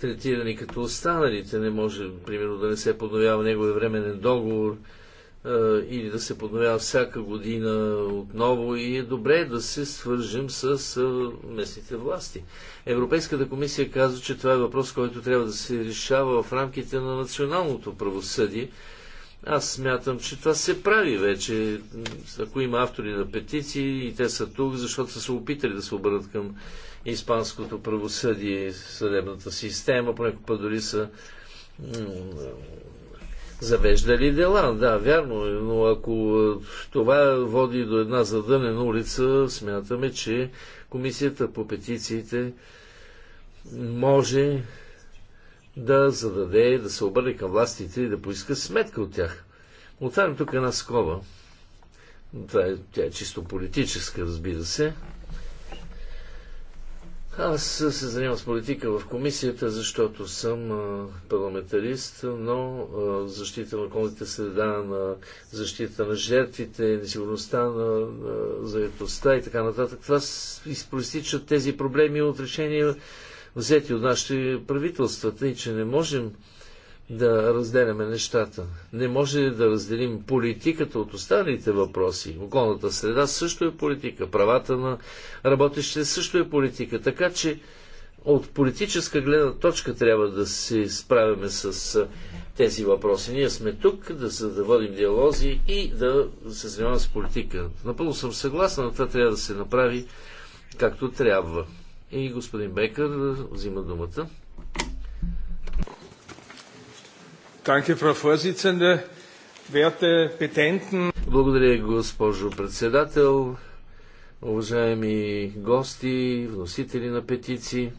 третирани като останалите. Не може, примерно, да не се подновява неговия временен договор е, или да се подновява всяка година отново и е добре да се свържем с местните власти. Европейската комисия казва, че това е въпрос, който трябва да се решава в рамките на националното правосъдие. Аз смятам, че това се прави вече. Ако има автори на петиции и те са тук, защото са се опитали да се обърнат към испанското правосъдие, съдебната система, понякога дори са завеждали дела. Да, вярно но ако е, това води до една задънена улица, смятаме, че Комисията по петициите може да зададе, да се обърне към властите и да поиска сметка от тях. Отварям тук е една скоба. Това е, тя е чисто политическа, разбира се. Аз се занимавам с политика в комисията, защото съм парламентарист, но защита на околните среда, на защита на жертвите, несигурността на, на заедостта и така нататък. Това изпроистичат тези проблеми от решения взети от нашите правителства, тъй че не можем да разделяме нещата. Не може да разделим политиката от останалите въпроси. Околната среда също е политика, правата на работещите също е политика. Така че от политическа гледна точка трябва да се справяме с тези въпроси. Ние сме тук да, за да водим диалози и да се занимаваме с политика. Напълно съм съгласен, но това трябва да се направи както трябва. И господин Бекър взима думата. Danke, Frau Vorsitzende. Werte Petenten. Благодаря, госпожо председател, уважаеми гости, вносители на петиции.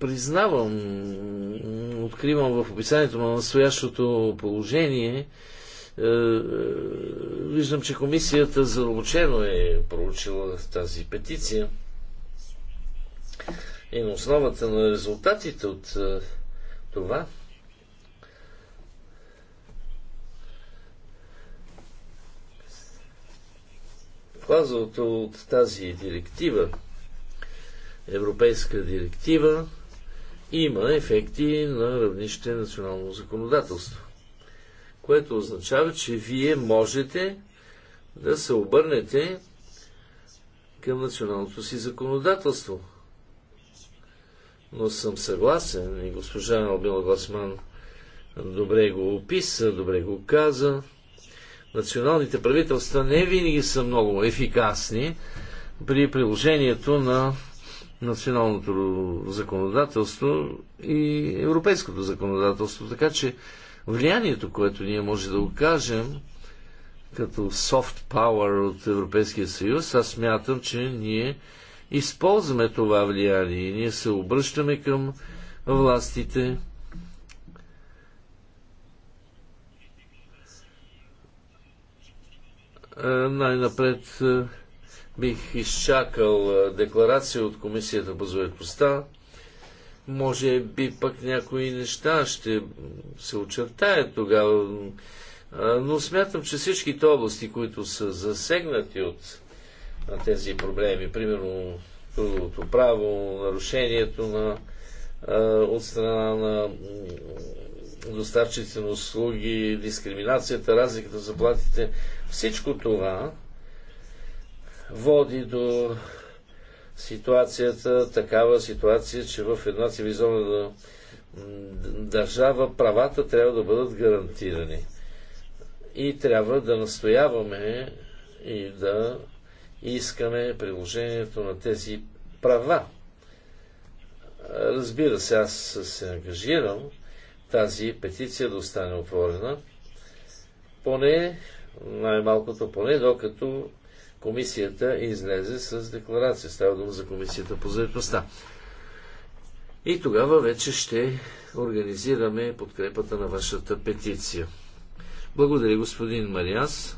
Признавам, откривам в описанието на настоящото положение, е, е, виждам, че комисията задълбочено е проучила тази петиция. И на основата на резултатите от е, това клаузата от тази директива, европейска директива, има ефекти на равнище национално законодателство. Което означава, че вие можете да се обърнете към националното си законодателство. Но съм съгласен и госпожа Албила Гласман добре го описа, добре го каза, националните правителства не винаги са много ефикасни при приложението на националното законодателство и европейското законодателство. Така че влиянието, което ние може да окажем като soft power от Европейския съюз, аз мятам, че ние използваме това влияние. и Ние се обръщаме към властите, Е, най-напред е, бих изчакал е, декларация от Комисията по заедността. Може би пък някои неща ще се очертаят тогава, но смятам, че всичките области, които са засегнати от тези проблеми, примерно трудовото право, нарушението на, от страна на доставчиците на услуги, дискриминацията, разликата за платите, всичко това води до ситуацията, такава ситуация, че в една цивилизована държава правата трябва да бъдат гарантирани. И трябва да настояваме и да искаме приложението на тези права. Разбира се, аз се ангажирам тази петиция да остане отворена, поне най-малкото поне, докато комисията излезе с декларация. Става дума за комисията по заедността. И тогава вече ще организираме подкрепата на вашата петиция. Благодаря, господин Мариас.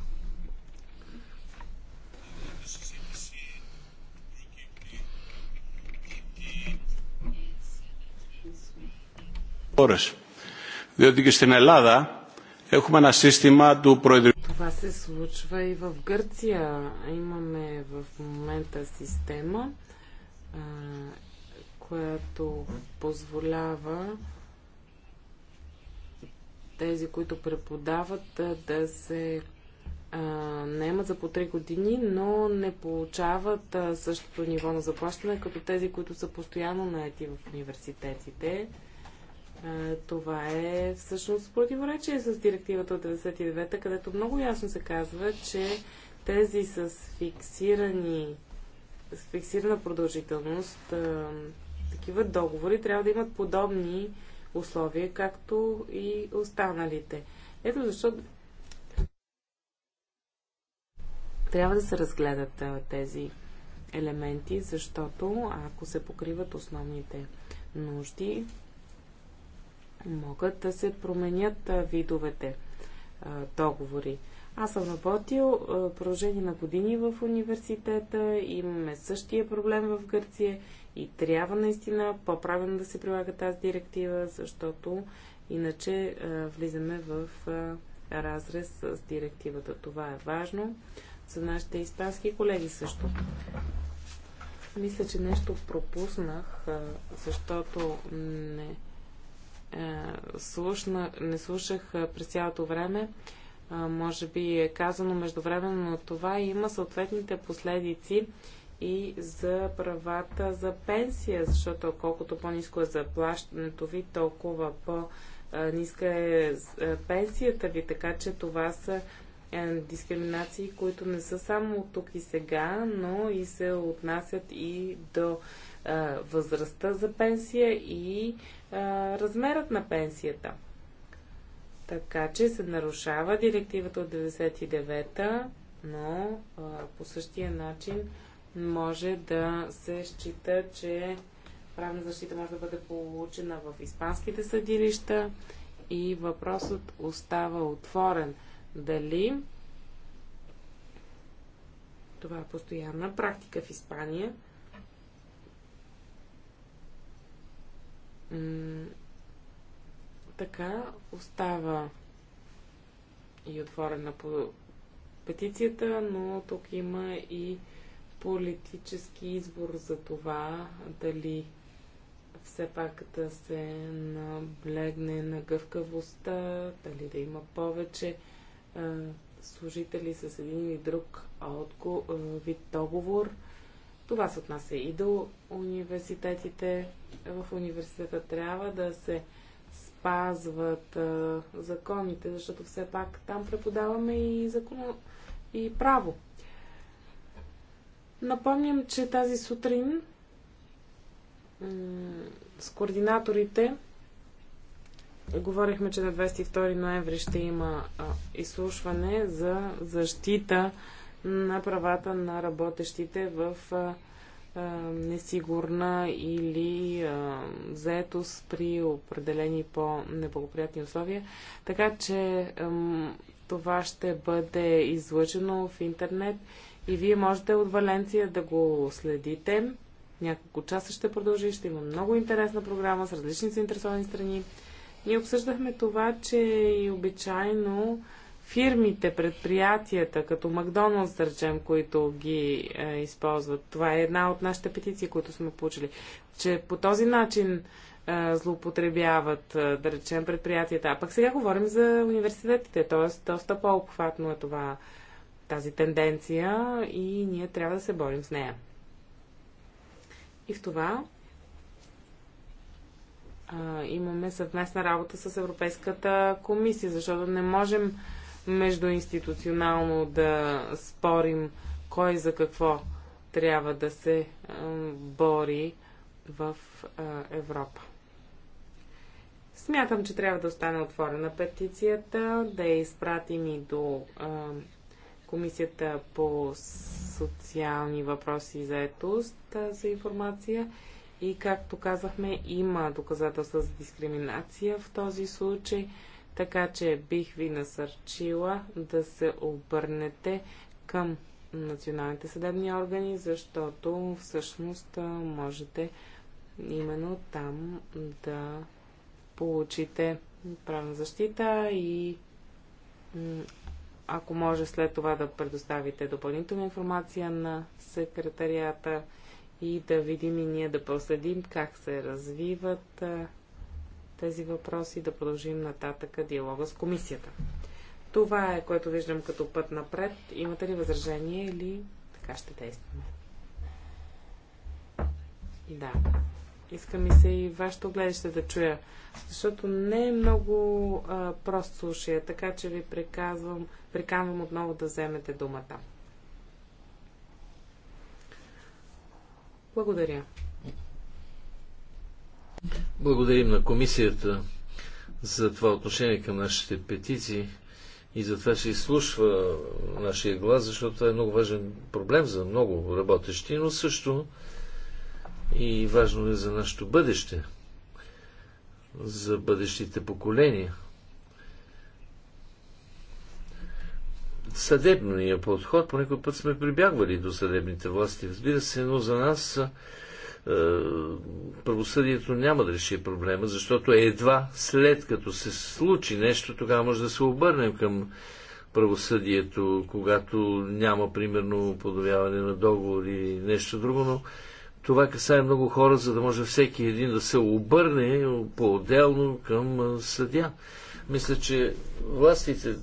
Διότι και στην Ελλάδα έχουμε ένα σύστημα του προεδρικού това се случва и в Гърция. Имаме в момента система, която позволява тези, които преподават, да, се наемат за по 3 години, но не получават същото ниво на заплащане, като тези, които са постоянно наети в университетите това е всъщност противоречие с директивата от 99-та, където много ясно се казва, че тези с фиксирани с фиксирана продължителност такива договори трябва да имат подобни условия, както и останалите. Ето защо трябва да се разгледат тези елементи, защото ако се покриват основните нужди, могат да се променят видовете договори. Аз съм работил продължение на години в университета, имаме същия проблем в Гърция и трябва наистина по-правилно да се прилага тази директива, защото иначе влизаме в разрез с директивата. Това е важно за нашите испански колеги също. Мисля, че нещо пропуснах, защото не слушна, не слушах през цялото време. Може би е казано междувременно, но това има съответните последици и за правата за пенсия, защото колкото по-низко е заплащането ви, толкова по-ниска е пенсията ви, така че това са е, дискриминации, които не са само тук и сега, но и се отнасят и до възрастта за пенсия и размерът на пенсията. Така че се нарушава директивата от 99-та, но по същия начин може да се счита, че правна защита може да бъде получена в испанските съдилища и въпросът остава отворен. Дали това е постоянна практика в Испания – така остава и отворена по петицията, но тук има и политически избор за това дали все пак да се наблегне на гъвкавостта, дали да има повече служители с един или друг отго, вид договор – това се отнася и до университетите. В университета трябва да се спазват а, законите, защото все пак там преподаваме и закон и право. Напомням, че тази сутрин с координаторите говорихме, че на 22 ноември ще има а, изслушване за защита на правата на работещите в несигурна или заетост при определени по-неблагоприятни условия. Така че това ще бъде излъчено в интернет и вие можете от Валенция да го следите. Няколко часа ще продължи, ще има много интересна програма с различни заинтересовани страни. Ние обсъждахме това, че и обичайно фирмите, предприятията, като Макдоналдс, да речем, които ги е, използват. Това е една от нашите петиции, които сме получили, че по този начин е, злоупотребяват, е, да речем, предприятията. А пък сега говорим за университетите, т.е. доста по-обхватно е това, тази тенденция и ние трябва да се борим с нея. И в това е, имаме съвместна работа с Европейската комисия, защото не можем междуинституционално да спорим кой за какво трябва да се е, бори в е, Европа. Смятам, че трябва да остане отворена петицията, да я изпратим и до е, Комисията по социални въпроси и заетост за информация. И както казахме, има доказателства за дискриминация в този случай. Така че бих ви насърчила да се обърнете към националните съдебни органи, защото всъщност можете именно там да получите правна защита и ако може след това да предоставите допълнителна информация на секретарията и да видим и ние да проследим как се развиват тези въпроси и да продължим нататъка диалога с комисията. Това е, което виждам като път напред. Имате ли възражение или така ще действаме? Да. Иска ми се и вашето гледаще да чуя, защото не е много а, прост слушая, така че ви приказвам, приканвам отново да вземете думата. Благодаря. Благодарим на комисията за това отношение към нашите петиции и за това че изслушва нашия глас, защото това е много важен проблем за много работещи, но също и важно е за нашето бъдеще, за бъдещите поколения. Съдебният подход, по някой път сме прибягвали до съдебните власти, разбира се, но за нас е, правосъдието няма да реши проблема, защото едва след като се случи нещо, тогава може да се обърнем към правосъдието, когато няма, примерно, подобяване на договор или нещо друго, но това касае много хора, за да може всеки един да се обърне по-отделно към съдя. Мисля, че властите,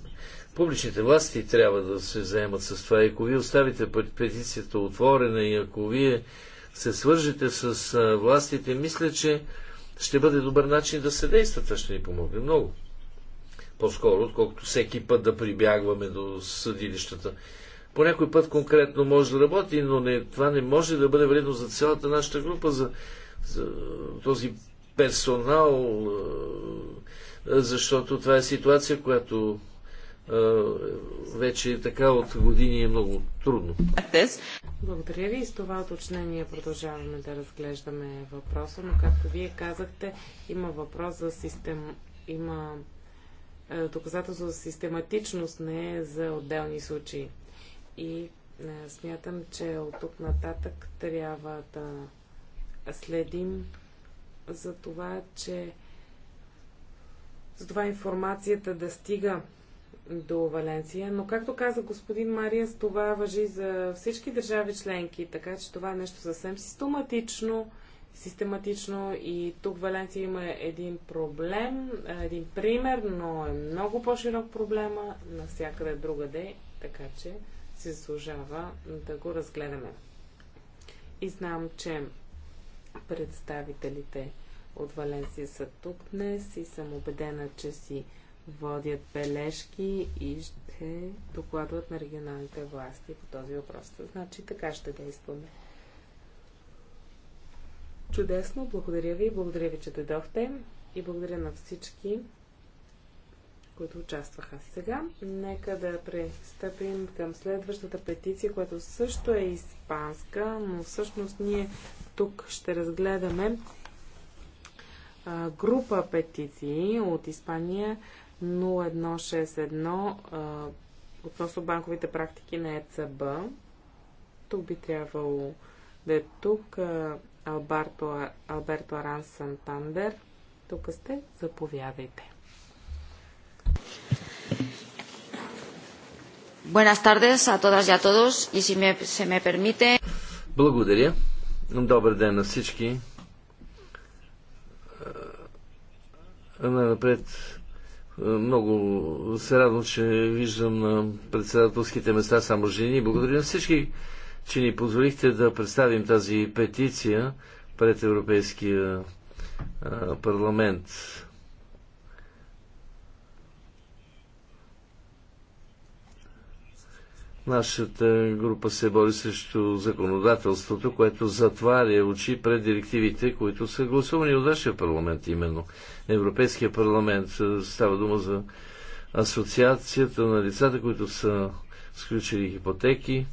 публичните власти трябва да се заемат с това. И ако вие оставите петицията отворена и ако вие се свържете с властите, мисля, че ще бъде добър начин да се действа. Това ще ни помогне много. По-скоро, отколкото всеки път да прибягваме до съдилищата. По някой път конкретно може да работи, но не, това не може да бъде вредно за цялата нашата група, за, за този персонал, защото това е ситуация, която вече така от години е много трудно. Благодаря ви с това уточнение продължаваме да разглеждаме въпроса, но както вие казахте, има въпрос за систем... има е, доказателство за систематичност, не за отделни случаи. И е, смятам, че от тук нататък трябва да следим за това, че за това информацията да стига до Валенсия, но както каза господин Мариас, това въжи за всички държави членки, така че това е нещо съвсем систематично, систематично и тук Валенсия има един проблем, един пример, но е много по-широк проблема навсякъде другаде, така че се заслужава да го разгледаме. И знам, че представителите от Валенсия са тук днес и съм убедена, че си водят бележки и ще докладват на регионалните власти по този въпрос. Значи така ще действаме. Чудесно, благодаря ви, благодаря ви, че дойдохте и благодаря на всички, които участваха сега. Нека да пристъпим към следващата петиция, която също е испанска, но всъщност ние тук ще разгледаме група петиции от Испания 0161 относно банковите практики на ЕЦБ. Тук би трябвало да е тук Алберто, Алберто Аран Сантандер. Тук сте, заповядайте. Buenas tardes a todas y a todos y si me, se me permite... Благодаря. Добър ден на всички. Напред е, много се радвам, че виждам на председателските места само жени. Благодаря на всички, че ни позволихте да представим тази петиция пред Европейския е, парламент. Нашата група се бори срещу законодателството, което затваря очи пред директивите, които са гласувани от нашия парламент, именно Европейския парламент. Е, става дума за асоциацията на лицата, които са сключили хипотеки.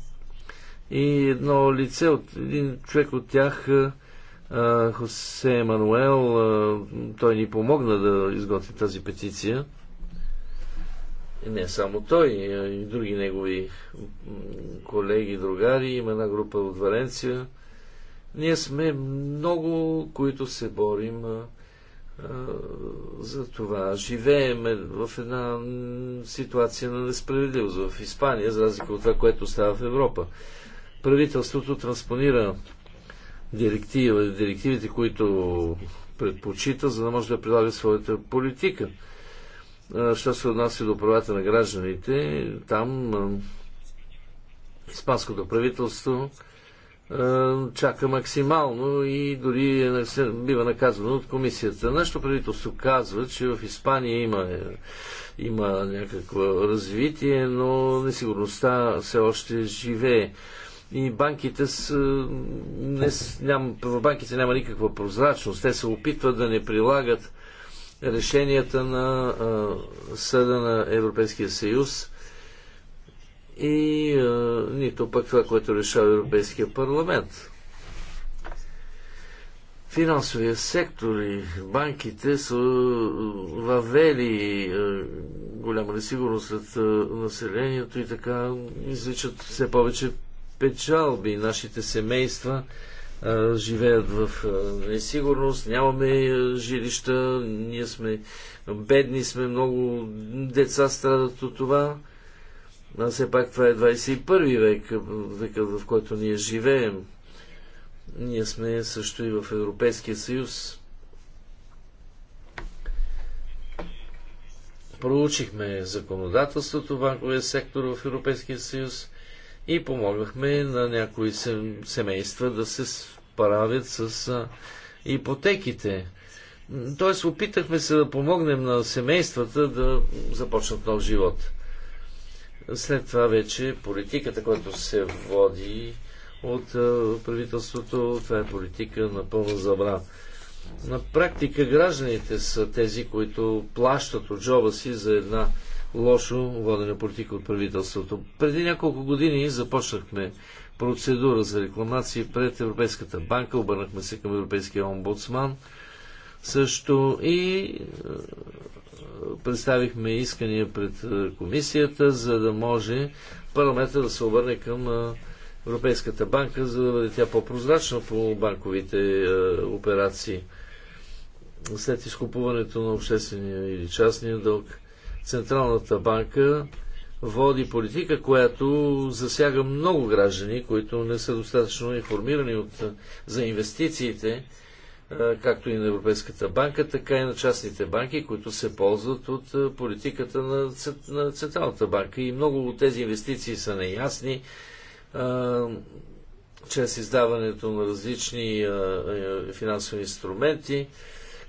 И едно лице, от, един човек от тях, е, е, Хосе Емануел, той ни помогна да изготви тази петиция – не само той, и други негови колеги, другари, има една група от Валенция. Ние сме много, които се борим а, за това. Живеем в една ситуация на несправедливост в Испания, за разлика от това, което става в Европа. Правителството транспонира директива, директивите, които предпочита, за да може да прилага своята политика. Що се отнася до правата на гражданите, там испанското правителство чака максимално и дори бива наказано от комисията. Нашето правителство казва, че в Испания има, има някакво развитие, но несигурността все още живее. И банките са, не, ням, в банките няма никаква прозрачност. Те се опитват да не прилагат решенията на Съда на Европейския съюз и нито пък това, което решава Европейския парламент. Финансовия сектор и банките са въвели голяма несигурност от населението и така изличат все повече печалби. Нашите семейства живеят в несигурност, нямаме жилища, ние сме бедни, сме много деца страдат от това. А все пак това е 21 век, векът в който ние живеем. Ние сме също и в Европейския съюз. Проучихме законодателството, банковия сектор в Европейския съюз – и помогнахме на някои семейства да се справят с ипотеките. Тоест, опитахме се да помогнем на семействата да започнат нов живот. След това вече политиката, която се води от правителството, това е политика на пълна забрана. На практика гражданите са тези, които плащат от джоба си за една лошо водена политика от правителството. Преди няколко години започнахме процедура за рекламации пред Европейската банка, обърнахме се към Европейския омбудсман също и е, представихме искания пред е, комисията, за да може парламента да се обърне към е, Европейската банка, за да бъде тя по-прозрачна по банковите операции след изкупуването на обществения или частния дълг. Централната банка води политика, която засяга много граждани, които не са достатъчно информирани от, за инвестициите, както и на Европейската банка, така и на частните банки, които се ползват от политиката на, на Централната банка. И много от тези инвестиции са неясни. Чрез издаването на различни финансови инструменти,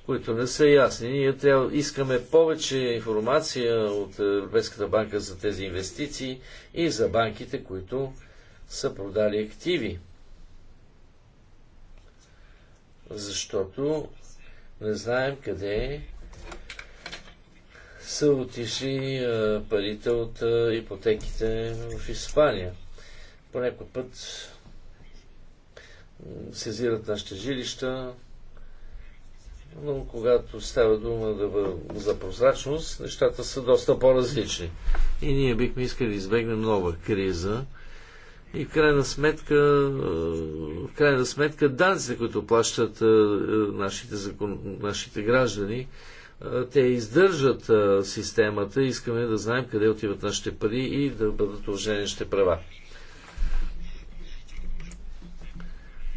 които не са ясни. Ние трябва, искаме повече информация от Европейската банка за тези инвестиции и за банките, които са продали активи. Защото не знаем къде са отишли парите от ипотеките в Испания. По някой път сезират нашите жилища, но когато става дума да бъ... за прозрачност, нещата са доста по-различни. И ние бихме искали да избегнем нова криза. И в крайна сметка, е, в крайна сметка данците, които плащат е, нашите, закон... нашите граждани, е, те издържат системата. Искаме да знаем къде отиват нашите пари и да бъдат уважени права.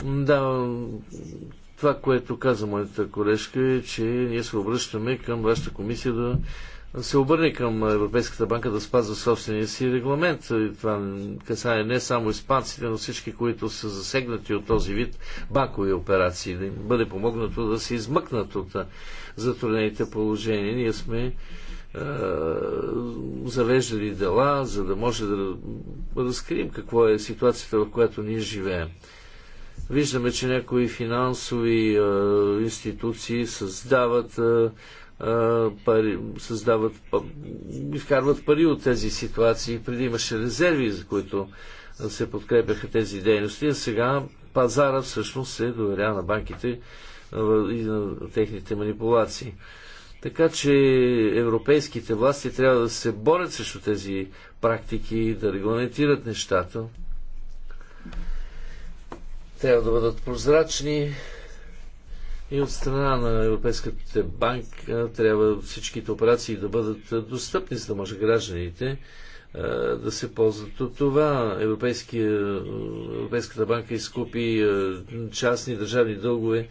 Да, това, което каза моята колежка е, че ние се обръщаме към вашата комисия да се обърне към Европейската банка да спазва собствения си регламент. И това касае не само испанците, но всички, които са засегнати от този вид банкови операции. Да им бъде помогнато да се измъкнат от затруднените положения. Ние сме е, завеждали дела, за да може да разкрием какво е ситуацията, в която ние живеем. Виждаме, че някои финансови а, институции създават а, пари, създават, вкарват пари от тези ситуации. Преди имаше резерви, за които се подкрепяха тези дейности, а сега пазара всъщност се доверя на банките и на техните манипулации. Така че европейските власти трябва да се борят срещу тези практики, да регламентират нещата трябва да бъдат прозрачни и от страна на Европейската банка трябва всичките операции да бъдат достъпни, за да може гражданите да се ползват от това. Европейския, Европейската банка изкупи частни държавни дългове,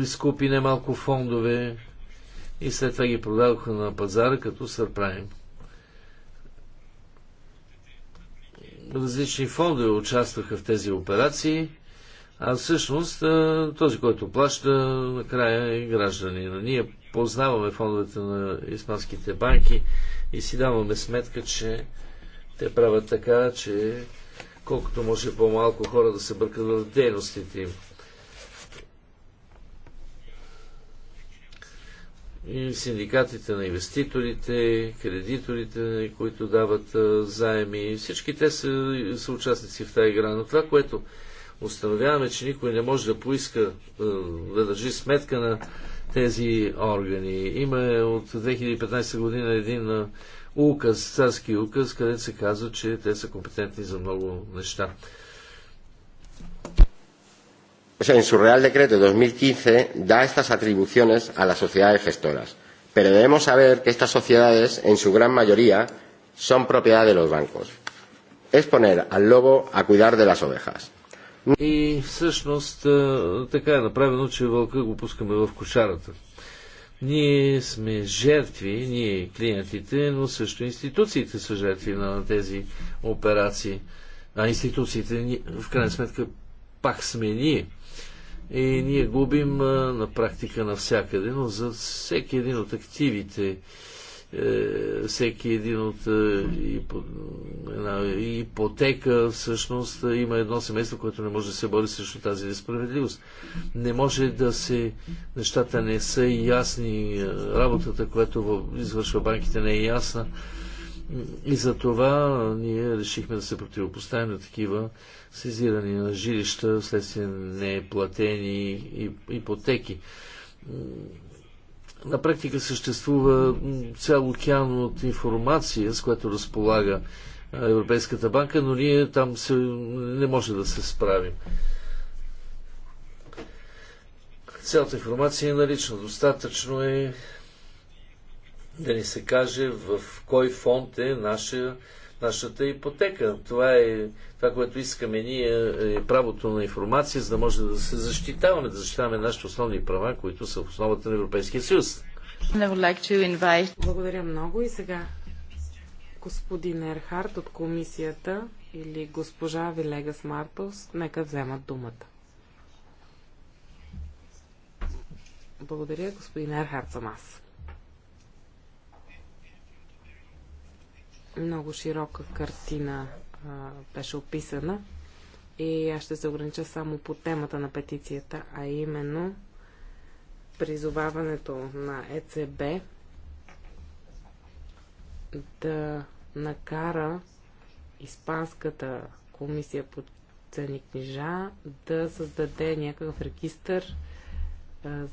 изкупи немалко фондове и след това ги продадоха на пазара като сърпрайм. различни фондове участваха в тези операции, а всъщност този, който плаща, накрая е гражданина. Ние познаваме фондовете на испанските банки и си даваме сметка, че те правят така, че колкото може по-малко хора да се бъркат в дейностите им. и синдикатите на инвеститорите, кредиторите, които дават заеми. Всички те са, са участници в тази игра. Но това, което установяваме, че никой не може да поиска да държи сметка на тези органи. Има от 2015 година един указ, царски указ, където се казва, че те са компетентни за много неща. O sea, en su Real Decreto de 2015 da estas atribuciones a las sociedades gestoras, pero debemos saber que estas sociedades, en su gran mayoría, son propiedad de los bancos. Es poner al lobo a cuidar de las ovejas. И всъщност така е направено, че вълка го пускаме в кошарата. Ние сме жертви, ние клиентите, но също институциите са жертви на тези операции. А институциите, в крайна сметка, пак сме ние и ние губим на практика навсякъде, но за всеки един от активите, е, всеки един от е, една ипотека всъщност е, има едно семейство, което не може да се бори срещу тази несправедливост. Не може да се... Нещата не са ясни, работата, която извършва банките не е ясна. И за това ние решихме да се противопоставим на такива сезирани на жилища не неплатени ипотеки. На практика съществува цял океан от информация, с която разполага Европейската банка, но ние там се, не може да се справим. Цялата информация е налична. Достатъчно е да ни се каже в кой фонд е наша, нашата ипотека. Това е това, което искаме ние, е правото на информация, за да може да се защитаваме, да защитаваме нашите основни права, които са в основата на Европейския съюз. Благодаря много и сега господин Ерхард от комисията или госпожа Вилега Смартос, нека вземат думата. Благодаря, господин Ерхард, съм аз. Много широка картина а, беше описана и аз ще се огранича само по темата на петицията, а именно призоваването на ЕЦБ да накара Испанската комисия по цени книжа да създаде някакъв регистър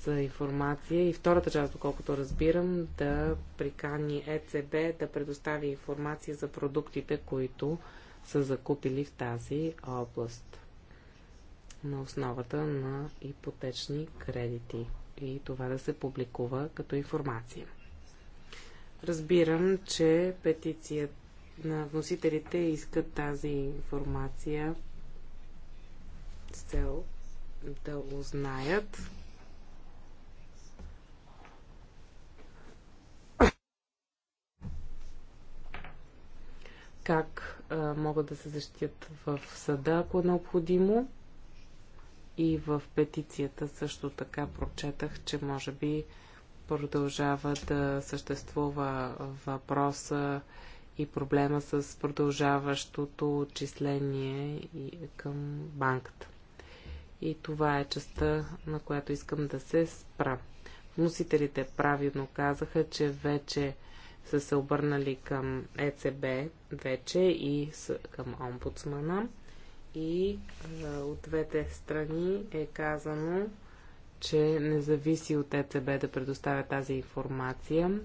за информация и втората част, доколкото разбирам, да прикани ЕЦБ да предостави информация за продуктите, които са закупили в тази област на основата на ипотечни кредити и това да се публикува като информация. Разбирам, че петиция на вносителите искат тази информация с цел да узнаят как а, могат да се защитят в съда, ако е необходимо. И в петицията също така прочетах, че може би продължава да съществува въпроса и проблема с продължаващото отчисление към банката. И това е частта, на която искам да се спра. Вносителите правилно казаха, че вече са се обърнали към ЕЦБ вече и към омбудсмана. И а, от двете страни е казано, че не зависи от ЕЦБ да предоставя тази информация.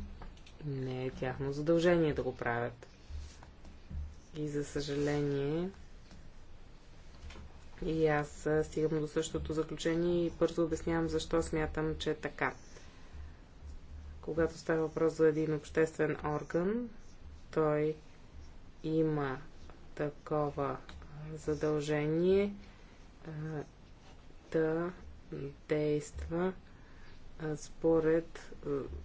Не е тяхно задължение да го правят. И за съжаление, и аз стигам до същото заключение и бързо обяснявам защо смятам, че е така. Когато става въпрос за един обществен орган, той има такова задължение да действа според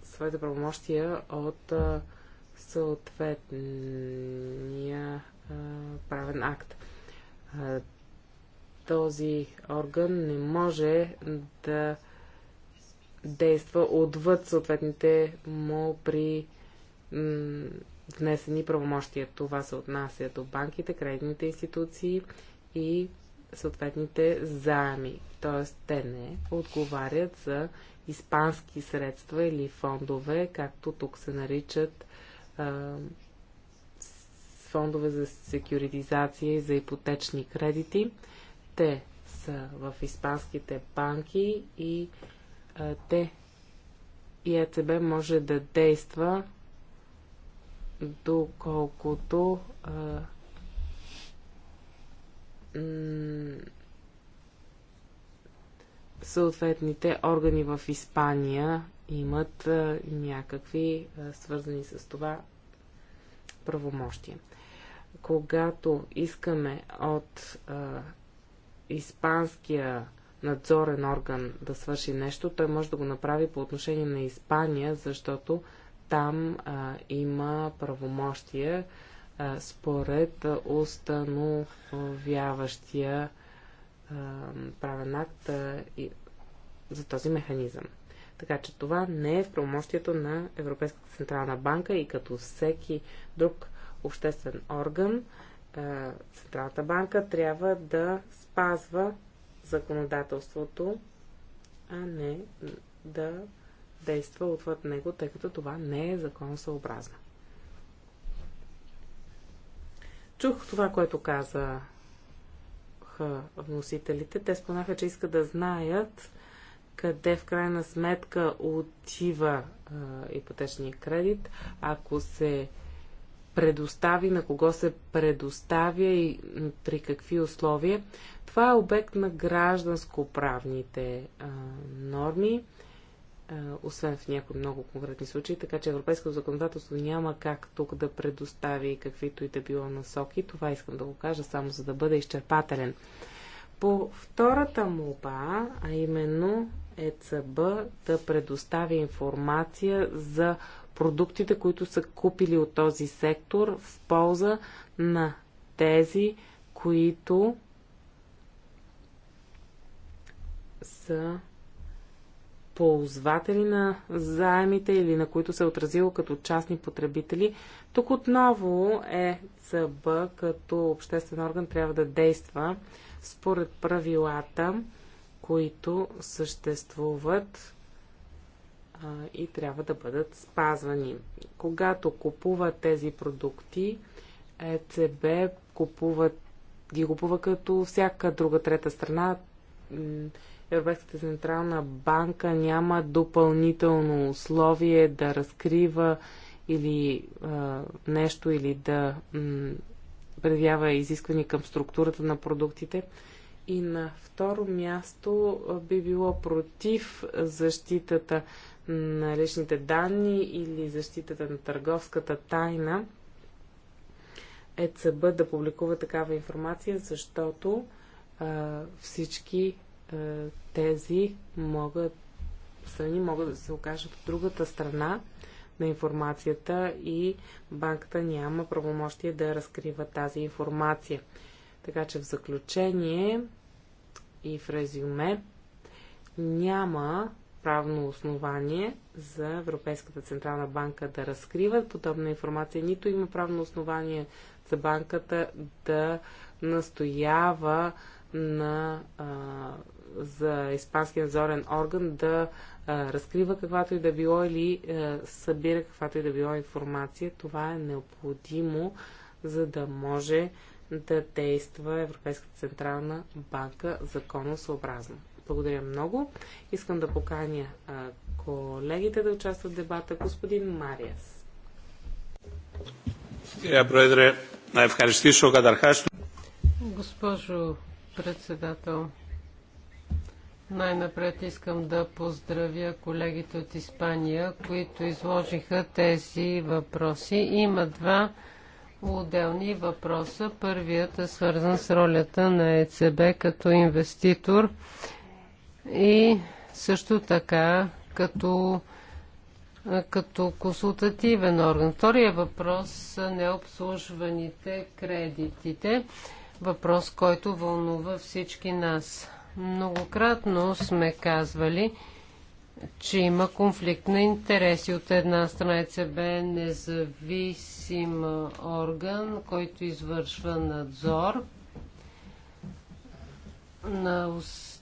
своите правомощия от съответния правен акт. Този орган не може да действа отвъд съответните му при внесени правомощия. Това се отнася до банките, кредитните институции и съответните заеми. Т.е. те не отговарят за испански средства или фондове, както тук се наричат а, фондове за секюритизация и за ипотечни кредити. Те са в испанските банки и те и ЕЦБ може да действа доколкото а, съответните органи в Испания имат а, някакви а, свързани с това правомощия. Когато искаме от а, испанския надзорен орган да свърши нещо, той може да го направи по отношение на Испания, защото там а, има правомощия а, според установяващия а, правен акт а, и, за този механизъм. Така че това не е в правомощието на Европейската централна банка и като всеки друг обществен орган, Централната банка трябва да спазва законодателството, а не да действа отвъд него, тъй като това не е законосъобразно. Чух това, което каза вносителите. Те спонаха, че искат да знаят къде в крайна сметка отива а, ипотечния кредит, ако се предостави, на кого се предоставя и при какви условия. Това е обект на гражданско-правните норми, а, освен в някои много конкретни случаи, така че европейското законодателство няма как тук да предостави каквито и да било насоки. Това искам да го кажа само за да бъда изчерпателен. По втората молба, а именно ЕЦБ да предостави информация за продуктите, които са купили от този сектор в полза на тези, които са ползватели на заемите или на които се е отразило като частни потребители. Тук отново е ЦБ като обществен орган трябва да действа според правилата, които съществуват и трябва да бъдат спазвани. Когато купуват тези продукти, ЕЦБ купуват, ги купува като всяка друга трета страна. Европейската централна банка няма допълнително условие да разкрива или а, нещо, или да м, предява изисквания към структурата на продуктите. И на второ място би било против защитата на личните данни или защитата на търговската тайна, ЕЦБ да публикува такава информация, защото а, всички а, тези могат, страни могат да се окажат от другата страна на информацията и банката няма правомощие да разкрива тази информация. Така че в заключение и в резюме няма правно основание за Европейската Централна банка да разкрива подобна информация, нито има правно основание за банката да настоява на, а, за Испанския надзорен орган да а, разкрива каквато и да било или а, събира каквато и да било информация. Това е необходимо, за да може да действа Европейската Централна банка законосъобразно. Благодаря много. Искам да поканя колегите да участват в дебата. Господин Мариас. Госпожо председател, най-напред искам да поздравя колегите от Испания, които изложиха тези въпроси. Има два отделни въпроса. Първият е свързан с ролята на ЕЦБ като инвеститор и също така като, като консултативен орган. Втория въпрос са необслужваните кредитите. Въпрос, който вълнува всички нас. Многократно сме казвали, че има конфликт на интереси. От една страна ЕЦБ е независим орган, който извършва надзор на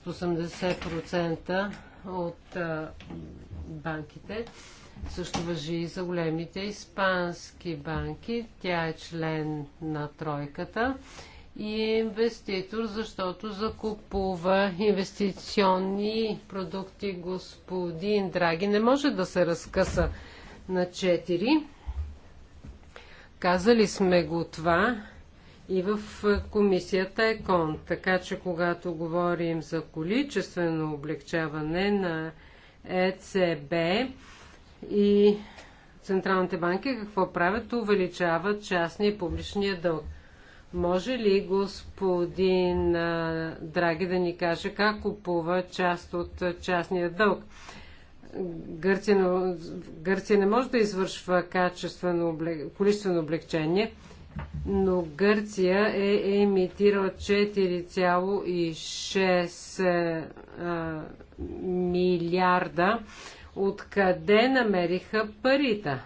80% от банките. Също въжи и за големите испански банки. Тя е член на тройката и е инвеститор, защото закупува инвестиционни продукти. Господин Драги не може да се разкъса на 4. Казали сме го това и в комисията ЕКОН. Така че когато говорим за количествено облегчаване на ЕЦБ и централните банки, какво правят? Увеличават частния и публичния дълг. Може ли господин Драги да ни каже как купува част от частния дълг? Гърция, Гърция не може да извършва качествено, количествено облегчение но Гърция е емитирала 4,6 милиарда. Откъде намериха парите?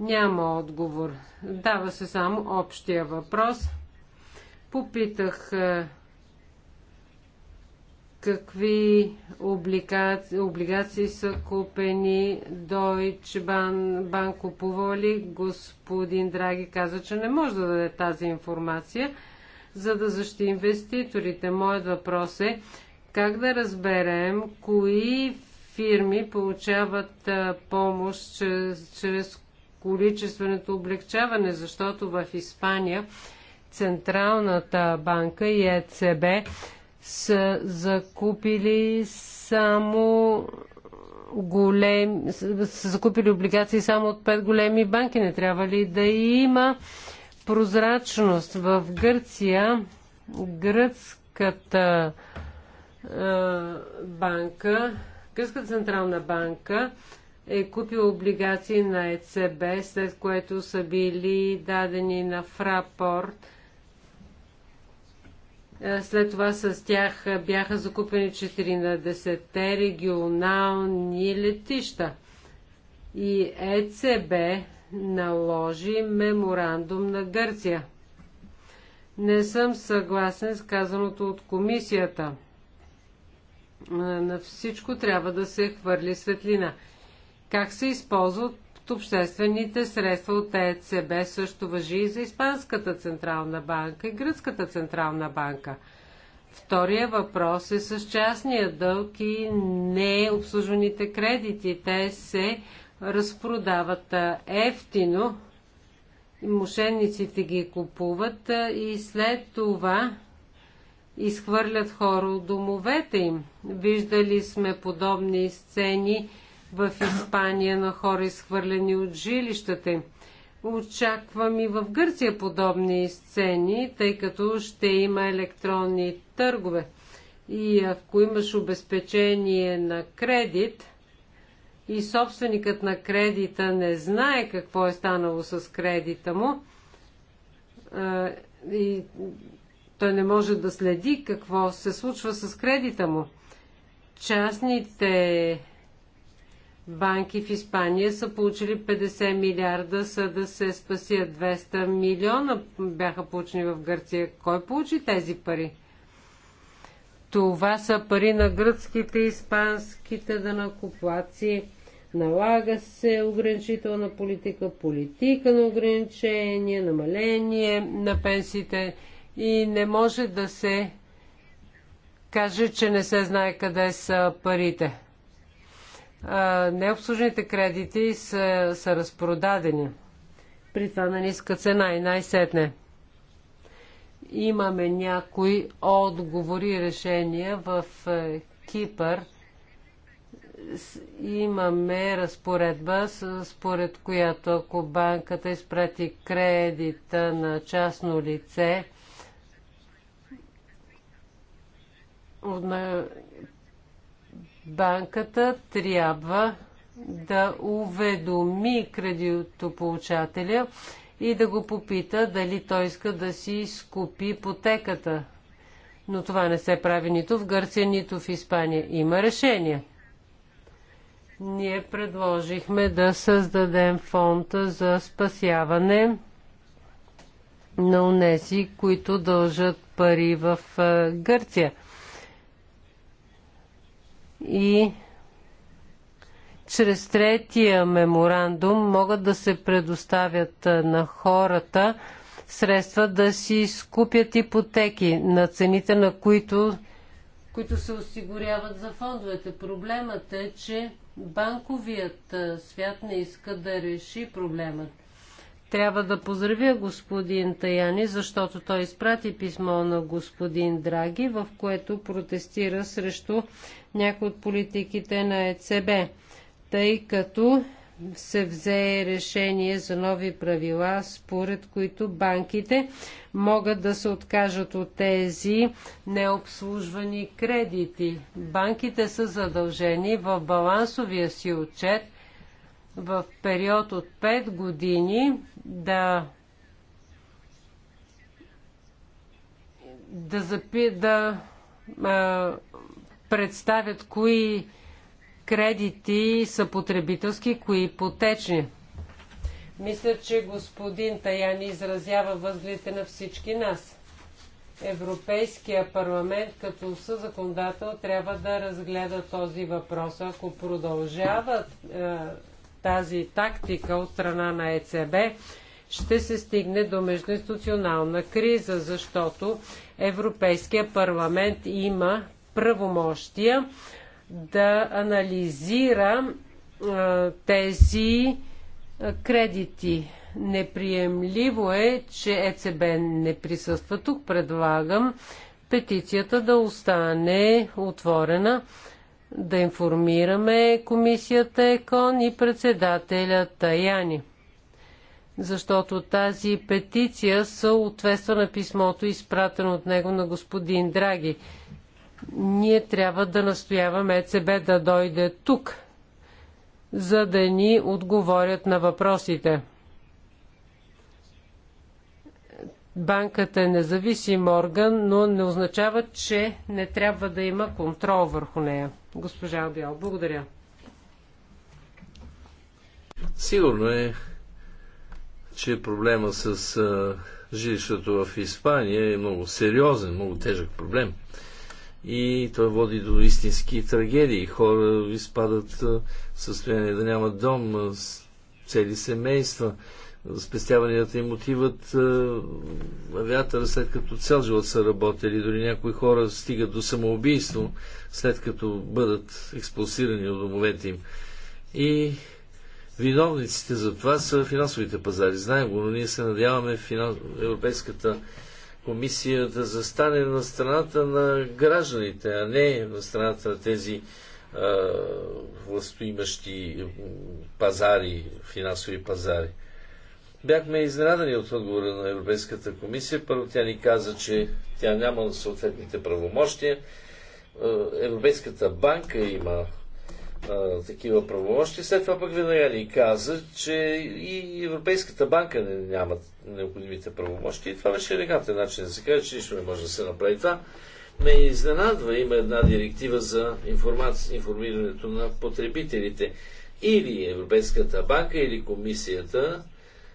Няма отговор. Дава се само общия въпрос. Попитах какви облигации, облигации са купени Deutsche Bank купува ли? Господин Драги каза, че не може да даде тази информация, за да защити инвеститорите. Моят въпрос е как да разберем кои фирми получават помощ чрез, чрез количественото облегчаване, защото в Испания Централната банка и ЕЦБ са закупили само голем, са закупили облигации само от пет големи банки. Не трябва ли да има прозрачност в Гърция? Гръцката банка, Гръцката централна банка е купила облигации на ЕЦБ, след което са били дадени на Фрапорт – е, след това с тях бяха закупени 14-те регионални летища. И ЕЦБ наложи меморандум на Гърция. Не съм съгласен с казаното от комисията. Е, на всичко трябва да се хвърли светлина. Как се използват обществените средства от ЕЦБ. Също въжи и за Испанската централна банка и Гръцката централна банка. Втория въпрос е с частния дълг и не обслужваните кредити. Те се разпродават ефтино, мошенниците ги купуват и след това изхвърлят хора от домовете им. Виждали сме подобни сцени в Испания на хора изхвърлени от жилищата Очаквам и в Гърция подобни сцени, тъй като ще има електронни търгове. И ако имаш обезпечение на кредит и собственикът на кредита не знае какво е станало с кредита му, и той не може да следи какво се случва с кредита му. Частните банки в Испания са получили 50 милиарда, са да се спасят 200 милиона бяха получени в Гърция. Кой получи тези пари? Това са пари на гръцките и испанските данакоплаци. Налага се ограничителна политика, политика на ограничение, намаление на пенсиите и не може да се каже, че не се знае къде са парите необслужените кредити са, са разпродадени. При това на ниска цена и най-сетне. Имаме някои отговори и решения в е, Кипър. Имаме разпоредба, според която ако банката изпрати кредита на частно лице, банката трябва да уведоми кредитополучателя и да го попита дали той иска да си изкупи ипотеката. Но това не се прави нито в Гърция, нито в Испания. Има решение. Ние предложихме да създадем фонда за спасяване на унеси, които дължат пари в Гърция – и чрез третия меморандум могат да се предоставят на хората средства да си скупят ипотеки на цените, на които, които се осигуряват за фондовете. Проблемът е, че банковият свят не иска да реши проблемът. Трябва да поздравя господин Таяни, защото той изпрати писмо на господин Драги, в което протестира срещу някои от политиките на ЕЦБ, тъй като се взе решение за нови правила, според които банките могат да се откажат от тези необслужвани кредити. Банките са задължени в балансовия си отчет – в период от 5 години да да, запи, да а, представят кои кредити са потребителски, кои потечни. Мисля, че господин Таяни изразява възгледите на всички нас. Европейския парламент като съзаконодател трябва да разгледа този въпрос. Ако продължават тази тактика от страна на ЕЦБ, ще се стигне до междуинституционална криза, защото Европейския парламент има правомощия да анализира а, тези а, кредити. Неприемливо е, че ЕЦБ не присъства тук. Предлагам петицията да остане отворена да информираме комисията ЕКОН и председателя Таяни, защото тази петиция съответства на писмото, изпратено от него на господин Драги. Ние трябва да настояваме ЕЦБ да дойде тук, за да ни отговорят на въпросите. Банката е независим орган, но не означава, че не трябва да има контрол върху нея. Госпожа Обял, благодаря. Сигурно е, че проблема с а, жилището в Испания е много сериозен, много тежък проблем. И той води до истински трагедии. Хора изпадат в състояние да нямат дом, цели семейства спестяванията им отиват е, на вятъра, след като цял живот са работили. Дори някои хора стигат до самоубийство, след като бъдат експулсирани от домовете им. И виновниците за това са финансовите пазари. Знаем го, но ние се надяваме финанс... Европейската комисия да застане на страната на гражданите, а не на страната на тези а, е, властоимащи пазари, финансови пазари. Бяхме изненадани от отговора на Европейската комисия. Първо тя ни каза, че тя няма съответните правомощия. Е, Европейската банка има такива правомощи. След това пък веднага ни каза, че и Европейската банка не, няма необходимите правомощи. И това беше елегантен начин да се каже, че нищо не може да се направи това. Ме изненадва, има една директива за информирането на потребителите. Или Европейската банка, или комисията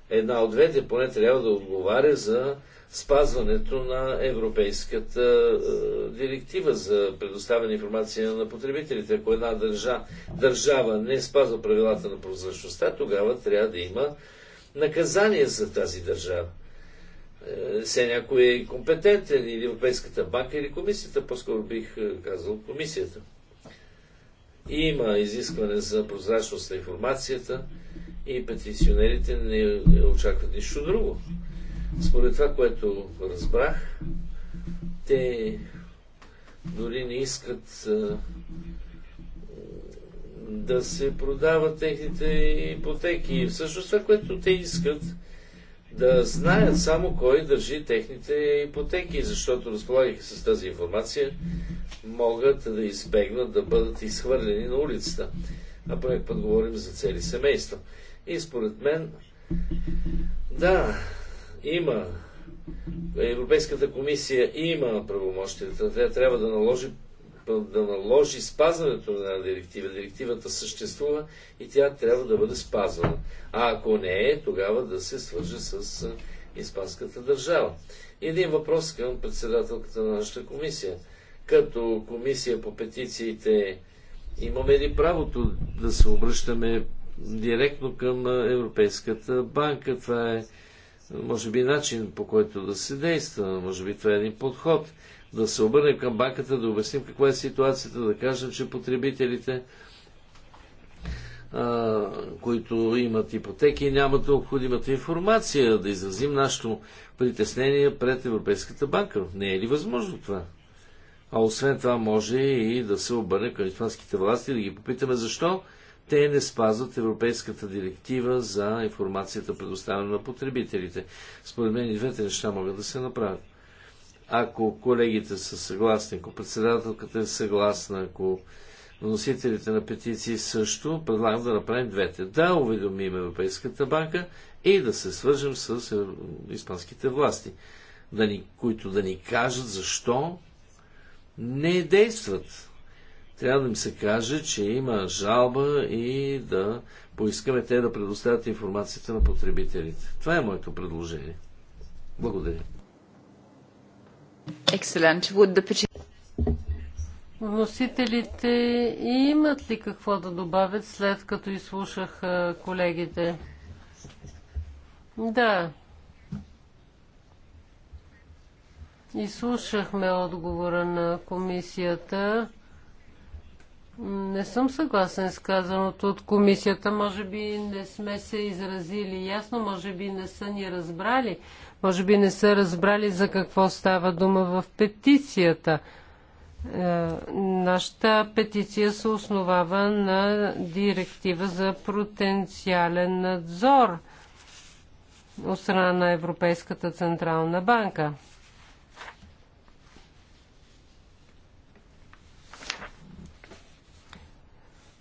една от двете поне трябва да отговаря за спазването на Европейската е, директива за предоставяне информация на потребителите. Ако една държа, държава не спазва правилата на прозрачността, тогава трябва да има наказание за тази държава. Е, Се някой е компетентен или Европейската банка или комисията, по-скоро бих е, казал комисията. Има изискване за прозрачност на информацията и пенсионерите не очакват нищо друго. Според това, което разбрах, те дори не искат да се продават техните ипотеки. И всъщност това, което те искат, да знаят само кой държи техните ипотеки, защото разполагайки с тази информация, могат да избегнат да бъдат изхвърлени на улицата. А пък път говорим за цели семейства. И според мен, да, има. Европейската комисия има правомощията. Тя трябва да наложи да наложи спазването на една директива. Директивата съществува и тя трябва да бъде спазвана. А ако не е, тогава да се свърже с испанската държава. Един въпрос към председателката на нашата комисия. Като комисия по петициите, имаме ли правото да се обръщаме директно към Европейската банка. Това е, може би, начин по който да се действа. Може би това е един подход. Да се обърнем към банката, да обясним каква е ситуацията, да кажем, че потребителите които имат ипотеки нямат необходимата информация да изразим нашето притеснение пред Европейската банка. Не е ли възможно това? А освен това може и да се обърне към испанските власти, да ги попитаме защо те не спазват Европейската директива за информацията предоставена на потребителите. Според мен и двете неща могат да се направят. Ако колегите са съгласни, ако председателката е съгласна, ако носителите на петиции също, предлагам да направим двете. Да уведомим Европейската банка и да се свържем с е, испанските власти, да ни, които да ни кажат защо не действат трябва да им се каже, че има жалба и да поискаме те да предоставят информацията на потребителите. Това е моето предложение. Благодаря. Excellent. Would the... Вносителите имат ли какво да добавят след като изслушах колегите? Да. Изслушахме отговора на комисията. Не съм съгласен с казаното от комисията. Може би не сме се изразили ясно, може би не са ни разбрали, може би не са разбрали за какво става дума в петицията. Е, нашата петиция се основава на директива за потенциален надзор от страна на Европейската централна банка.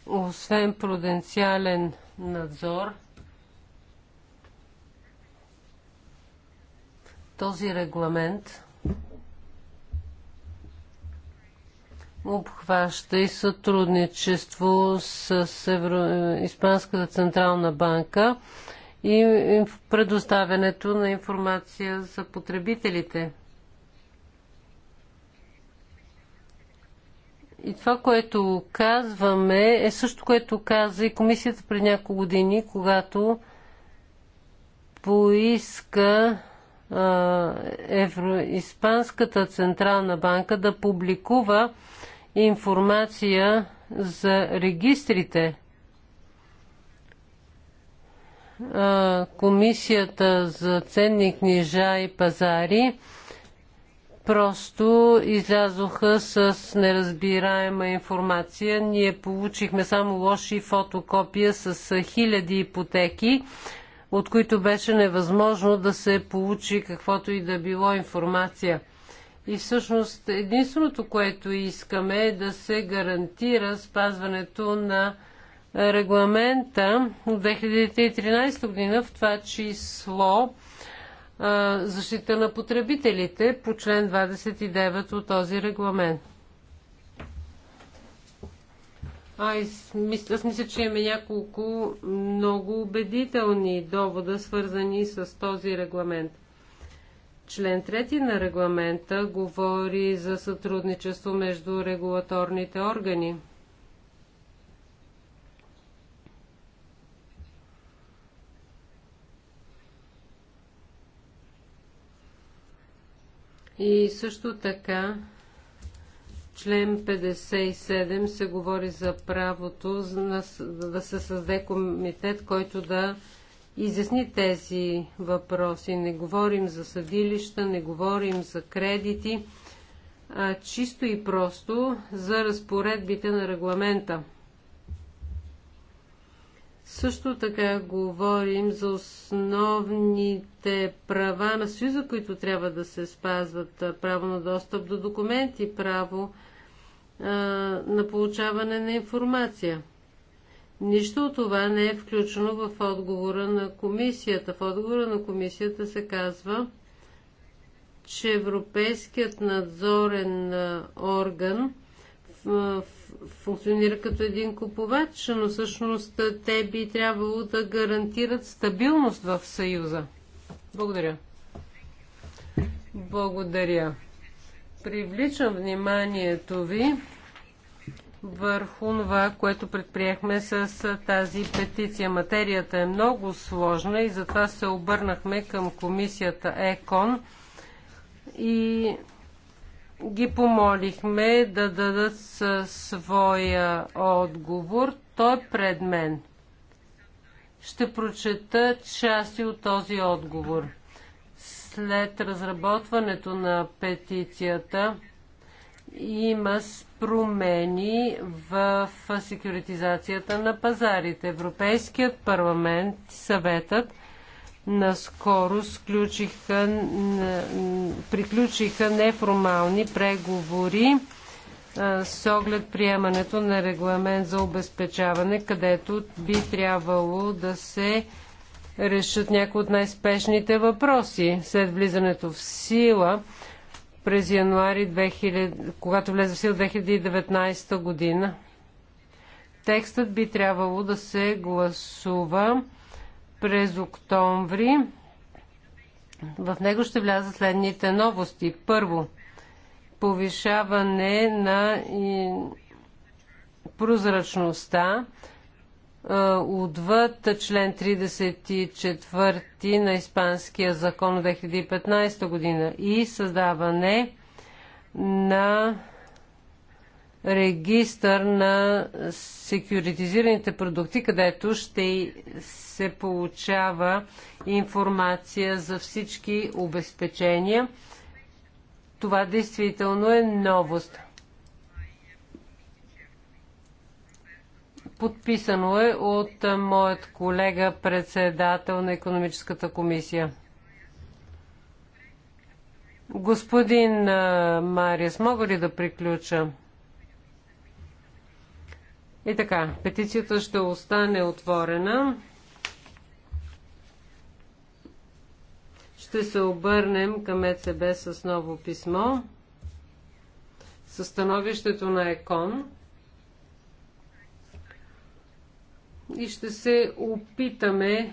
Освен пруденциален надзор, този регламент обхваща и сътрудничество с Евро... Испанската централна банка и предоставянето на информация за потребителите. И това, което казваме, е също, което каза и комисията пред няколко години, когато поиска Евроиспанската централна банка да публикува информация за регистрите. Комисията за ценни книжа и пазари просто излязоха с неразбираема информация. Ние получихме само лоши фотокопия с хиляди ипотеки, от които беше невъзможно да се получи каквото и да било информация. И всъщност единственото, което искаме е да се гарантира спазването на регламента от 2013 година в това число защита на потребителите по член 29 от този регламент. Аз мисля, мисля, че имаме няколко много убедителни довода, свързани с този регламент. Член 3 на регламента говори за сътрудничество между регулаторните органи. И също така член 57 се говори за правото да се създаде комитет, който да изясни тези въпроси. Не говорим за съдилища, не говорим за кредити, а чисто и просто за разпоредбите на регламента. Също така говорим за основните права на Съюза, които трябва да се спазват. Право на достъп до документи, право а, на получаване на информация. Нищо от това не е включено в отговора на комисията. В отговора на комисията се казва, че Европейският надзорен орган в функционира като един купувач, но всъщност те би трябвало да гарантират стабилност в Съюза. Благодаря. Благодаря. Привличам вниманието ви върху това, което предприехме с тази петиция. Материята е много сложна и затова се обърнахме към комисията ЕКОН и ги помолихме да дадат своя отговор. Той е пред мен. Ще прочета части от този отговор. След разработването на петицията има промени в секюритизацията на пазарите. Европейският парламент, съветът – наскоро сключиха, приключиха неформални преговори с оглед приемането на регламент за обезпечаване, където би трябвало да се решат някои от най-спешните въпроси след влизането в сила през януари 2000, когато влезе в сила 2019 година. Текстът би трябвало да се гласува през октомври. В него ще влязат следните новости. Първо, повишаване на прозрачността отвъд член 34 на Испанския закон от 2015 година и създаване на регистър на секюритизираните продукти, където ще се получава информация за всички обезпечения. Това действително е новост. Подписано е от моят колега, председател на економическата комисия. Господин Мариас, мога ли да приключа? И така, петицията ще остане отворена. ще се обърнем към ЕЦБ с ново писмо със становището на ЕКОН и ще се опитаме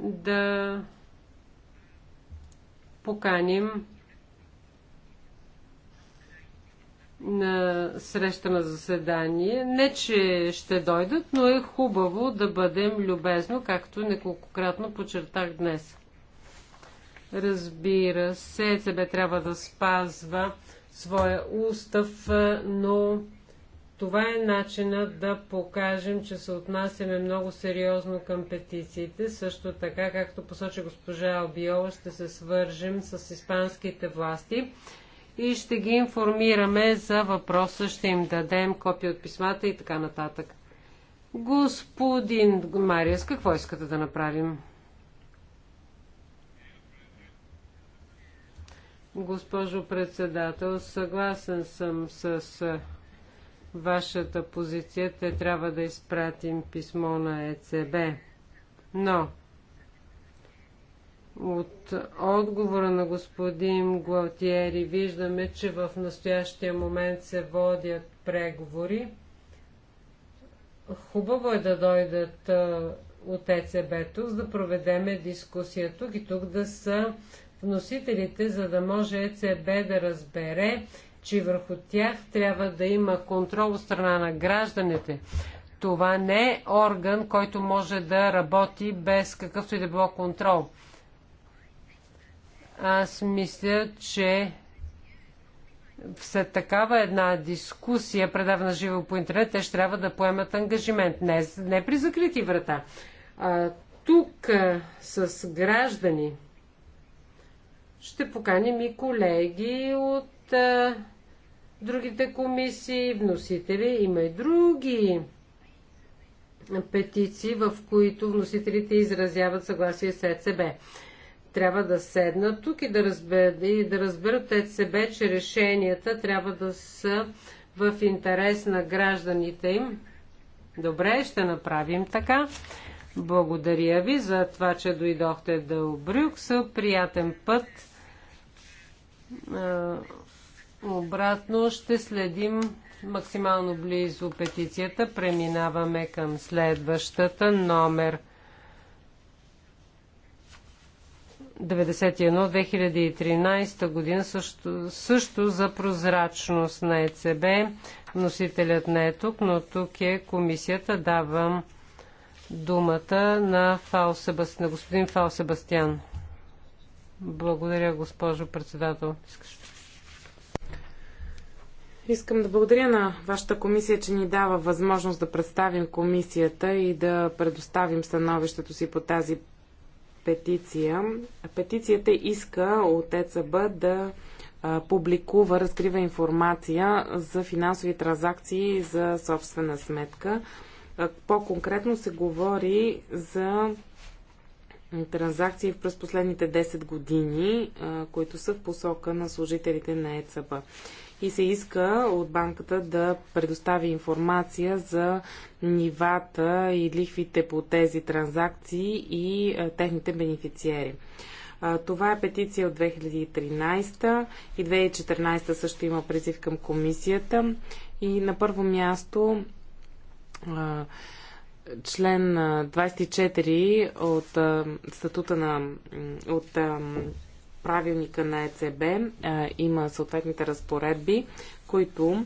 да поканим на среща на заседание. Не, че ще дойдат, но е хубаво да бъдем любезно, както неколкократно подчертах днес. Разбира се, ЕЦБ трябва да спазва своя устав, но това е начина да покажем, че се отнасяме много сериозно към петициите. Също така, както посочи госпожа Албиола, ще се свържем с испанските власти и ще ги информираме за въпроса, ще им дадем копия от писмата и така нататък. Господин Мариас, какво искате да направим? Госпожо председател, съгласен съм с вашата позиция. Те трябва да изпратим писмо на ЕЦБ. Но от отговора на господин Гуалтиери виждаме, че в настоящия момент се водят преговори. Хубаво е да дойдат от ЕЦБ тук, за да проведеме дискусия тук и тук да са вносителите, за да може ЕЦБ да разбере, че върху тях трябва да има контрол от страна на гражданите. Това не е орган, който може да работи без какъвто и да било контрол. Аз мисля, че след такава една дискусия, предавана живо по интернет, те ще трябва да поемат ангажимент. Не, не при закрити врата. А, тук а, с граждани, ще поканим и колеги от а, другите комисии, вносители. Има и други петиции, в които вносителите изразяват съгласие с ЕЦБ. Трябва да седнат тук и да, разбер, и да разберат ЕЦБ, че решенията трябва да са в интерес на гражданите им. Добре, ще направим така. Благодаря ви за това, че дойдохте до Брюксел. Приятен път! Е, обратно ще следим максимално близо петицията. Преминаваме към следващата, номер 91-2013 година, също, също за прозрачност на ЕЦБ. Носителят не е тук, но тук е комисията. Давам думата на, Фал Себаст... на господин Фал Себастьян. Благодаря, госпожо председател. Искам да благодаря на вашата комисия, че ни дава възможност да представим комисията и да предоставим становището си по тази петиция. Петицията иска от ЕЦБ да публикува, разкрива информация за финансови транзакции за собствена сметка. По-конкретно се говори за транзакции през последните 10 години, които са в посока на служителите на ЕЦБ. И се иска от банката да предостави информация за нивата и лихвите по тези транзакции и техните бенефициери. Това е петиция от 2013 и 2014 също има призив към комисията. И на първо място член 24 от статута на от правилника на ЕЦБ има съответните разпоредби, които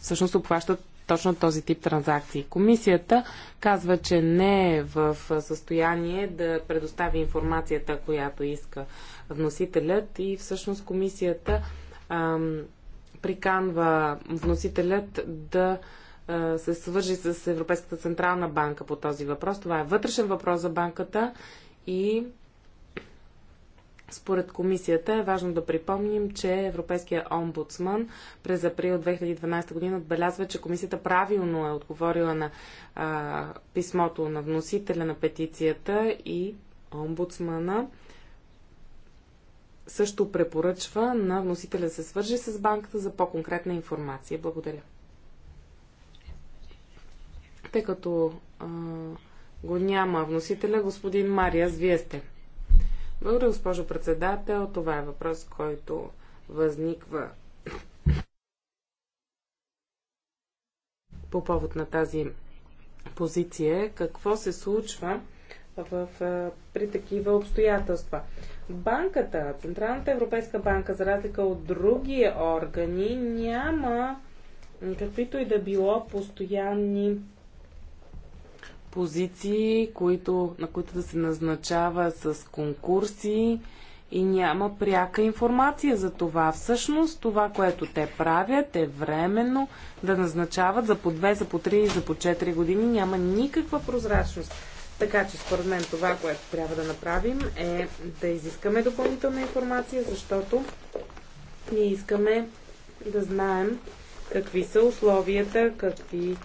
всъщност обхващат точно този тип транзакции. Комисията казва, че не е в състояние да предостави информацията, която иска вносителят и всъщност комисията ам, приканва вносителят да се свържи с Европейската централна банка по този въпрос. Това е вътрешен въпрос за банката и според комисията е важно да припомним, че Европейския омбудсман през април 2012 година отбелязва, че комисията правилно е отговорила на а, писмото на вносителя на петицията и омбудсмана също препоръчва на вносителя да се свържи с банката за по-конкретна информация. Благодаря. Тъй като а, го няма вносителя, господин Мариас, вие сте. Благодаря, госпожо председател. Това е въпрос, който възниква по повод на тази позиция. Какво се случва в, в, при такива обстоятелства? Банката, Централната европейска банка, за разлика от други органи, няма каквито и да било постоянни позиции, които, на които да се назначава с конкурси и няма пряка информация за това. Всъщност това, което те правят е временно да назначават за по две, за по три, и за по четири години. Няма никаква прозрачност. Така че според мен това, което трябва да направим е да изискаме допълнителна информация, защото ние искаме да знаем какви са условията, какви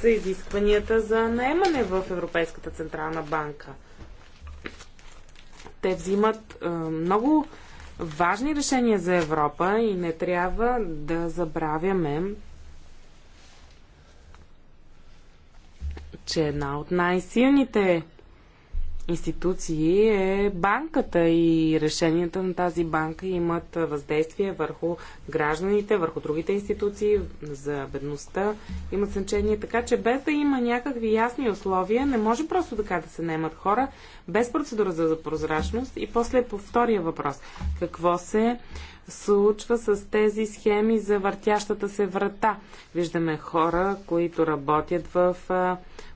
са изискванията за наемане в Европейската Централна банка. Те взимат е, много важни решения за Европа и не трябва да забравяме, че една от най-силните институции е банката и решенията на тази банка имат въздействие върху гражданите, върху другите институции, за бедността имат значение. Така че без да има някакви ясни условия, не може просто така да се наемат хора без процедура за прозрачност. И после по втория въпрос. Какво се случва с тези схеми за въртящата се врата. Виждаме хора, които работят в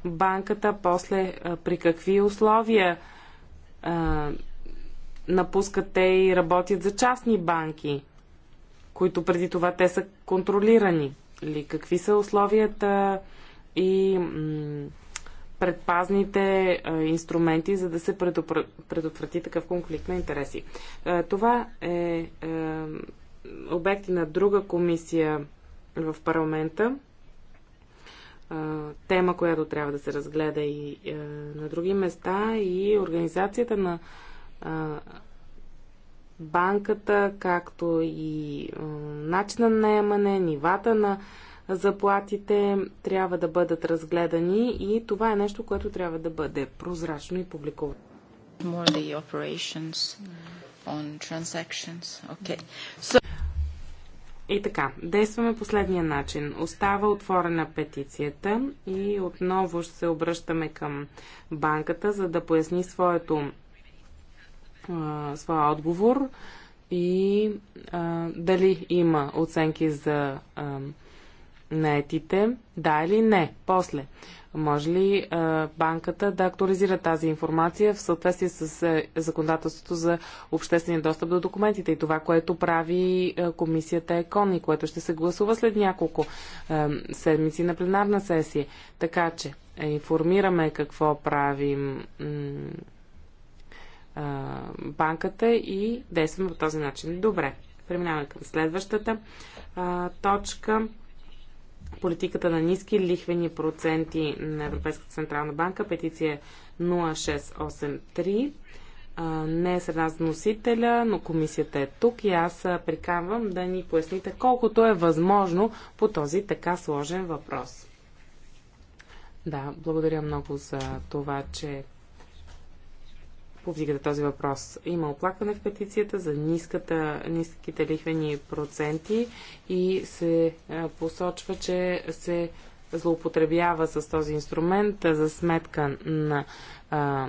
банката, после при какви условия напускат те и работят за частни банки, които преди това те са контролирани. Или какви са условията и предпазните а, инструменти, за да се предотврати такъв конфликт на интереси. А, това е а, е, обекти на друга комисия в парламента. тема, която трябва да се разгледа и е, на други места и организацията на банката, както и е, начина на наемане, нивата на заплатите трябва да бъдат разгледани и това е нещо, което трябва да бъде прозрачно и публикувано. И така, действаме последния начин. Остава отворена петицията и отново ще се обръщаме към банката, за да поясни своето, а, своя отговор и а, дали има оценки за а, наетите, да или не, после. Може ли банката да актуализира тази информация в съответствие с законодателството за обществения достъп до документите и това, което прави комисията ЕКОН и което ще се гласува след няколко седмици на пленарна сесия. Така че е, информираме какво правим банката и действаме по този начин. Добре, преминаваме към следващата точка политиката на ниски лихвени проценти на Европейската централна банка, петиция 0683. Не е сред нас носителя, но комисията е тук и аз приканвам да ни поясните колкото е възможно по този така сложен въпрос. Да, благодаря много за това, че повдигате този въпрос. Има оплакване в петицията за ниската, ниските лихвени проценти и се посочва, че се злоупотребява с този инструмент за сметка на а,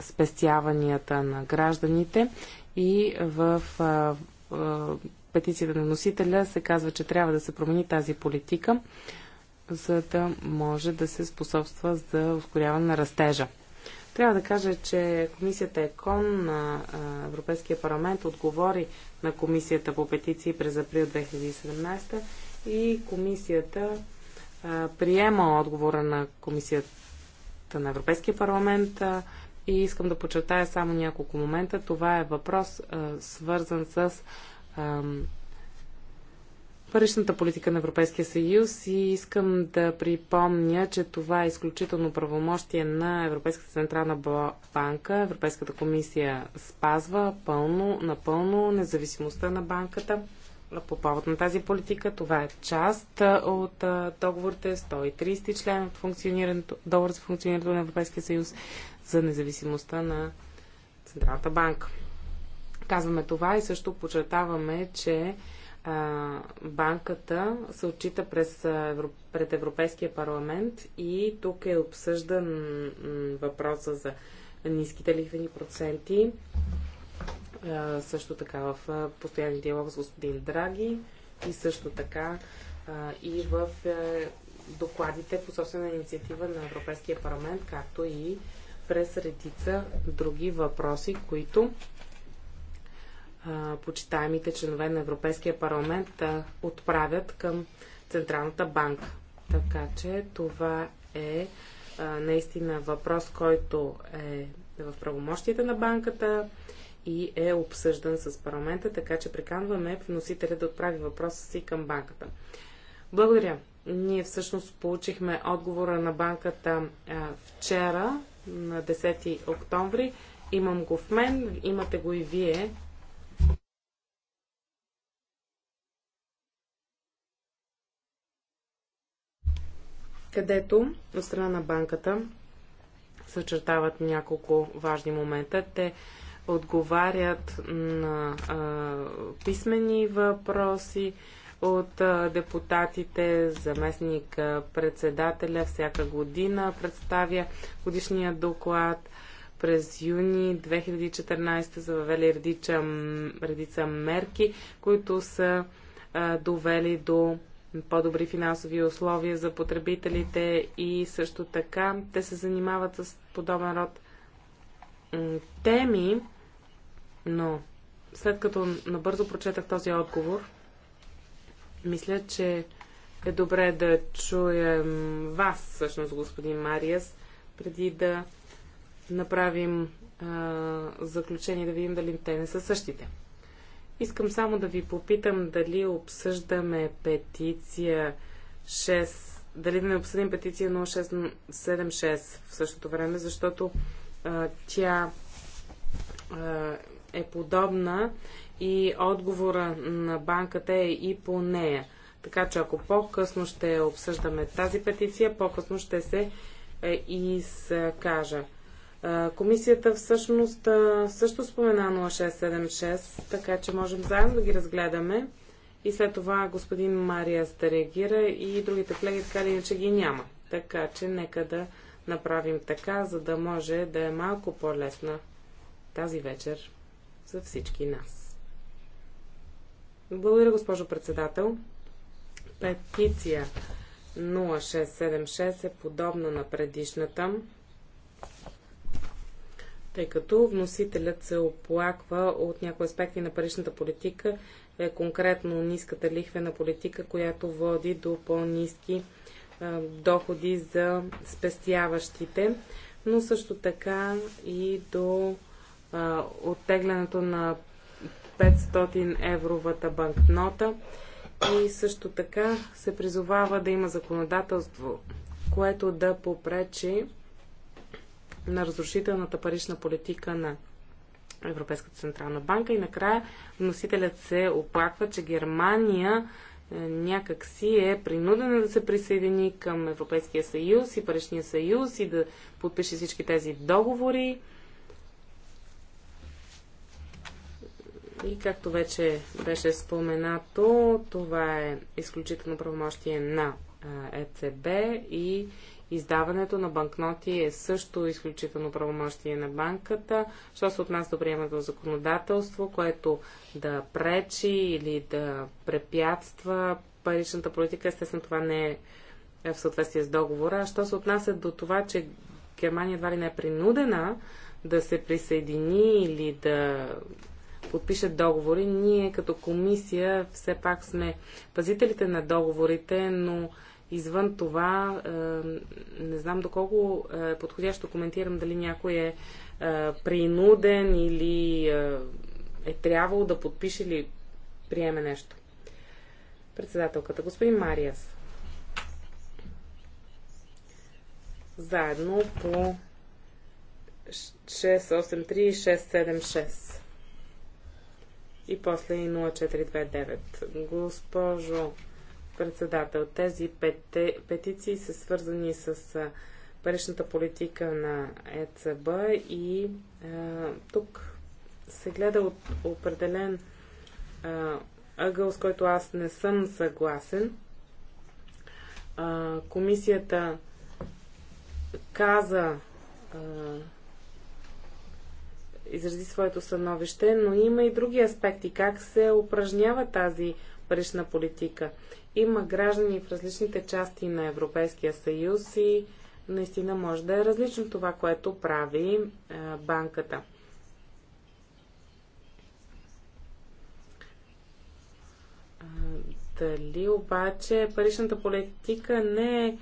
спестяванията на гражданите и в а, а, петицията на носителя се казва, че трябва да се промени тази политика, за да може да се способства за ускоряване на растежа. Трябва да кажа, че комисията ЕКОН на Европейския парламент отговори на комисията по петиции през април 2017 и комисията приема отговора на комисията на Европейския парламент и искам да подчертая само няколко момента. Това е въпрос свързан с паричната политика на Европейския съюз и искам да припомня, че това е изключително правомощие на Европейската централна банка. Европейската комисия спазва пълно, напълно независимостта на банката по повод на тази политика. Това е част от договорите 130 член от функционирането, договор за функционирането на Европейския съюз за независимостта на Централната банка. Казваме това и също подчертаваме, че а, банката се отчита през, пред Европейския парламент и тук е обсъждан въпроса за ниските лихвени проценти. А, също така в постоянен диалог с господин Драги и също така а, и в е, докладите по собствена инициатива на Европейския парламент, както и през редица други въпроси, които почитаемите членове на Европейския парламент да отправят към Централната банка. Така че това е а, наистина въпрос, който е в правомощията на банката и е обсъждан с парламента, така че приканваме вносителя да отправи въпроса си към банката. Благодаря. Ние всъщност получихме отговора на банката а, вчера, на 10 октомври. Имам го в мен, имате го и вие където от страна на банката съчертават няколко важни момента. Те отговарят на а, писмени въпроси от а, депутатите, заместник председателя всяка година представя годишния доклад. През юни 2014 са въвели редица, редица мерки, които са а, довели до по-добри финансови условия за потребителите и също така те се занимават с подобен род теми, но след като набързо прочетах този отговор, мисля, че е добре да чуем вас, всъщност, господин Мариас, преди да направим а, заключение, да видим дали те не са същите. Искам само да ви попитам дали обсъждаме петиция 6, дали да не обсъдим петиция 0676 в същото време, защото а, тя а, е подобна и отговора на банката е и по нея. Така че ако по-късно ще обсъждаме тази петиция, по-късно ще се е, изкажа. Комисията всъщност също спомена 0676, така че можем заедно да ги разгледаме. И след това господин Мария ще реагира и другите колеги така ли иначе ги няма. Така че нека да направим така, за да може да е малко по-лесна тази вечер за всички нас. Благодаря, госпожо председател. Петиция 0676 е подобна на предишната тъй като вносителят се оплаква от някои аспекти на паричната политика, е конкретно ниската лихвена политика, която води до по-низки доходи за спестяващите, но също така и до а, оттеглянето на 500 евровата банкнота и също така се призовава да има законодателство, което да попречи на разрушителната парична политика на Европейската централна банка. И накрая носителят се оплаква, че Германия е, някак си е принудена да се присъедини към Европейския съюз и Паричния съюз и да подпише всички тези договори. И както вече беше споменато, това е изключително правомощие на ЕЦБ е и Издаването на банкноти е също изключително правомощие на банката, що се отнася до приемането законодателство, което да пречи или да препятства паричната политика. Естествено, това не е в съответствие с договора. Що се отнася до това, че Германия едва ли не е принудена да се присъедини или да подпише договори. Ние като комисия все пак сме пазителите на договорите, но Извън това, е, не знам доколко е подходящо коментирам дали някой е, е принуден или е, е трябвало да подпише или приеме нещо. Председателката, господин Мариас. Заедно по 683 и 676. И после и 0429. Госпожо председател. Тези пет, петиции са свързани с паричната политика на ЕЦБ и а, тук се гледа от определен а, ъгъл, с който аз не съм съгласен. А, комисията каза, а, изрази своето съновище, но има и други аспекти. Как се упражнява тази парична политика? има граждани в различните части на Европейския съюз и наистина може да е различно това, което прави е, банката. дали обаче паричната политика не е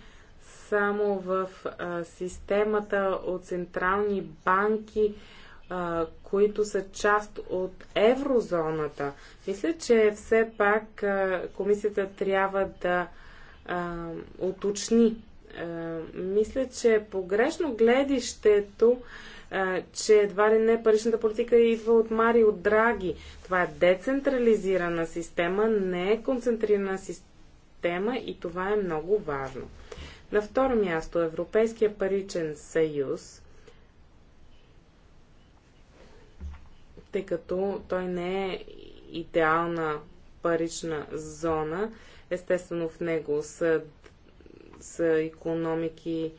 само в системата от централни банки, които са част от еврозоната. Мисля, че все пак комисията трябва да а, уточни. А, мисля, че погрешно гледището, а, че едва ли не паричната политика идва от Марио Драги. Това е децентрализирана система, не е концентрирана система и това е много важно. На второ място Европейския паричен съюз – тъй като той не е идеална парична зона. Естествено в него са, са економики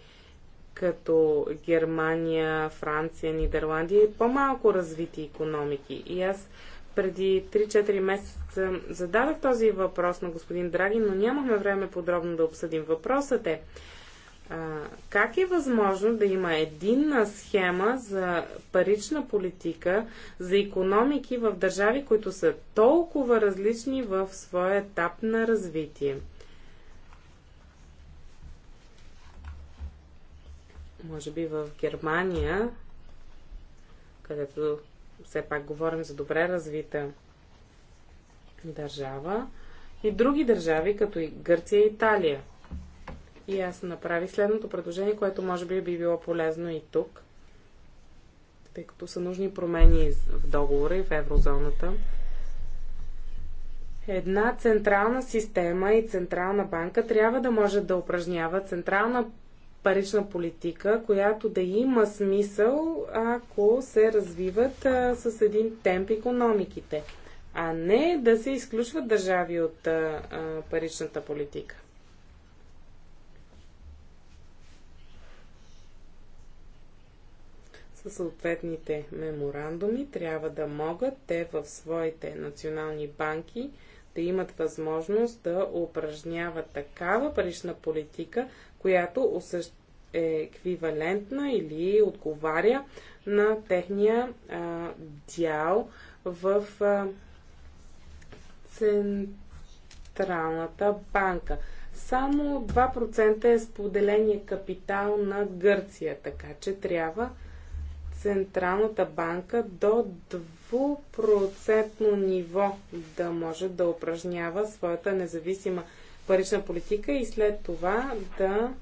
като Германия, Франция, Нидерландия и по-малко развити економики. И аз преди 3-4 месеца зададах този въпрос на господин Драги, но нямахме време подробно да обсъдим. Въпросът е, как е възможно да има единна схема за парична политика, за економики в държави, които са толкова различни в своя етап на развитие? Може би в Германия, където все пак говорим за добре развита държава, и други държави, като и Гърция и Италия – и аз направих следното предложение, което може би би било полезно и тук, тъй като са нужни промени в договора и в еврозоната. Една централна система и централна банка трябва да може да упражнява централна парична политика, която да има смисъл, ако се развиват а, с един темп економиките, а не да се изключват държави от а, паричната политика. съответните меморандуми, трябва да могат те в своите национални банки да имат възможност да упражняват такава парична политика, която е еквивалентна или отговаря на техния а, дял в а, Централната банка. Само 2% е споделения капитал на Гърция, така че трябва Централната банка до 2% ниво да може да упражнява своята независима парична политика и след това да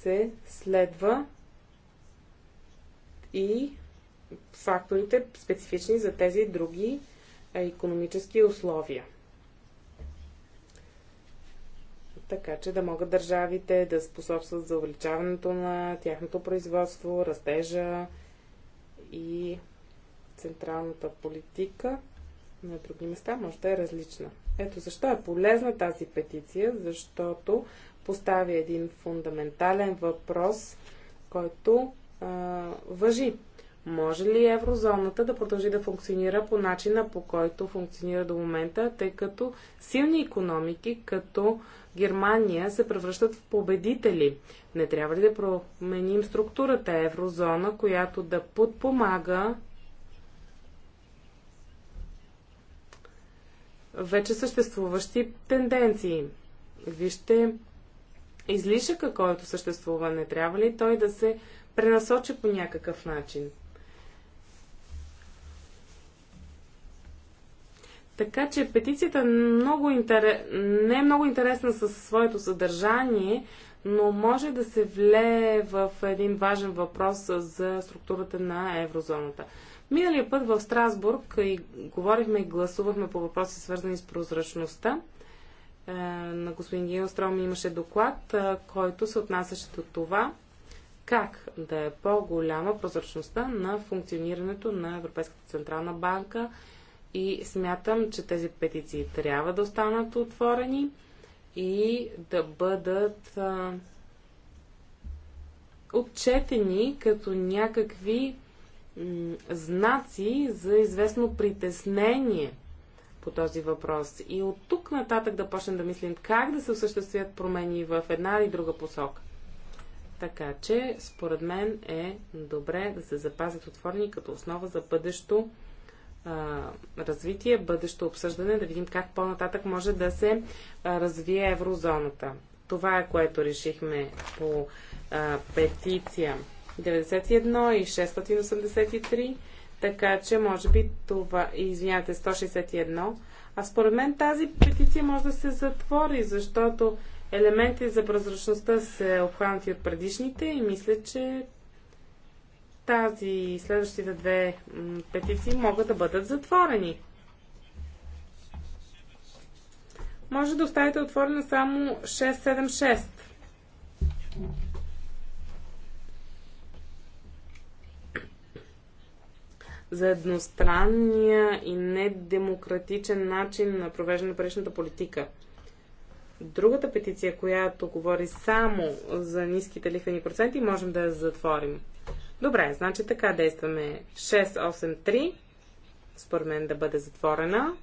се следва и факторите специфични за тези други економически условия. така че да могат държавите да способстват за увеличаването на тяхното производство, растежа и централната политика на други места може да е различна. Ето защо е полезна тази петиция, защото поставя един фундаментален въпрос, който а, въжи. Може ли еврозоната да продължи да функционира по начина, по който функционира до момента, тъй като силни економики, като Германия се превръщат в победители. Не трябва ли да променим структурата еврозона, която да подпомага вече съществуващи тенденции? Вижте излишъка, който съществува, не трябва ли той да се пренасочи по някакъв начин? Така че петицията много интерес... не е много интересна със своето съдържание, но може да се влее в един важен въпрос за структурата на еврозоната. Миналия път в Страсбург и говорихме и гласувахме по въпроси свързани с прозрачността. Е, на господин Гилстром имаше доклад, е, който се отнасяше до това как да е по-голяма прозрачността на функционирането на Европейската централна банка и смятам, че тези петиции трябва да останат отворени и да бъдат а, отчетени като някакви знаци за известно притеснение по този въпрос. И от тук нататък да почнем да мислим как да се осъществят промени в една или друга посока. Така че, според мен е добре да се запазят отворени като основа за бъдещо развитие, бъдещо обсъждане, да видим как по-нататък може да се развие еврозоната. Това е което решихме по а, петиция 91 и 683, така че може би това, извинявате, 161. А според мен тази петиция може да се затвори, защото елементи за прозрачността са обхванати от предишните и мисля, че тази и следващите две петиции могат да бъдат затворени. Може да оставите отворена само 676. за едностранния и недемократичен начин на провеждане на паричната политика. Другата петиция, която говори само за ниските лихвени проценти, можем да я затворим. Добре, значи така действаме. 683, според мен да бъде затворена,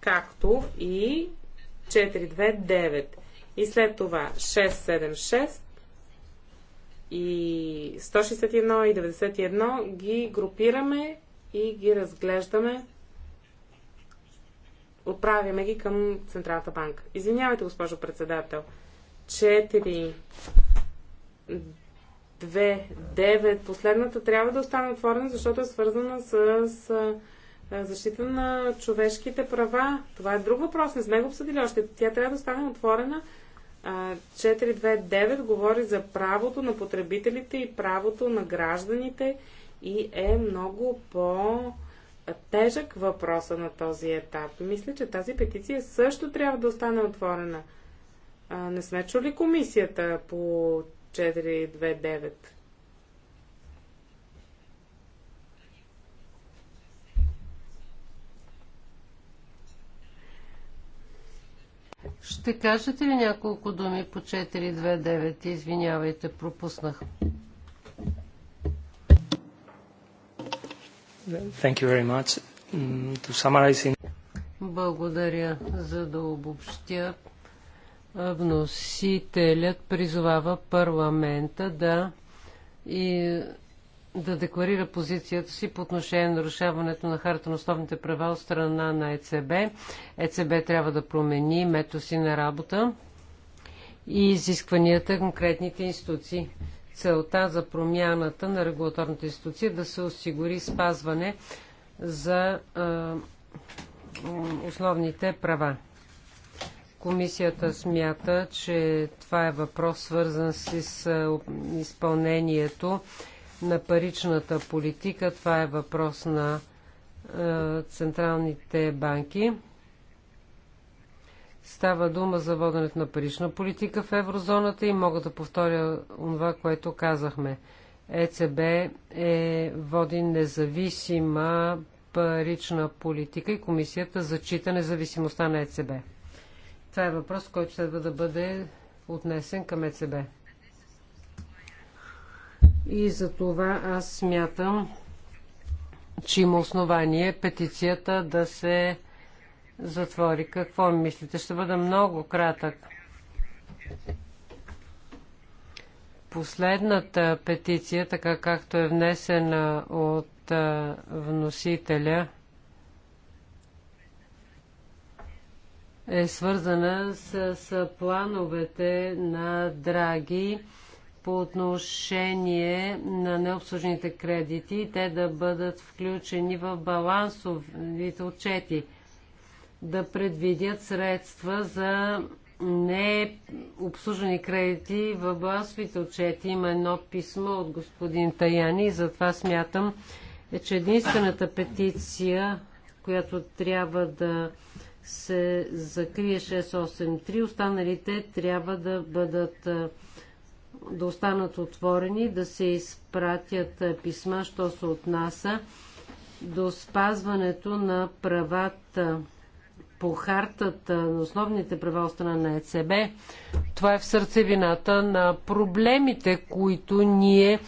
както и 4, 2, 9. И след това 6,7-6 и 161 и 91 ги групираме и ги разглеждаме. Отправяме ги към Централната банка. Извинявайте, госпожо председател. 4 2.9, последната трябва да остане отворена, защото е свързана с, с защита на човешките права. Това е друг въпрос, не сме го обсъдили още. Тя трябва да остане отворена. 4.2.9 говори за правото на потребителите и правото на гражданите и е много по- тежък въпроса на този етап. мисля, че тази петиция също трябва да остане отворена. Не сме чули комисията по 429. Ще кажете ли няколко думи по 429? Извинявайте, пропуснах. Thank you very much. Mm, to summarize in... Благодаря за да обобщя. Вносителят призовава парламента да и да декларира позицията си по отношение на нарушаването на харта на основните права от страна на ЕЦБ. ЕЦБ трябва да промени мето си на работа и изискванията конкретните институции. Целта за промяната на регулаторната институция е да се осигури спазване за е, основните права. Комисията смята, че това е въпрос свързан с изпълнението на паричната политика. Това е въпрос на централните банки. Става дума за воденето на парична политика в еврозоната и мога да повторя това, което казахме. ЕЦБ е води независима парична политика и комисията зачита независимостта на ЕЦБ. Това е въпрос, който следва да бъде отнесен към ЕЦБ. И за това аз смятам, че има основание петицията да се затвори. Какво мислите? Ще бъда много кратък. Последната петиция, така както е внесена от вносителя, е свързана с, с плановете на Драги по отношение на необслужените кредити и те да бъдат включени в балансовите отчети, да предвидят средства за необслужени кредити в балансовите отчети. Има едно писмо от господин Таяни и затова смятам, е, че единствената петиция, която трябва да се закрие 683, останалите трябва да бъдат да останат отворени, да се изпратят писма, що се отнася до спазването на правата по хартата на основните права от страна на ЕЦБ. Това е в сърцевината на проблемите, които ние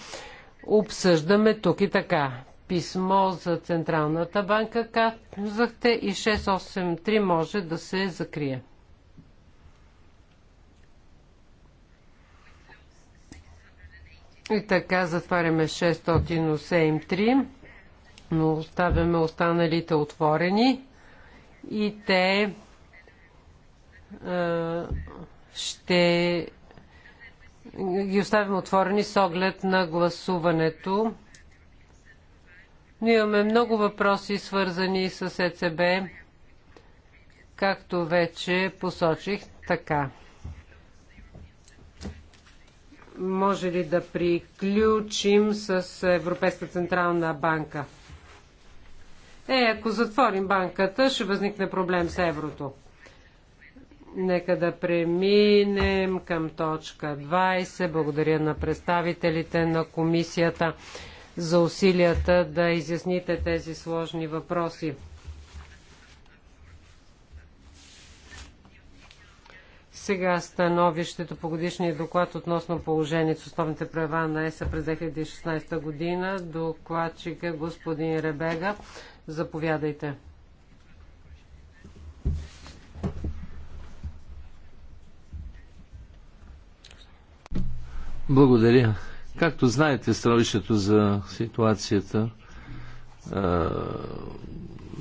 обсъждаме тук и така писмо за Централната банка, казахте, и 683 може да се закрие. И така затваряме 683, но оставяме останалите отворени и те е, ще ги оставим отворени с оглед на гласуването но имаме много въпроси, свързани с ЕЦБ, както вече посочих така. Може ли да приключим с Европейска Централна банка? Е, ако затворим банката, ще възникне проблем с еврото. Нека да преминем към точка 20. Благодаря на представителите на комисията за усилията да изясните тези сложни въпроси. Сега становището по годишния доклад относно положението с основните права на ЕСА през 2016 година. Докладчика господин Ребега. Заповядайте. Благодаря, Както знаете, становището за ситуацията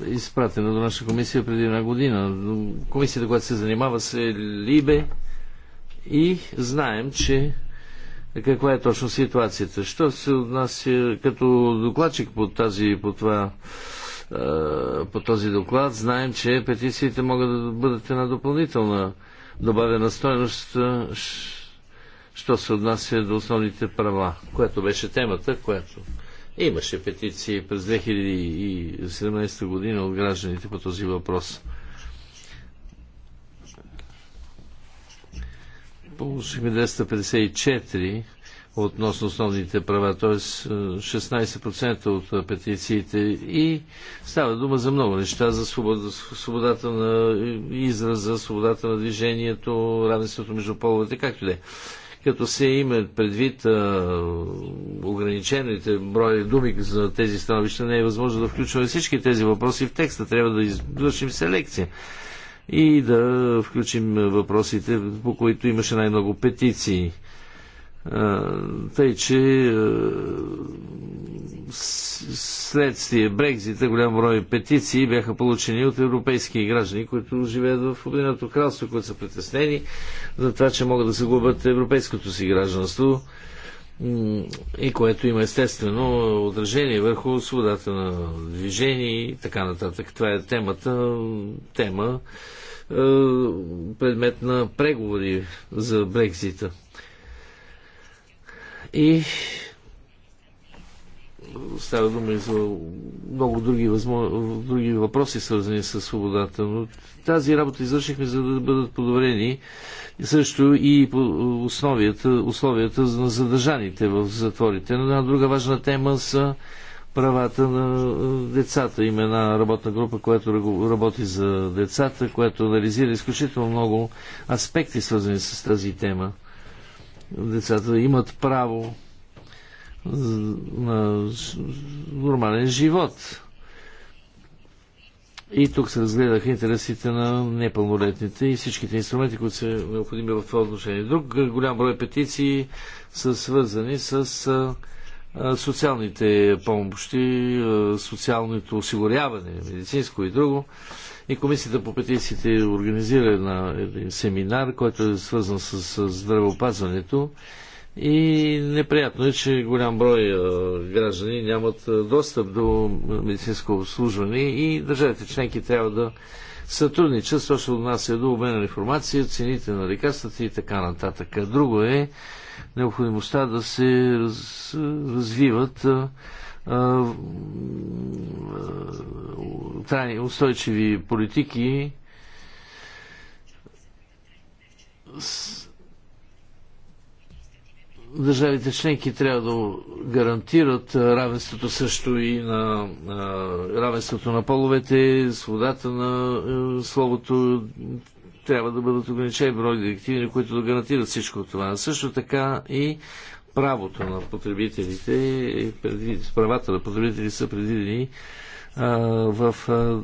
е изпратено до наша комисия преди една година. Комисията, която се занимава се е Либе и знаем, че каква е точно ситуацията. Що се отнася като докладчик по, тази, по, това, по този доклад, знаем, че петициите могат да бъдат една допълнителна добавена стоеност що се отнася до основните права, която беше темата, която имаше петиции през 2017 година от гражданите по този въпрос. Получихме 254 относно основните права, т.е. 16% от петициите и става дума за много неща, за свобода, свободата на израза, свободата на движението, равенството между половете, както и да е като се има предвид а, ограничените брои думи за тези становища, не е възможно да включваме всички тези въпроси в текста. Трябва да извършим селекция и да включим въпросите, по които имаше най-много петиции. Тъй, че следствие Брекзита, е голям брой петиции бяха получени от европейски граждани, които живеят в Обединеното кралство, които са притеснени за това, че могат да загубят европейското си гражданство и което има естествено отражение върху свободата на движение и така нататък. Това е темата, тема, предмет на преговори за Брекзита. И става дума и за много други, възможно, други въпроси, свързани с свободата. Но тази работа извършихме, за да бъдат подобрени също и условията, условията на задържаните в затворите. Но една друга важна тема са правата на децата. Има една работна група, която работи за децата, която анализира изключително много аспекти, свързани с тази тема децата да имат право на нормален живот. И тук се разгледаха интересите на непълнолетните и всичките инструменти, които са необходими в това отношение. Друг е, голям брой петиции са свързани с социалните помощи, социалното осигуряване, медицинско и друго. И Комисията по петициите организира на един семинар, който е свързан с здравеопазването. И неприятно е, че голям брой граждани нямат достъп до медицинско обслужване и държавите членки трябва да сътрудничат, защото от нас е до обмена информация, цените на лекарствата и така нататък. Друго е необходимостта да се раз, развиват а, а, трайни, устойчиви политики с... държавите членки трябва да гарантират равенството също и на равенството на половете, свободата на словото, трябва да бъдат ограничени брой директиви, които да гарантират всичко това. също така и правото на потребителите, правата на потребители са предвидени в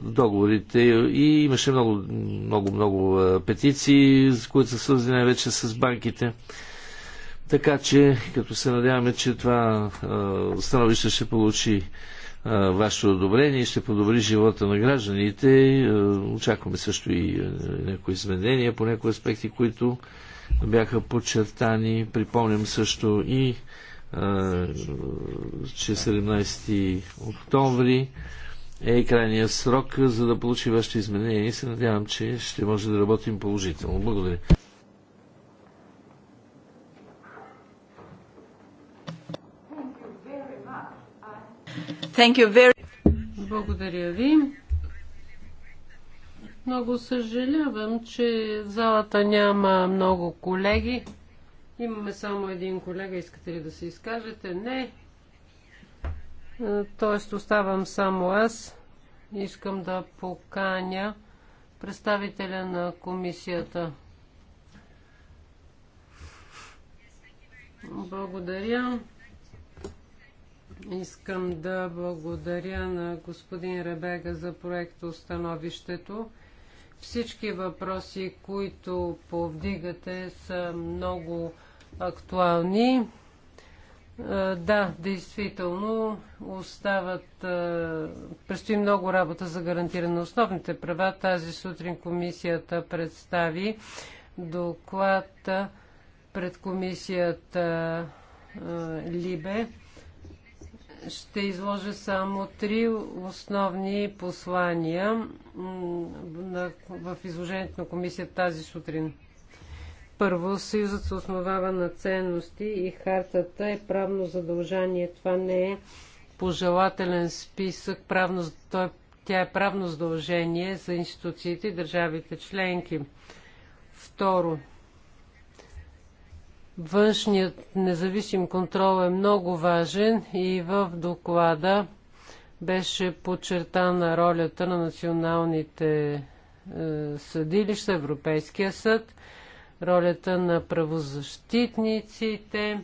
договорите и имаше много, много, много петиции, които са свързани вече с банките. Така че, като се надяваме, че това становище ще получи вашето одобрение ще подобри живота на гражданите. Очакваме също и някои изменения по някои аспекти, които бяха подчертани. Припомням също и че 17 октомври е крайния срок, за да получи вашите изменения и се надявам, че ще може да работим положително. Благодаря. Very... Благодаря ви. Много съжалявам, че залата няма много колеги. Имаме само един колега. Искате ли да се изкажете? Не. Е, тоест оставам само аз. Искам да поканя представителя на комисията. Благодаря. Искам да благодаря на господин Ребега за проекта становището. Всички въпроси, които повдигате, са много актуални. Е, да, действително остават, е, предстои много работа за гарантиране на основните права. Тази сутрин комисията представи доклад пред комисията е, Либе ще изложа само три основни послания в изложението на комисията тази сутрин. Първо, съюзът се основава на ценности и хартата е правно задължание. Това не е пожелателен списък, правно, той, тя е правно задължение за институциите и държавите членки. Второ, Външният независим контрол е много важен и в доклада беше подчертана ролята на националните е, съдилища, Европейския съд, ролята на правозащитниците,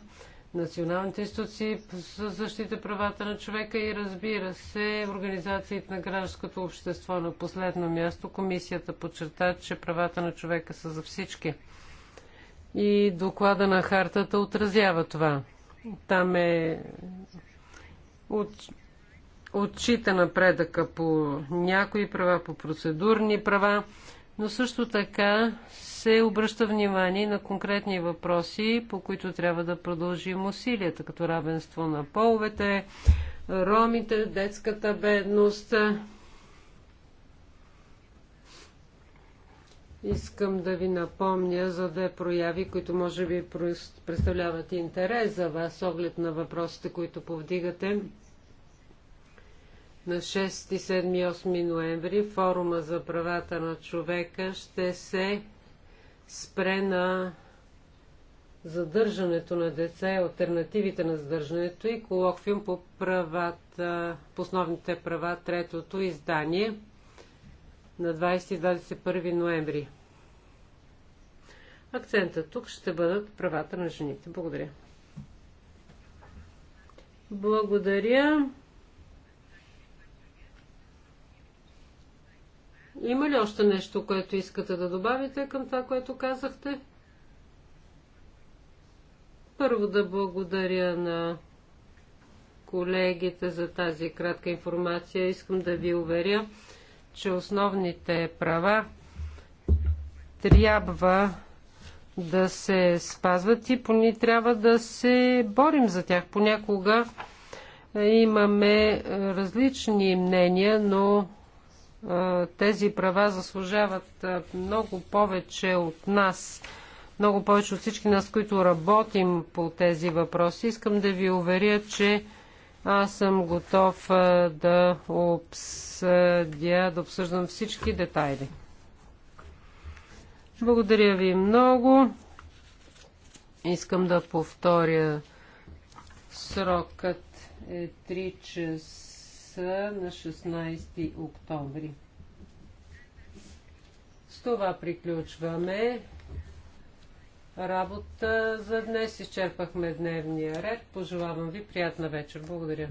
националните институции за защита правата на човека и разбира се организациите на гражданското общество. На последно място комисията подчерта, че правата на човека са за всички – и доклада на хартата отразява това. Там е от... отчита напредъка по някои права, по процедурни права, но също така се обръща внимание на конкретни въпроси, по които трябва да продължим усилията, като равенство на половете, ромите, детската бедност, Искам да ви напомня за две прояви, които може би представляват интерес за вас, оглед на въпросите, които повдигате. На 6, 7, 8 ноември форума за правата на човека ще се спре на задържането на деца, альтернативите на задържането и колоквиум по правата, по основните права, третото издание – на 20 и 21 ноември. Акцентът тук ще бъдат правата на жените. Благодаря. Благодаря. Има ли още нещо, което искате да добавите към това, което казахте? Първо да благодаря на колегите за тази кратка информация. Искам да ви уверя, че основните права трябва да се спазват и поне трябва да се борим за тях. Понякога е, имаме е, различни мнения, но е, тези права заслужават много повече от нас, много повече от всички нас, които работим по тези въпроси. Искам да ви уверя, че аз съм готов да обсъдя, да обсъждам всички детайли. Благодаря ви много. Искам да повторя срокът е 3 часа на 16 октомври. С това приключваме работа за днес. Изчерпахме дневния ред. Пожелавам ви приятна вечер. Благодаря.